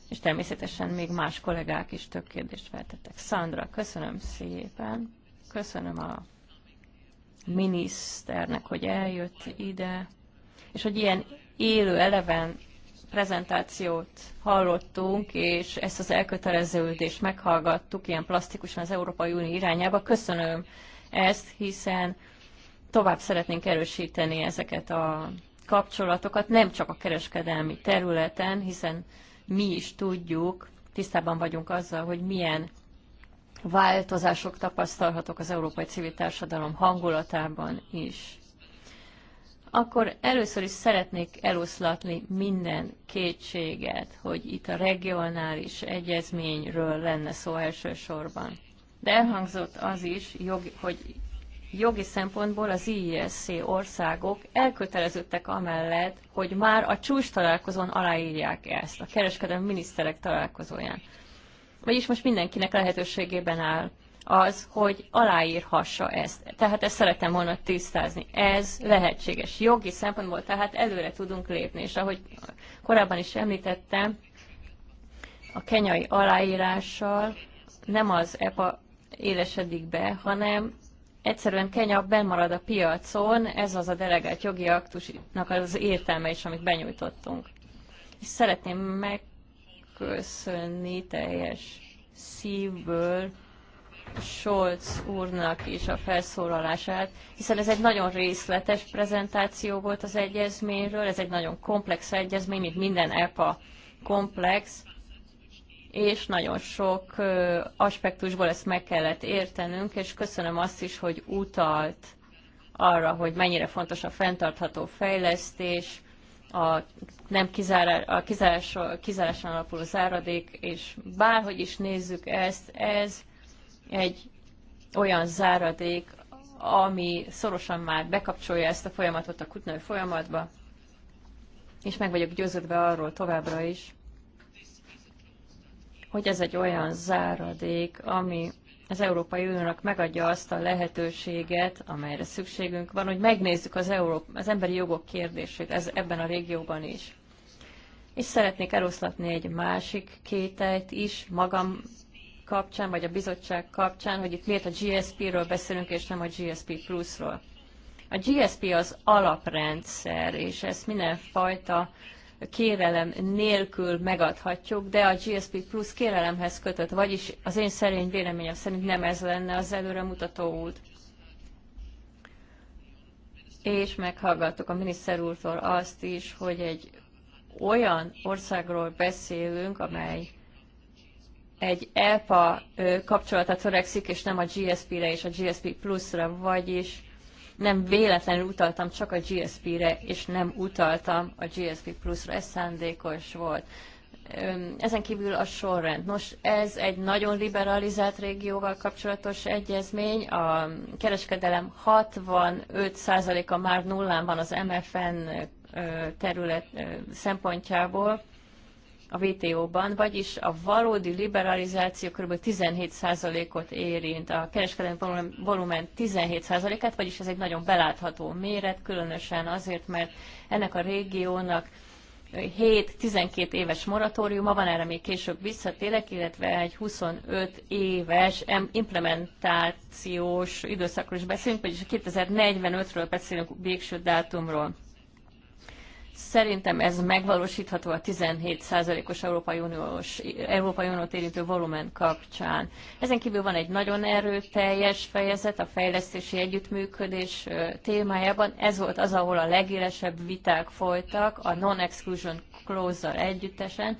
És természetesen még más kollégák is több kérdést feltettek. Szandra, köszönöm szépen. Köszönöm a miniszternek, hogy eljött ide, és hogy ilyen élő, eleven prezentációt hallottunk, és ezt az elköteleződést meghallgattuk ilyen plastikusan az Európai Unió irányába. Köszönöm ezt, hiszen tovább szeretnénk erősíteni ezeket a kapcsolatokat, nem csak a kereskedelmi területen, hiszen mi is tudjuk, tisztában vagyunk azzal, hogy milyen változások tapasztalhatók az európai civil társadalom hangulatában is. Akkor először is szeretnék eloszlatni minden kétséget, hogy itt a regionális egyezményről lenne szó elsősorban. De elhangzott az is, hogy jogi szempontból az ISC e országok elköteleződtek amellett, hogy már a csúcs találkozón aláírják ezt, a kereskedelmi miniszterek találkozóján vagyis most mindenkinek lehetőségében áll az, hogy aláírhassa ezt. Tehát ezt szeretem volna tisztázni. Ez lehetséges jogi szempontból, tehát előre tudunk lépni, és ahogy korábban is említettem, a kenyai aláírással nem az EPA élesedik be, hanem egyszerűen Kenya bemarad a piacon, ez az a delegált jogi aktusnak az értelme is, amit benyújtottunk. És szeretném meg köszönni teljes szívből Scholz úrnak is a felszólalását, hiszen ez egy nagyon részletes prezentáció volt az egyezményről, ez egy nagyon komplex egyezmény, mint minden EPA komplex, és nagyon sok aspektusból ezt meg kellett értenünk, és köszönöm azt is, hogy utalt arra, hogy mennyire fontos a fenntartható fejlesztés, a nem kizárás, a kizáráson alapuló záradék, és bárhogy is nézzük ezt, ez egy olyan záradék, ami szorosan már bekapcsolja ezt a folyamatot a kutnai folyamatba, és meg vagyok győződve arról továbbra is, hogy ez egy olyan záradék, ami az Európai Uniónak megadja azt a lehetőséget, amelyre szükségünk van, hogy megnézzük az, Európa, az emberi jogok kérdését ez, ebben a régióban is. És szeretnék eloszlatni egy másik kételyt is magam kapcsán, vagy a bizottság kapcsán, hogy itt miért a GSP-ről beszélünk, és nem a GSP Plus-ról. A GSP az alaprendszer, és ezt mindenfajta kérelem nélkül megadhatjuk, de a GSP Plus kérelemhez kötött, vagyis az én szerény véleményem szerint nem ez lenne az előremutató út. És meghallgattuk a miniszter úrtól azt is, hogy egy olyan országról beszélünk, amely egy EPA kapcsolata törekszik, és nem a GSP-re és a GSP Plus-ra, vagyis nem véletlenül utaltam csak a GSP-re, és nem utaltam a GSP Plus-ra, ez szándékos volt. Ezen kívül a sorrend. Nos, ez egy nagyon liberalizált régióval kapcsolatos egyezmény. A kereskedelem 65%-a már nullán van az MFN terület szempontjából a WTO-ban, vagyis a valódi liberalizáció kb. 17%-ot érint, a kereskedelmi volumen 17%-át, vagyis ez egy nagyon belátható méret, különösen azért, mert ennek a régiónak 7-12 éves moratóriuma van, erre még később visszatérek, illetve egy 25 éves implementációs időszakról is beszélünk, vagyis 2045-ről beszélünk végső dátumról. Szerintem ez megvalósítható a 17%-os Európai, Uniós, Európai Uniót érintő volumen kapcsán. Ezen kívül van egy nagyon erőteljes fejezet a fejlesztési együttműködés témájában. Ez volt az, ahol a legélesebb viták folytak a non-exclusion clause-zal együttesen.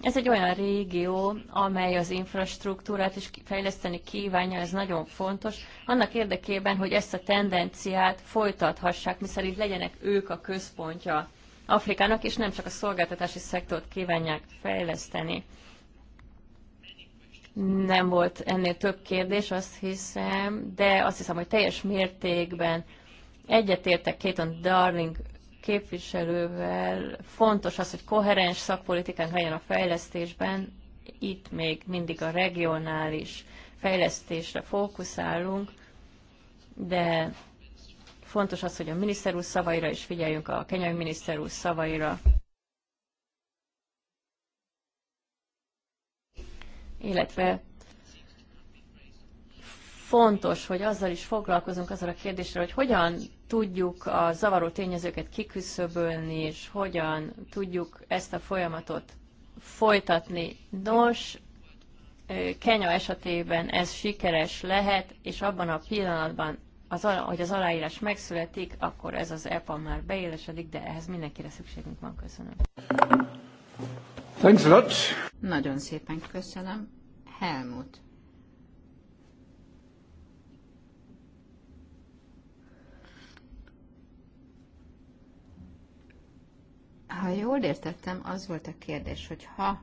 Ez egy olyan régió, amely az infrastruktúrát is fejleszteni kívánja, ez nagyon fontos, annak érdekében, hogy ezt a tendenciát folytathassák, miszerint legyenek ők a központja Afrikának, és nem csak a szolgáltatási szektort kívánják fejleszteni. Nem volt ennél több kérdés, azt hiszem, de azt hiszem, hogy teljes mértékben egyetértek Kéton Darling képviselővel. Fontos az, hogy koherens szakpolitikánk legyen a fejlesztésben. Itt még mindig a regionális fejlesztésre fókuszálunk, de Fontos az, hogy a miniszter úr szavaira is figyeljünk, a kenyai miniszter úr szavaira. Illetve fontos, hogy azzal is foglalkozunk, azzal a kérdéssel, hogy hogyan tudjuk a zavaró tényezőket kiküszöbölni, és hogyan tudjuk ezt a folyamatot folytatni. Nos, Kenya esetében ez sikeres lehet, és abban a pillanatban az, hogy az aláírás megszületik, akkor ez az EPA már beélesedik, de ehhez mindenkire szükségünk van. Köszönöm. Thanks a lot. Nagyon szépen köszönöm. Helmut. Ha jól értettem, az volt a kérdés, hogy ha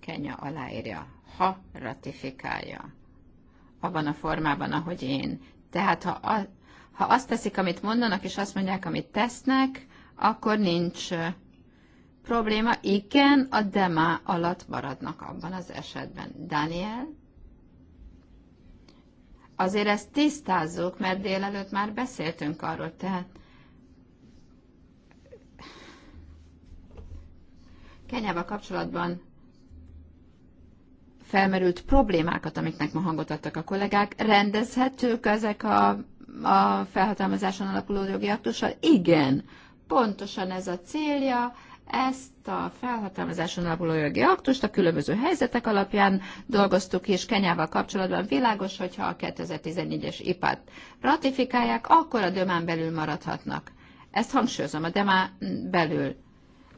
Kenya aláírja, ha ratifikálja, abban a formában, ahogy én tehát ha, a, ha azt teszik, amit mondanak, és azt mondják, amit tesznek, akkor nincs probléma. Igen, a demá alatt maradnak abban az esetben. Daniel? Azért ezt tisztázzuk, mert délelőtt már beszéltünk arról, tehát Kenyával kapcsolatban felmerült problémákat, amiknek ma hangot adtak a kollégák, rendezhetők ezek a, a felhatalmazáson alapuló jogi aktussal? Igen, pontosan ez a célja, ezt a felhatalmazáson alapuló jogi aktust a különböző helyzetek alapján dolgoztuk, és Kenyával kapcsolatban világos, hogyha a 2014-es ipad ratifikálják, akkor a dömán belül maradhatnak. Ezt hangsúlyozom, a dömán belül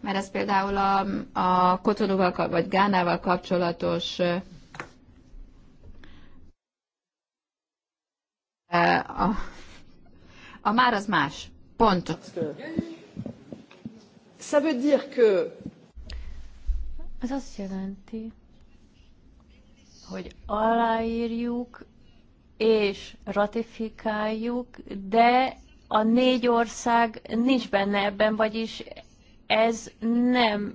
mert ez például a, a kotonúval vagy Gánával kapcsolatos a, a már az más. Pont. Ça veut dire que... Az azt jelenti, hogy aláírjuk és ratifikáljuk, de a négy ország nincs benne ebben, vagyis ez nem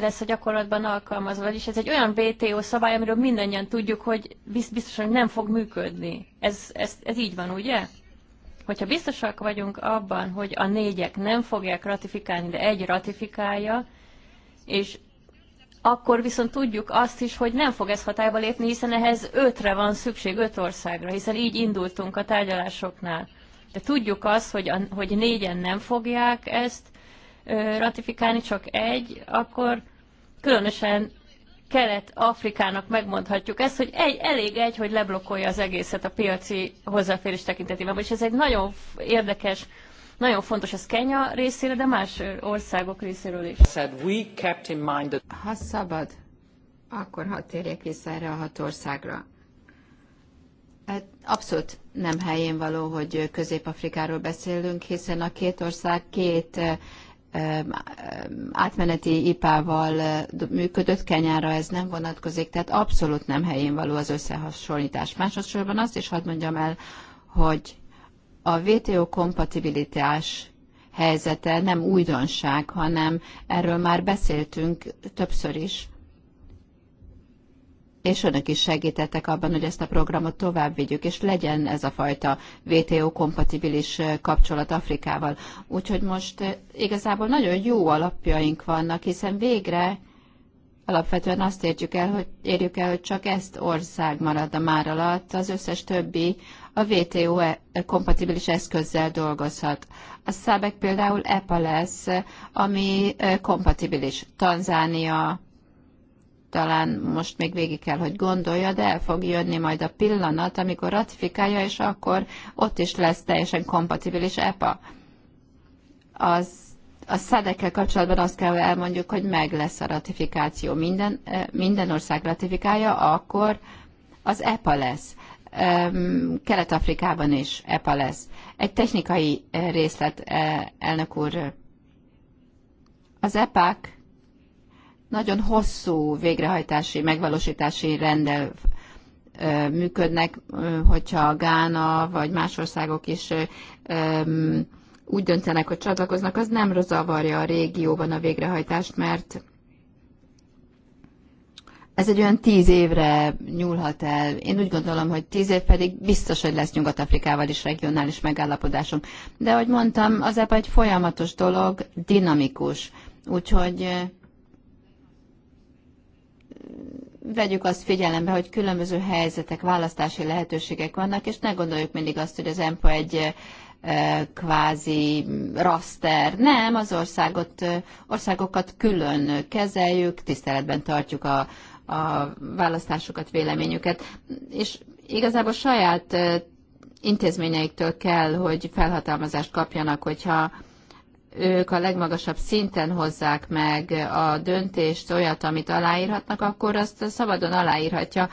lesz a gyakorlatban alkalmazva, vagyis ez egy olyan WTO szabály, amiről mindannyian tudjuk, hogy biztosan nem fog működni. Ez, ez, ez így van, ugye? Hogyha biztosak vagyunk abban, hogy a négyek nem fogják ratifikálni, de egy ratifikálja, és akkor viszont tudjuk azt is, hogy nem fog ez hatályba lépni, hiszen ehhez ötre van szükség, öt országra, hiszen így indultunk a tárgyalásoknál. De tudjuk azt, hogy, a, hogy négyen nem fogják ezt, ratifikálni, csak egy, akkor különösen Kelet-Afrikának megmondhatjuk ezt, hogy egy, elég egy, hogy leblokkolja az egészet a piaci hozzáférés tekintetében. És ez egy nagyon érdekes, nagyon fontos ez Kenya részére, de más országok részéről is. Ha szabad, akkor hadd térjek vissza erre a hat országra. Hát abszolút nem helyén való, hogy Közép-Afrikáról beszélünk, hiszen a két ország két átmeneti ipával eh, működött, kenyára ez nem vonatkozik, tehát abszolút nem helyén való az összehasonlítás. Másodszorban azt is hadd mondjam el, hogy a VTO kompatibilitás helyzete nem újdonság, hanem erről már beszéltünk többször is és önök is segítettek abban, hogy ezt a programot tovább vigyük, és legyen ez a fajta VTO-kompatibilis kapcsolat Afrikával. Úgyhogy most igazából nagyon jó alapjaink vannak, hiszen végre alapvetően azt értjük el, hogy érjük el, hogy csak ezt ország marad a már alatt, az összes többi a VTO kompatibilis eszközzel dolgozhat. A szábek például EPA lesz, ami kompatibilis. Tanzánia, talán most még végig kell, hogy gondolja, de el fog jönni majd a pillanat, amikor ratifikálja, és akkor ott is lesz teljesen kompatibilis EPA. Az, a szedekkel kapcsolatban azt kell elmondjuk, hogy meg lesz a ratifikáció. Minden, minden ország ratifikálja, akkor az EPA lesz. Kelet-Afrikában is EPA lesz. Egy technikai részlet, elnök úr. Az EPA-k nagyon hosszú végrehajtási, megvalósítási rendel működnek, hogyha Gána vagy más országok is úgy döntenek, hogy csatlakoznak, az nem zavarja a régióban a végrehajtást, mert ez egy olyan tíz évre nyúlhat el. Én úgy gondolom, hogy tíz év pedig biztos, hogy lesz Nyugat-Afrikával is regionális megállapodásunk. De ahogy mondtam, az ebben egy folyamatos dolog, dinamikus. Úgyhogy vegyük azt figyelembe, hogy különböző helyzetek, választási lehetőségek vannak, és ne gondoljuk mindig azt, hogy az EMPA egy kvázi raster. Nem, az országot, országokat külön kezeljük, tiszteletben tartjuk a, a választásokat, véleményüket, és igazából saját intézményeiktől kell, hogy felhatalmazást kapjanak, hogyha ők a legmagasabb szinten hozzák meg a döntést, olyat, amit aláírhatnak, akkor azt szabadon aláírhatja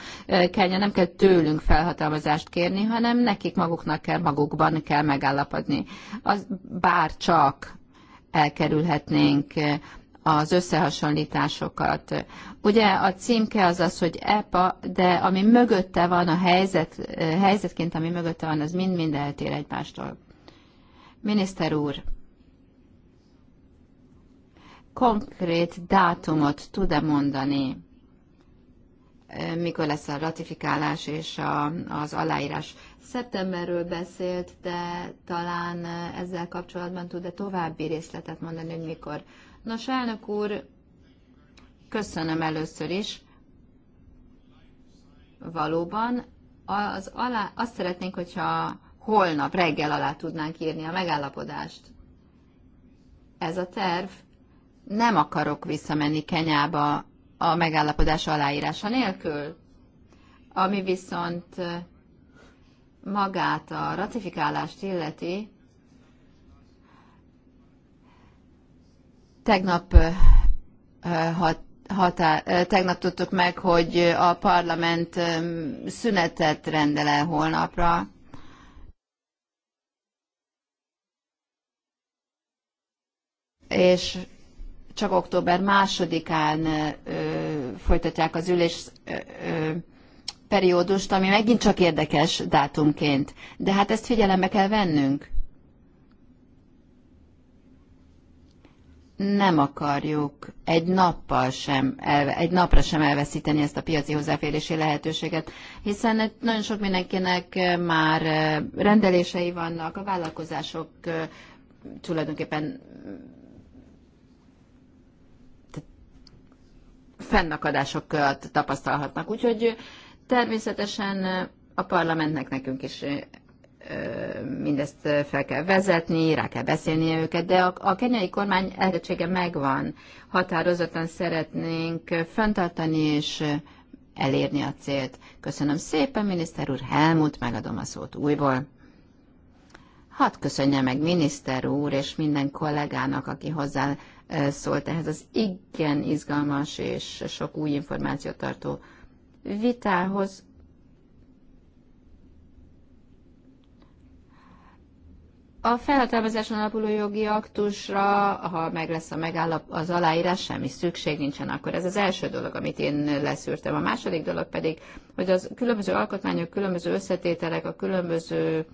Kenya. Nem kell tőlünk felhatalmazást kérni, hanem nekik maguknak kell, magukban kell megállapodni. Az bár csak elkerülhetnénk az összehasonlításokat. Ugye a címke az az, hogy EPA, de ami mögötte van a helyzet, helyzetként, ami mögötte van, az mind-mind eltér egymástól. Miniszter úr, konkrét dátumot tud-e mondani, mikor lesz a ratifikálás és a, az aláírás. Szeptemberről beszélt, de talán ezzel kapcsolatban tud-e további részletet mondani, hogy mikor. Nos, elnök úr, köszönöm először is. Valóban az alá, azt szeretnénk, hogyha holnap reggel alá tudnánk írni a megállapodást. Ez a terv, nem akarok visszamenni Kenyába a megállapodás aláírása nélkül, ami viszont magát a ratifikálást illeti, tegnap, hatá, tegnap tudtuk meg, hogy a parlament szünetet rendele holnapra. És csak október másodikán folytatják az ülés periódust, ami megint csak érdekes dátumként. De hát ezt figyelembe kell vennünk. nem akarjuk egy nappal sem, elve, egy napra sem elveszíteni ezt a piaci hozzáférési lehetőséget, hiszen nagyon sok mindenkinek már rendelései vannak, a vállalkozások tulajdonképpen fennakadásokat tapasztalhatnak. Úgyhogy természetesen a parlamentnek nekünk is mindezt fel kell vezetni, rá kell beszélni őket, de a, a kenyai kormány eredetsége megvan. Határozottan szeretnénk fenntartani és elérni a célt. Köszönöm szépen, miniszter úr Helmut, megadom a szót újból. Hadd köszönje meg miniszter úr és minden kollégának, aki hozzá szólt ehhez az igen izgalmas és sok új információt tartó vitához. A felhatalmazáson alapuló jogi aktusra, ha meg lesz a megállap, az aláírás, semmi szükség nincsen, akkor ez az első dolog, amit én leszűrtem. A második dolog pedig, hogy az különböző alkotmányok, különböző összetételek, a különböző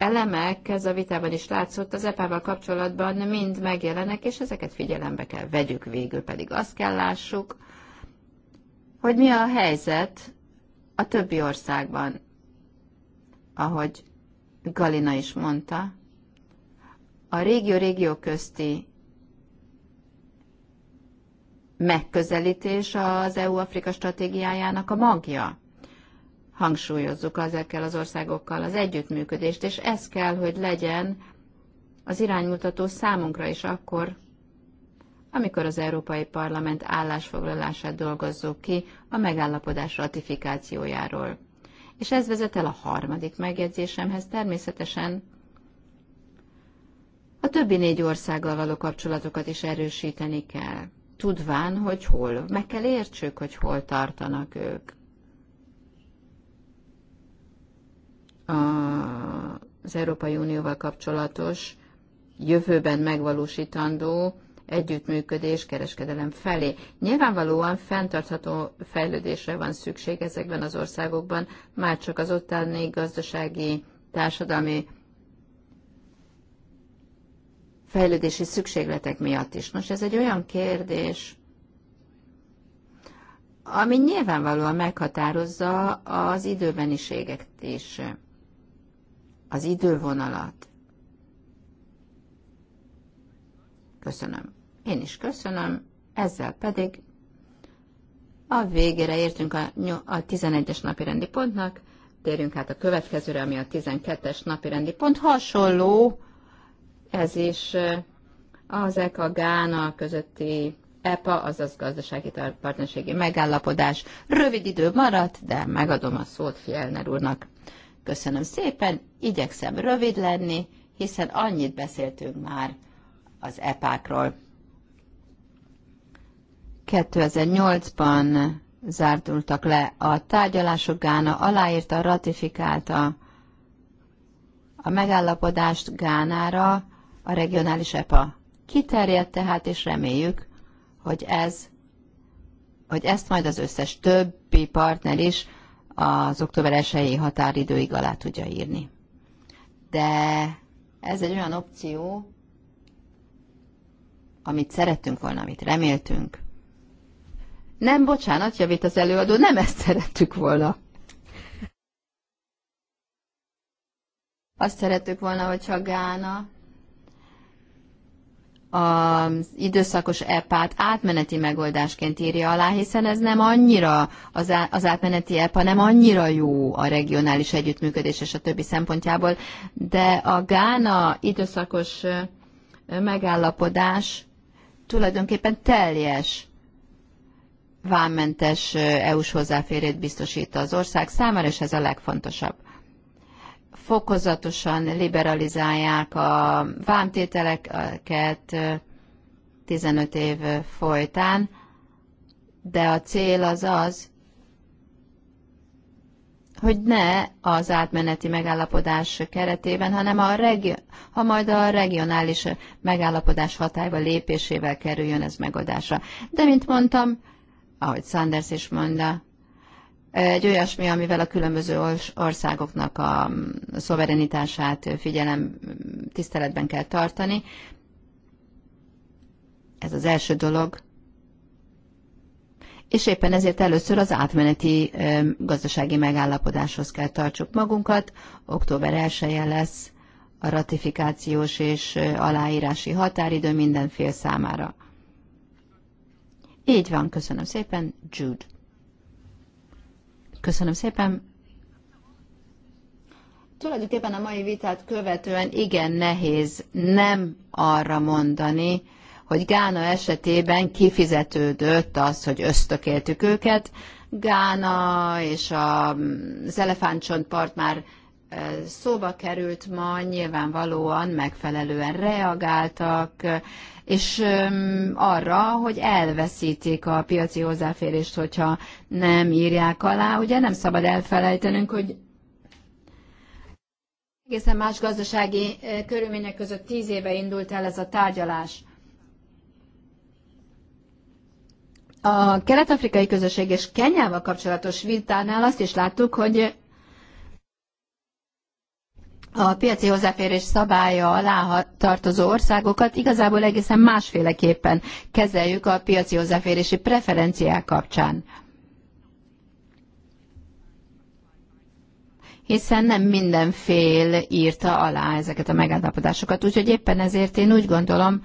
elemek, ez a vitában is látszott, az EPA-val kapcsolatban mind megjelenek, és ezeket figyelembe kell vegyük végül, pedig azt kell lássuk, hogy mi a helyzet a többi országban, ahogy Galina is mondta, a régió-régió közti megközelítés az EU-Afrika stratégiájának a magja hangsúlyozzuk ezekkel az országokkal az együttműködést, és ez kell, hogy legyen az iránymutató számunkra is akkor, amikor az Európai Parlament állásfoglalását dolgozzuk ki a megállapodás ratifikációjáról. És ez vezet el a harmadik megjegyzésemhez természetesen a többi négy országgal való kapcsolatokat is erősíteni kell, tudván, hogy hol. Meg kell értsük, hogy hol tartanak ők. az Európai Unióval kapcsolatos, jövőben megvalósítandó együttműködés kereskedelem felé. Nyilvánvalóan fenntartható fejlődésre van szükség ezekben az országokban, már csak az ottani gazdasági, társadalmi fejlődési szükségletek miatt is. Nos, ez egy olyan kérdés, ami nyilvánvalóan meghatározza az időbeniséget is az idővonalat. Köszönöm. Én is köszönöm, ezzel pedig a végére értünk a, a 11-es napi rendi pontnak, térjünk át a következőre, ami a 12-es napi rendi pont. Hasonló, ez is az e a Gána közötti EPA, azaz gazdasági partnerségi megállapodás. Rövid idő maradt, de megadom a szót Fielner úrnak. Köszönöm szépen, Igyekszem rövid lenni, hiszen annyit beszéltünk már az epákról. 2008-ban zártultak le a tárgyalások, Gána aláírta, ratifikálta a megállapodást Gánára a regionális EPA. Kiterjedt tehát, és reméljük, hogy ez hogy ezt majd az összes többi partner is az október 1 határidőig alá tudja írni de ez egy olyan opció, amit szerettünk volna, amit reméltünk. Nem, bocsánat, javít az előadó, nem ezt szerettük volna. Azt szerettük volna, hogy csak Gána az időszakos EPA-t átmeneti megoldásként írja alá, hiszen ez nem annyira, az, az átmeneti EPA nem annyira jó a regionális együttműködés és a többi szempontjából, de a Gána időszakos megállapodás tulajdonképpen teljes vámmentes EU-s hozzáférét biztosít az ország számára, és ez a legfontosabb fokozatosan liberalizálják a vámtételeket 15 év folytán, de a cél az az, hogy ne az átmeneti megállapodás keretében, hanem a regi- ha majd a regionális megállapodás hatályba lépésével kerüljön ez megoldásra. De, mint mondtam, ahogy Sanders is mondta, egy olyasmi, amivel a különböző országoknak a mm, szoverenitását figyelem mm, tiszteletben kell tartani. Ez az első dolog. És éppen ezért először az átmeneti gazdasági megállapodáshoz kell tartsuk magunkat. Október 1 lesz a ratifikációs és aláírási határidő minden fél számára. Így van, köszönöm szépen, Jude. Köszönöm szépen. Tulajdonképpen a mai vitát követően igen nehéz nem arra mondani, hogy Gána esetében kifizetődött az, hogy ösztökéltük őket. Gána és az elefántcsontpart már e, szóba került ma, nyilvánvalóan megfelelően reagáltak, és arra, hogy elveszítik a piaci hozzáférést, hogyha nem írják alá. Ugye nem szabad elfelejtenünk, hogy egészen más gazdasági körülmények között tíz éve indult el ez a tárgyalás. A kelet-afrikai közösség és Kenyával kapcsolatos vitánál azt is láttuk, hogy a piaci hozzáférés szabálya alá tartozó országokat igazából egészen másféleképpen kezeljük a piaci hozzáférési preferenciák kapcsán. hiszen nem minden fél írta alá ezeket a megállapodásokat. Úgyhogy éppen ezért én úgy gondolom,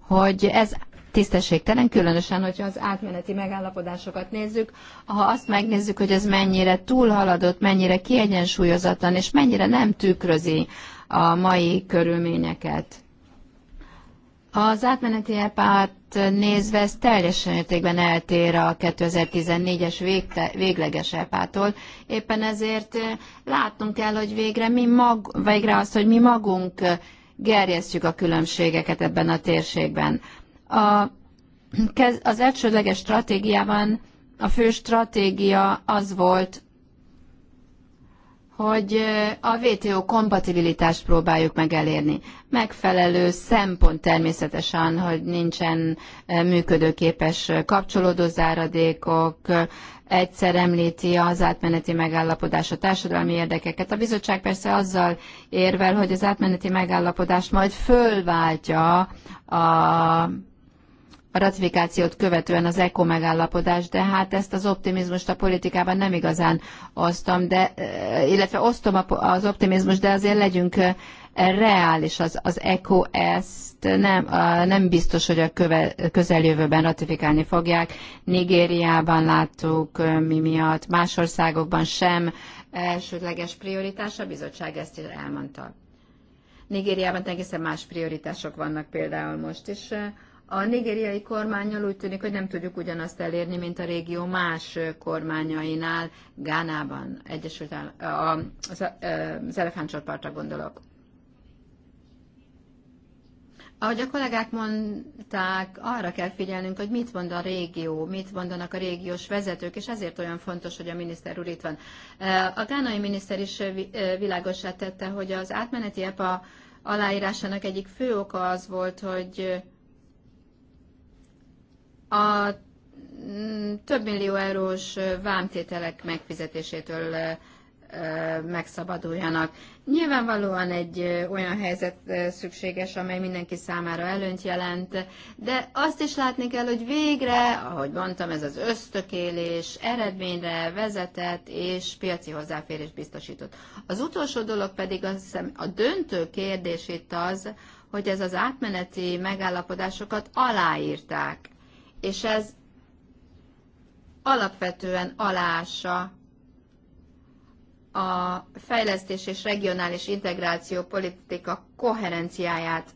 hogy ez tisztességtelen, különösen, hogyha az átmeneti megállapodásokat nézzük, ha azt megnézzük, hogy ez mennyire túlhaladott, mennyire kiegyensúlyozatlan, és mennyire nem tükrözi a mai körülményeket. Az átmeneti epát nézve ez teljesen értékben eltér a 2014-es végte, végleges epától. Éppen ezért eh, látnunk kell, hogy végre, mi mag, végre azt, hogy mi magunk eh, gerjesztjük a különbségeket ebben a térségben. A, az elsődleges stratégiában a fő stratégia az volt, hogy eh, a WTO kompatibilitást próbáljuk meg elérni. Megfelelő szempont természetesen, hogy nincsen eh, működőképes eh, kapcsolódó záradékok, egyszer említi az átmeneti megállapodás a társadalmi érdekeket. A bizottság persze azzal érvel, hogy az átmeneti megállapodás majd fölváltja a a ratifikációt követően az ECO megállapodás, de hát ezt az optimizmust a politikában nem igazán osztom, de, eh, illetve osztom az optimizmust, de azért legyünk eh, reális az, az ECO ezt nem, nem biztos, hogy a köve, közeljövőben ratifikálni fogják. Nigériában láttuk eh, mi miatt, más országokban sem elsődleges prioritás, a bizottság ezt is elmondta. Nigériában egészen más prioritások vannak például most is. A nigériai kormányjal úgy tűnik, hogy nem tudjuk ugyanazt elérni, mint a régió más kormányainál, Gánában, Egyesült Állam, az, az gondolok. Ahogy a kollégák mondták, arra kell figyelnünk, hogy mit mond a régió, mit mondanak a régiós vezetők, és ezért olyan fontos, hogy a miniszter úr itt van. E, a gánai miniszter is e, e, világosát tette, hogy az átmeneti EPA aláírásának egyik fő oka az volt, hogy a mm, több millió eurós vámtételek megfizetésétől megszabaduljanak. Nyilvánvalóan egy olyan helyzet szükséges, amely mindenki számára előnyt jelent, de azt is látni kell, hogy végre, ahogy mondtam, ez az ösztökélés eredményre vezetett és piaci hozzáférés biztosított. Az utolsó dolog pedig azt hiszem, a döntő kérdés itt az, hogy ez az átmeneti megállapodásokat aláírták és ez alapvetően alása a fejlesztés és regionális integráció politika koherenciáját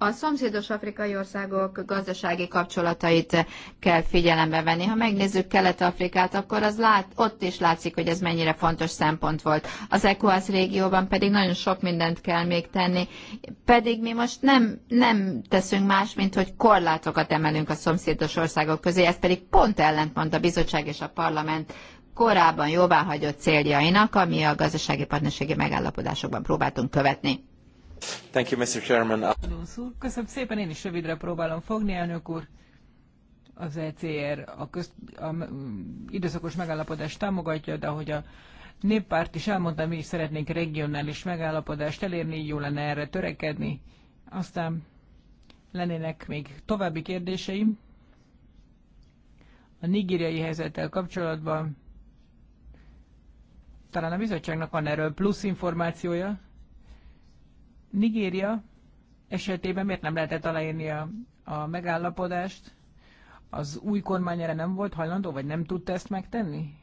a szomszédos afrikai országok gazdasági kapcsolatait kell figyelembe venni. Ha megnézzük Kelet-Afrikát, akkor az lát, ott is látszik, hogy ez mennyire fontos szempont volt. Az ECOWAS régióban pedig nagyon sok mindent kell még tenni, pedig mi most nem, nem teszünk más, mint hogy korlátokat emelünk a szomszédos országok közé, ez pedig pont ellentmond a bizottság és a parlament korábban jóváhagyott céljainak, ami a gazdasági partnerségi megállapodásokban próbáltunk követni. Thank you, Mr. Chairman. Köszönöm szépen, én is rövidre próbálom fogni, elnök úr. Az ECR a, közt, a időszakos megállapodást támogatja, de ahogy a néppárt is elmondta, mi is szeretnénk regionális megállapodást elérni, jó lenne erre törekedni. Aztán lennének még további kérdéseim. A nigériai helyzettel kapcsolatban talán a bizottságnak van erről plusz információja. Nigéria esetében miért nem lehetett aláírni a, a megállapodást? Az új kormány erre nem volt hajlandó, vagy nem tudta ezt megtenni?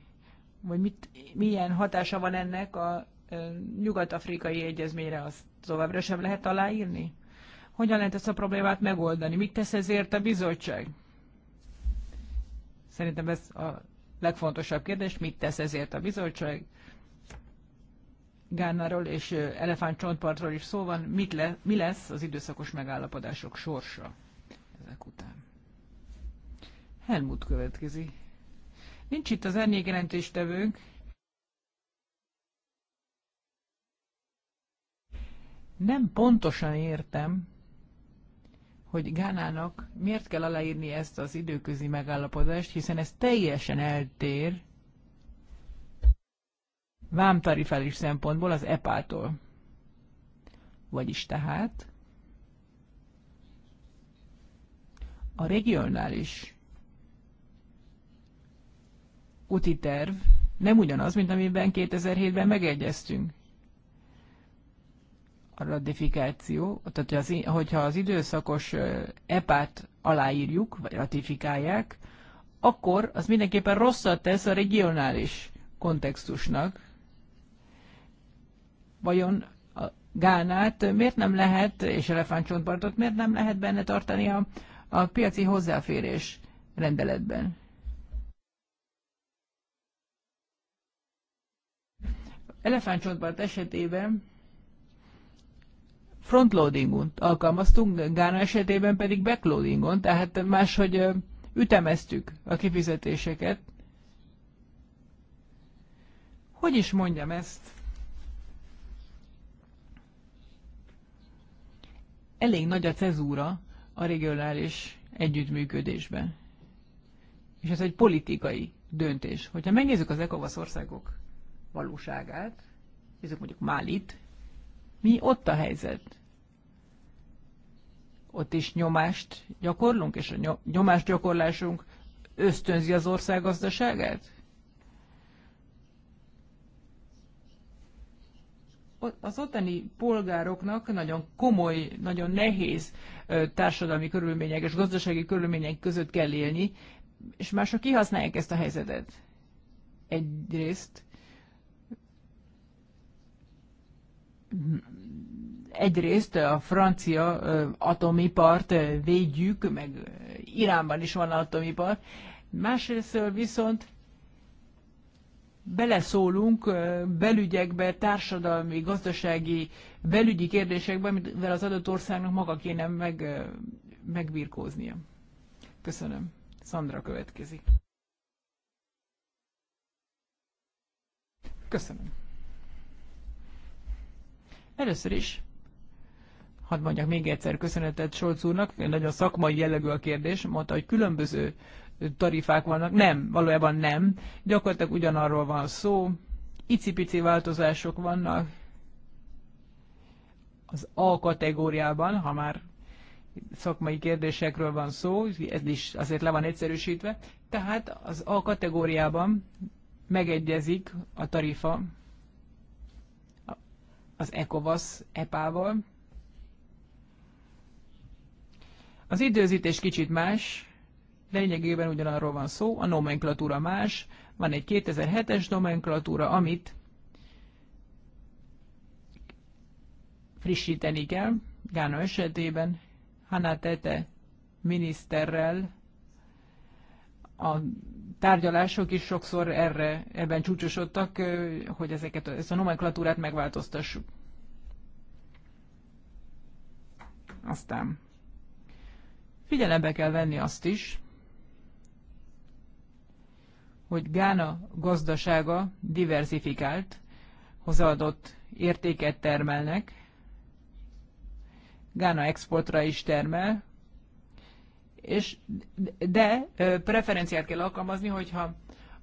Vagy mit, milyen hatása van ennek a nyugat-afrikai egyezményre? Azt továbbra sem lehet aláírni? Hogyan lehet ezt a problémát megoldani? Mit tesz ezért a bizottság? Szerintem ez a legfontosabb kérdés, mit tesz ezért a bizottság? Gánáról és Elefántcsontpartról is szó van, mit le, mi lesz az időszakos megállapodások sorsa ezek után. Helmut következi. Nincs itt az ennyi jelentéstevőnk. Nem pontosan értem, hogy Gánának miért kell aláírni ezt az időközi megállapodást, hiszen ez teljesen eltér vámtarifális szempontból az EPA-tól. Vagyis tehát a regionális úti terv nem ugyanaz, mint amiben 2007-ben megegyeztünk. A ratifikáció, tehát az, hogyha az időszakos epát aláírjuk, vagy ratifikálják, akkor az mindenképpen rosszat tesz a regionális kontextusnak vajon a Gánát miért nem lehet, és elefántcsontpartot miért nem lehet benne tartani a, a piaci hozzáférés rendeletben? Elefántcsontpart esetében frontloadingot alkalmaztunk, Gána esetében pedig backloadingon, tehát máshogy ütemeztük a kifizetéseket. Hogy is mondjam ezt? elég nagy a cezúra a regionális együttműködésben. És ez egy politikai döntés. Hogyha megnézzük az ECOWAS országok valóságát, nézzük mondjuk Málit, mi ott a helyzet? Ott is nyomást gyakorlunk, és a nyomásgyakorlásunk ösztönzi az ország gazdaságát? az ottani polgároknak nagyon komoly, nagyon nehéz társadalmi körülmények és gazdasági körülmények között kell élni, és mások kihasználják ezt a helyzetet. Egyrészt egyrészt a francia atomipart védjük, meg Iránban is van atomipar, másrészt viszont beleszólunk belügyekbe, társadalmi, gazdasági, belügyi kérdésekbe, amivel az adott országnak maga kéne meg, megbirkóznia. Köszönöm. Szandra következik. Köszönöm. Először is hadd mondjak még egyszer köszönetet Solc úrnak, nagyon szakmai jellegű a kérdés, mondta, hogy különböző tarifák vannak. Nem, valójában nem. Gyakorlatilag ugyanarról van szó. Icipici változások vannak az A kategóriában, ha már szakmai kérdésekről van szó, ez is azért le van egyszerűsítve, tehát az A kategóriában megegyezik a tarifa az ECOVAS EPA-val. Az időzítés kicsit más, lényegében ugyanarról van szó, a nomenklatúra más, van egy 2007-es nomenklatúra, amit frissíteni kell, Gána esetében Hanna Tete miniszterrel a tárgyalások is sokszor erre, ebben csúcsosodtak, hogy ezeket, ezt a nomenklatúrát megváltoztassuk. Aztán figyelembe kell venni azt is, hogy Gána gazdasága diversifikált, hozadott értéket termelnek, Gána exportra is termel, és de preferenciát kell alkalmazni, hogyha,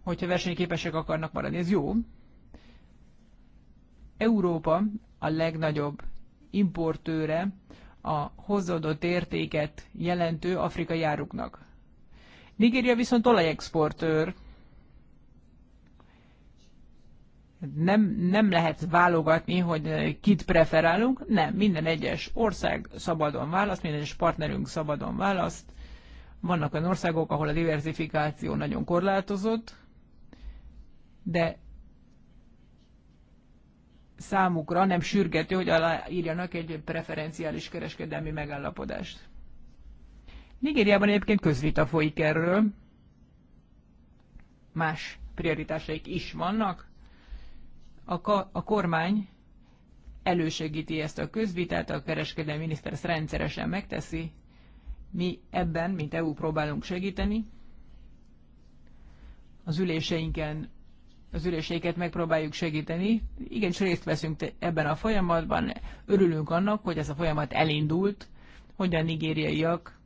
hogyha versenyképesek akarnak maradni. Ez jó. Európa a legnagyobb importőre a hozadott értéket jelentő afrikai áruknak. Nigéria viszont olajexportőr, nem, nem lehet válogatni, hogy kit preferálunk, nem, minden egyes ország szabadon választ, minden egyes partnerünk szabadon választ. Vannak olyan országok, ahol a diversifikáció nagyon korlátozott, de számukra nem sürgető, hogy aláírjanak egy preferenciális kereskedelmi megállapodást. Nigériában egyébként közvita folyik erről. Más prioritásaik is vannak, a, ka- a kormány elősegíti ezt a közvitát, a kereskedelmi miniszter ezt rendszeresen megteszi. Mi ebben, mint EU próbálunk segíteni. Az üléseinken az üléseiket megpróbáljuk segíteni. Igen részt veszünk ebben a folyamatban. Örülünk annak, hogy ez a folyamat elindult, hogy a nigériaiak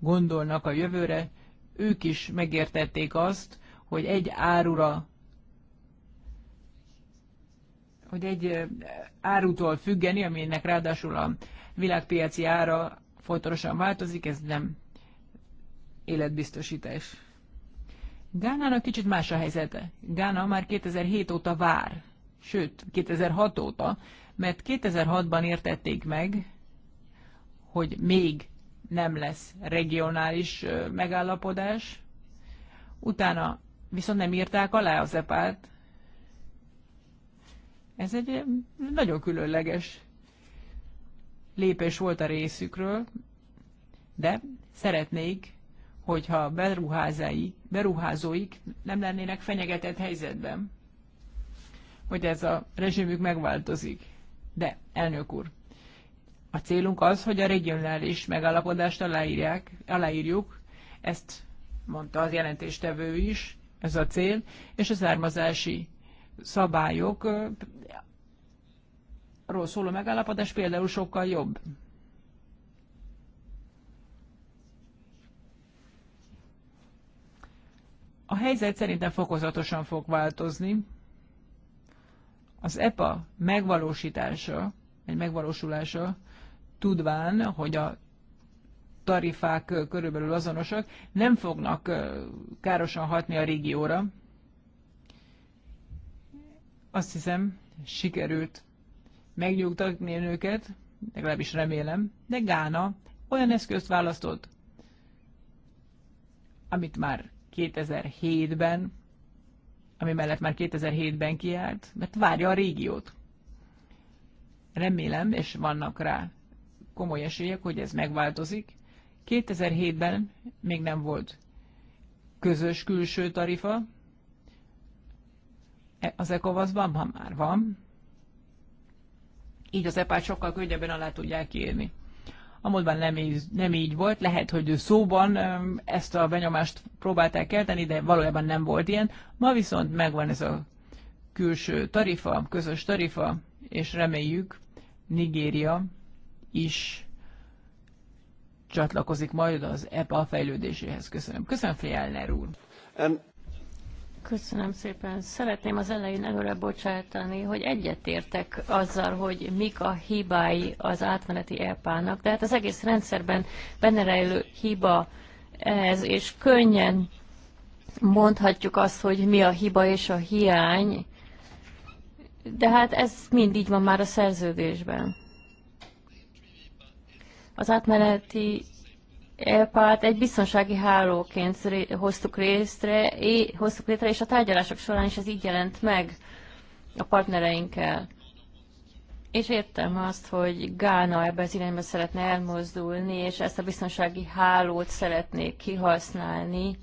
gondolnak a jövőre. Ők is megértették azt, hogy egy árura hogy egy árutól függeni, aminek ráadásul a világpiaci ára folytonosan változik, ez nem életbiztosítás. Gánának kicsit más a helyzete. Gána már 2007 óta vár, sőt, 2006 óta, mert 2006-ban értették meg, hogy még nem lesz regionális megállapodás, utána viszont nem írták alá az epát, ez egy eh, nagyon különleges lépés volt a részükről, de szeretnék, hogyha beruházai, beruházóik nem lennének fenyegetett helyzetben, hogy ez a rezsimük megváltozik. De, elnök úr, a célunk az, hogy a regionális megállapodást aláírják, aláírjuk, ezt mondta az jelentéstevő is, ez a cél, és a származási szabályok, szabályokról szóló megállapodás például sokkal jobb. A helyzet szerintem fokozatosan fog változni. Az EPA megvalósítása, egy megvalósulása, tudván, hogy a tarifák körülbelül azonosak, nem fognak károsan hatni a régióra. Azt hiszem, sikerült megnyugtatni őket, legalábbis remélem, de Gána olyan eszközt választott, amit már 2007-ben, ami mellett már 2007-ben kiállt, mert várja a régiót. Remélem, és vannak rá komoly esélyek, hogy ez megváltozik. 2007-ben még nem volt közös külső tarifa, E, az ecovas ban ma már van, így az epát sokkal könnyebben alá tudják írni. A múltban nem így, nem így volt, lehet, hogy szóban ezt a benyomást próbálták kelteni, de valójában nem volt ilyen. Ma viszont megvan ez a külső tarifa, közös tarifa, és reméljük Nigéria is csatlakozik majd az EPA fejlődéséhez. Köszönöm. Köszönöm, Fjellner úr. And... Köszönöm szépen. Szeretném az elején előre bocsátani, hogy egyetértek azzal, hogy mik a hibái az átmeneti EPA-nak, de hát az egész rendszerben benne rejlő hiba ez, és könnyen mondhatjuk azt, hogy mi a hiba és a hiány, de hát ez mind így van már a szerződésben. Az átmeneti EPA-t egy biztonsági hálóként hoztuk, résztre, hoztuk létre, és a tárgyalások során is ez így jelent meg a partnereinkkel. És értem azt, hogy Gána ebbe az irányba szeretne elmozdulni, és ezt a biztonsági hálót szeretnék kihasználni,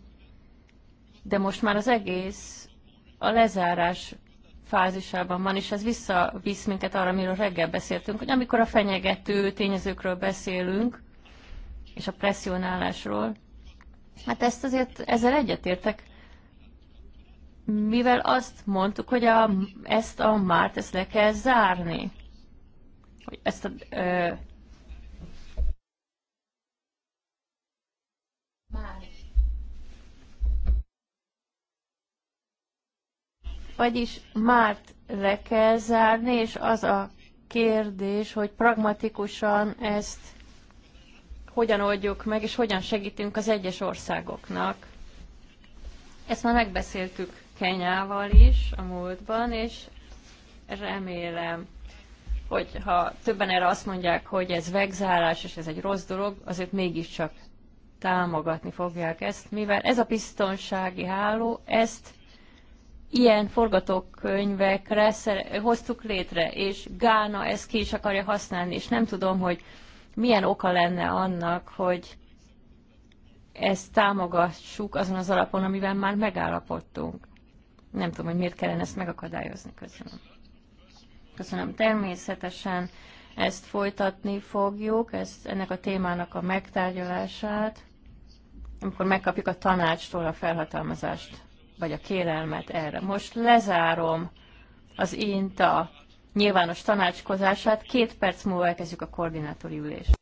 de most már az egész a lezárás fázisában van, és ez visszavisz minket arra, amiről reggel beszéltünk, hogy amikor a fenyegető tényezőkről beszélünk, és a presszionálásról. Hát ezt azért ezzel egyetértek, mivel azt mondtuk, hogy a, ezt a márt ezt le kell zárni. Hogy ezt a, ö, vagyis Márt le kell zárni, és az a kérdés, hogy pragmatikusan ezt hogyan oldjuk meg, és hogyan segítünk az egyes országoknak. Ezt már megbeszéltük Kenyával is a múltban, és remélem, hogy ha többen erre azt mondják, hogy ez vegzálás, és ez egy rossz dolog, azért mégiscsak támogatni fogják ezt, mivel ez a biztonsági háló, ezt ilyen forgatókönyvekre hoztuk létre, és Gána ezt ki is akarja használni, és nem tudom, hogy milyen oka lenne annak, hogy ezt támogassuk azon az alapon, amiben már megállapodtunk. Nem tudom, hogy miért kellene ezt megakadályozni. Köszönöm. Köszönöm. Természetesen ezt folytatni fogjuk, ezt, ennek a témának a megtárgyalását, amikor megkapjuk a tanácstól a felhatalmazást, vagy a kérelmet erre. Most lezárom az INTA nyilvános tanácskozását. Két perc múlva elkezdjük a koordinátori ülést.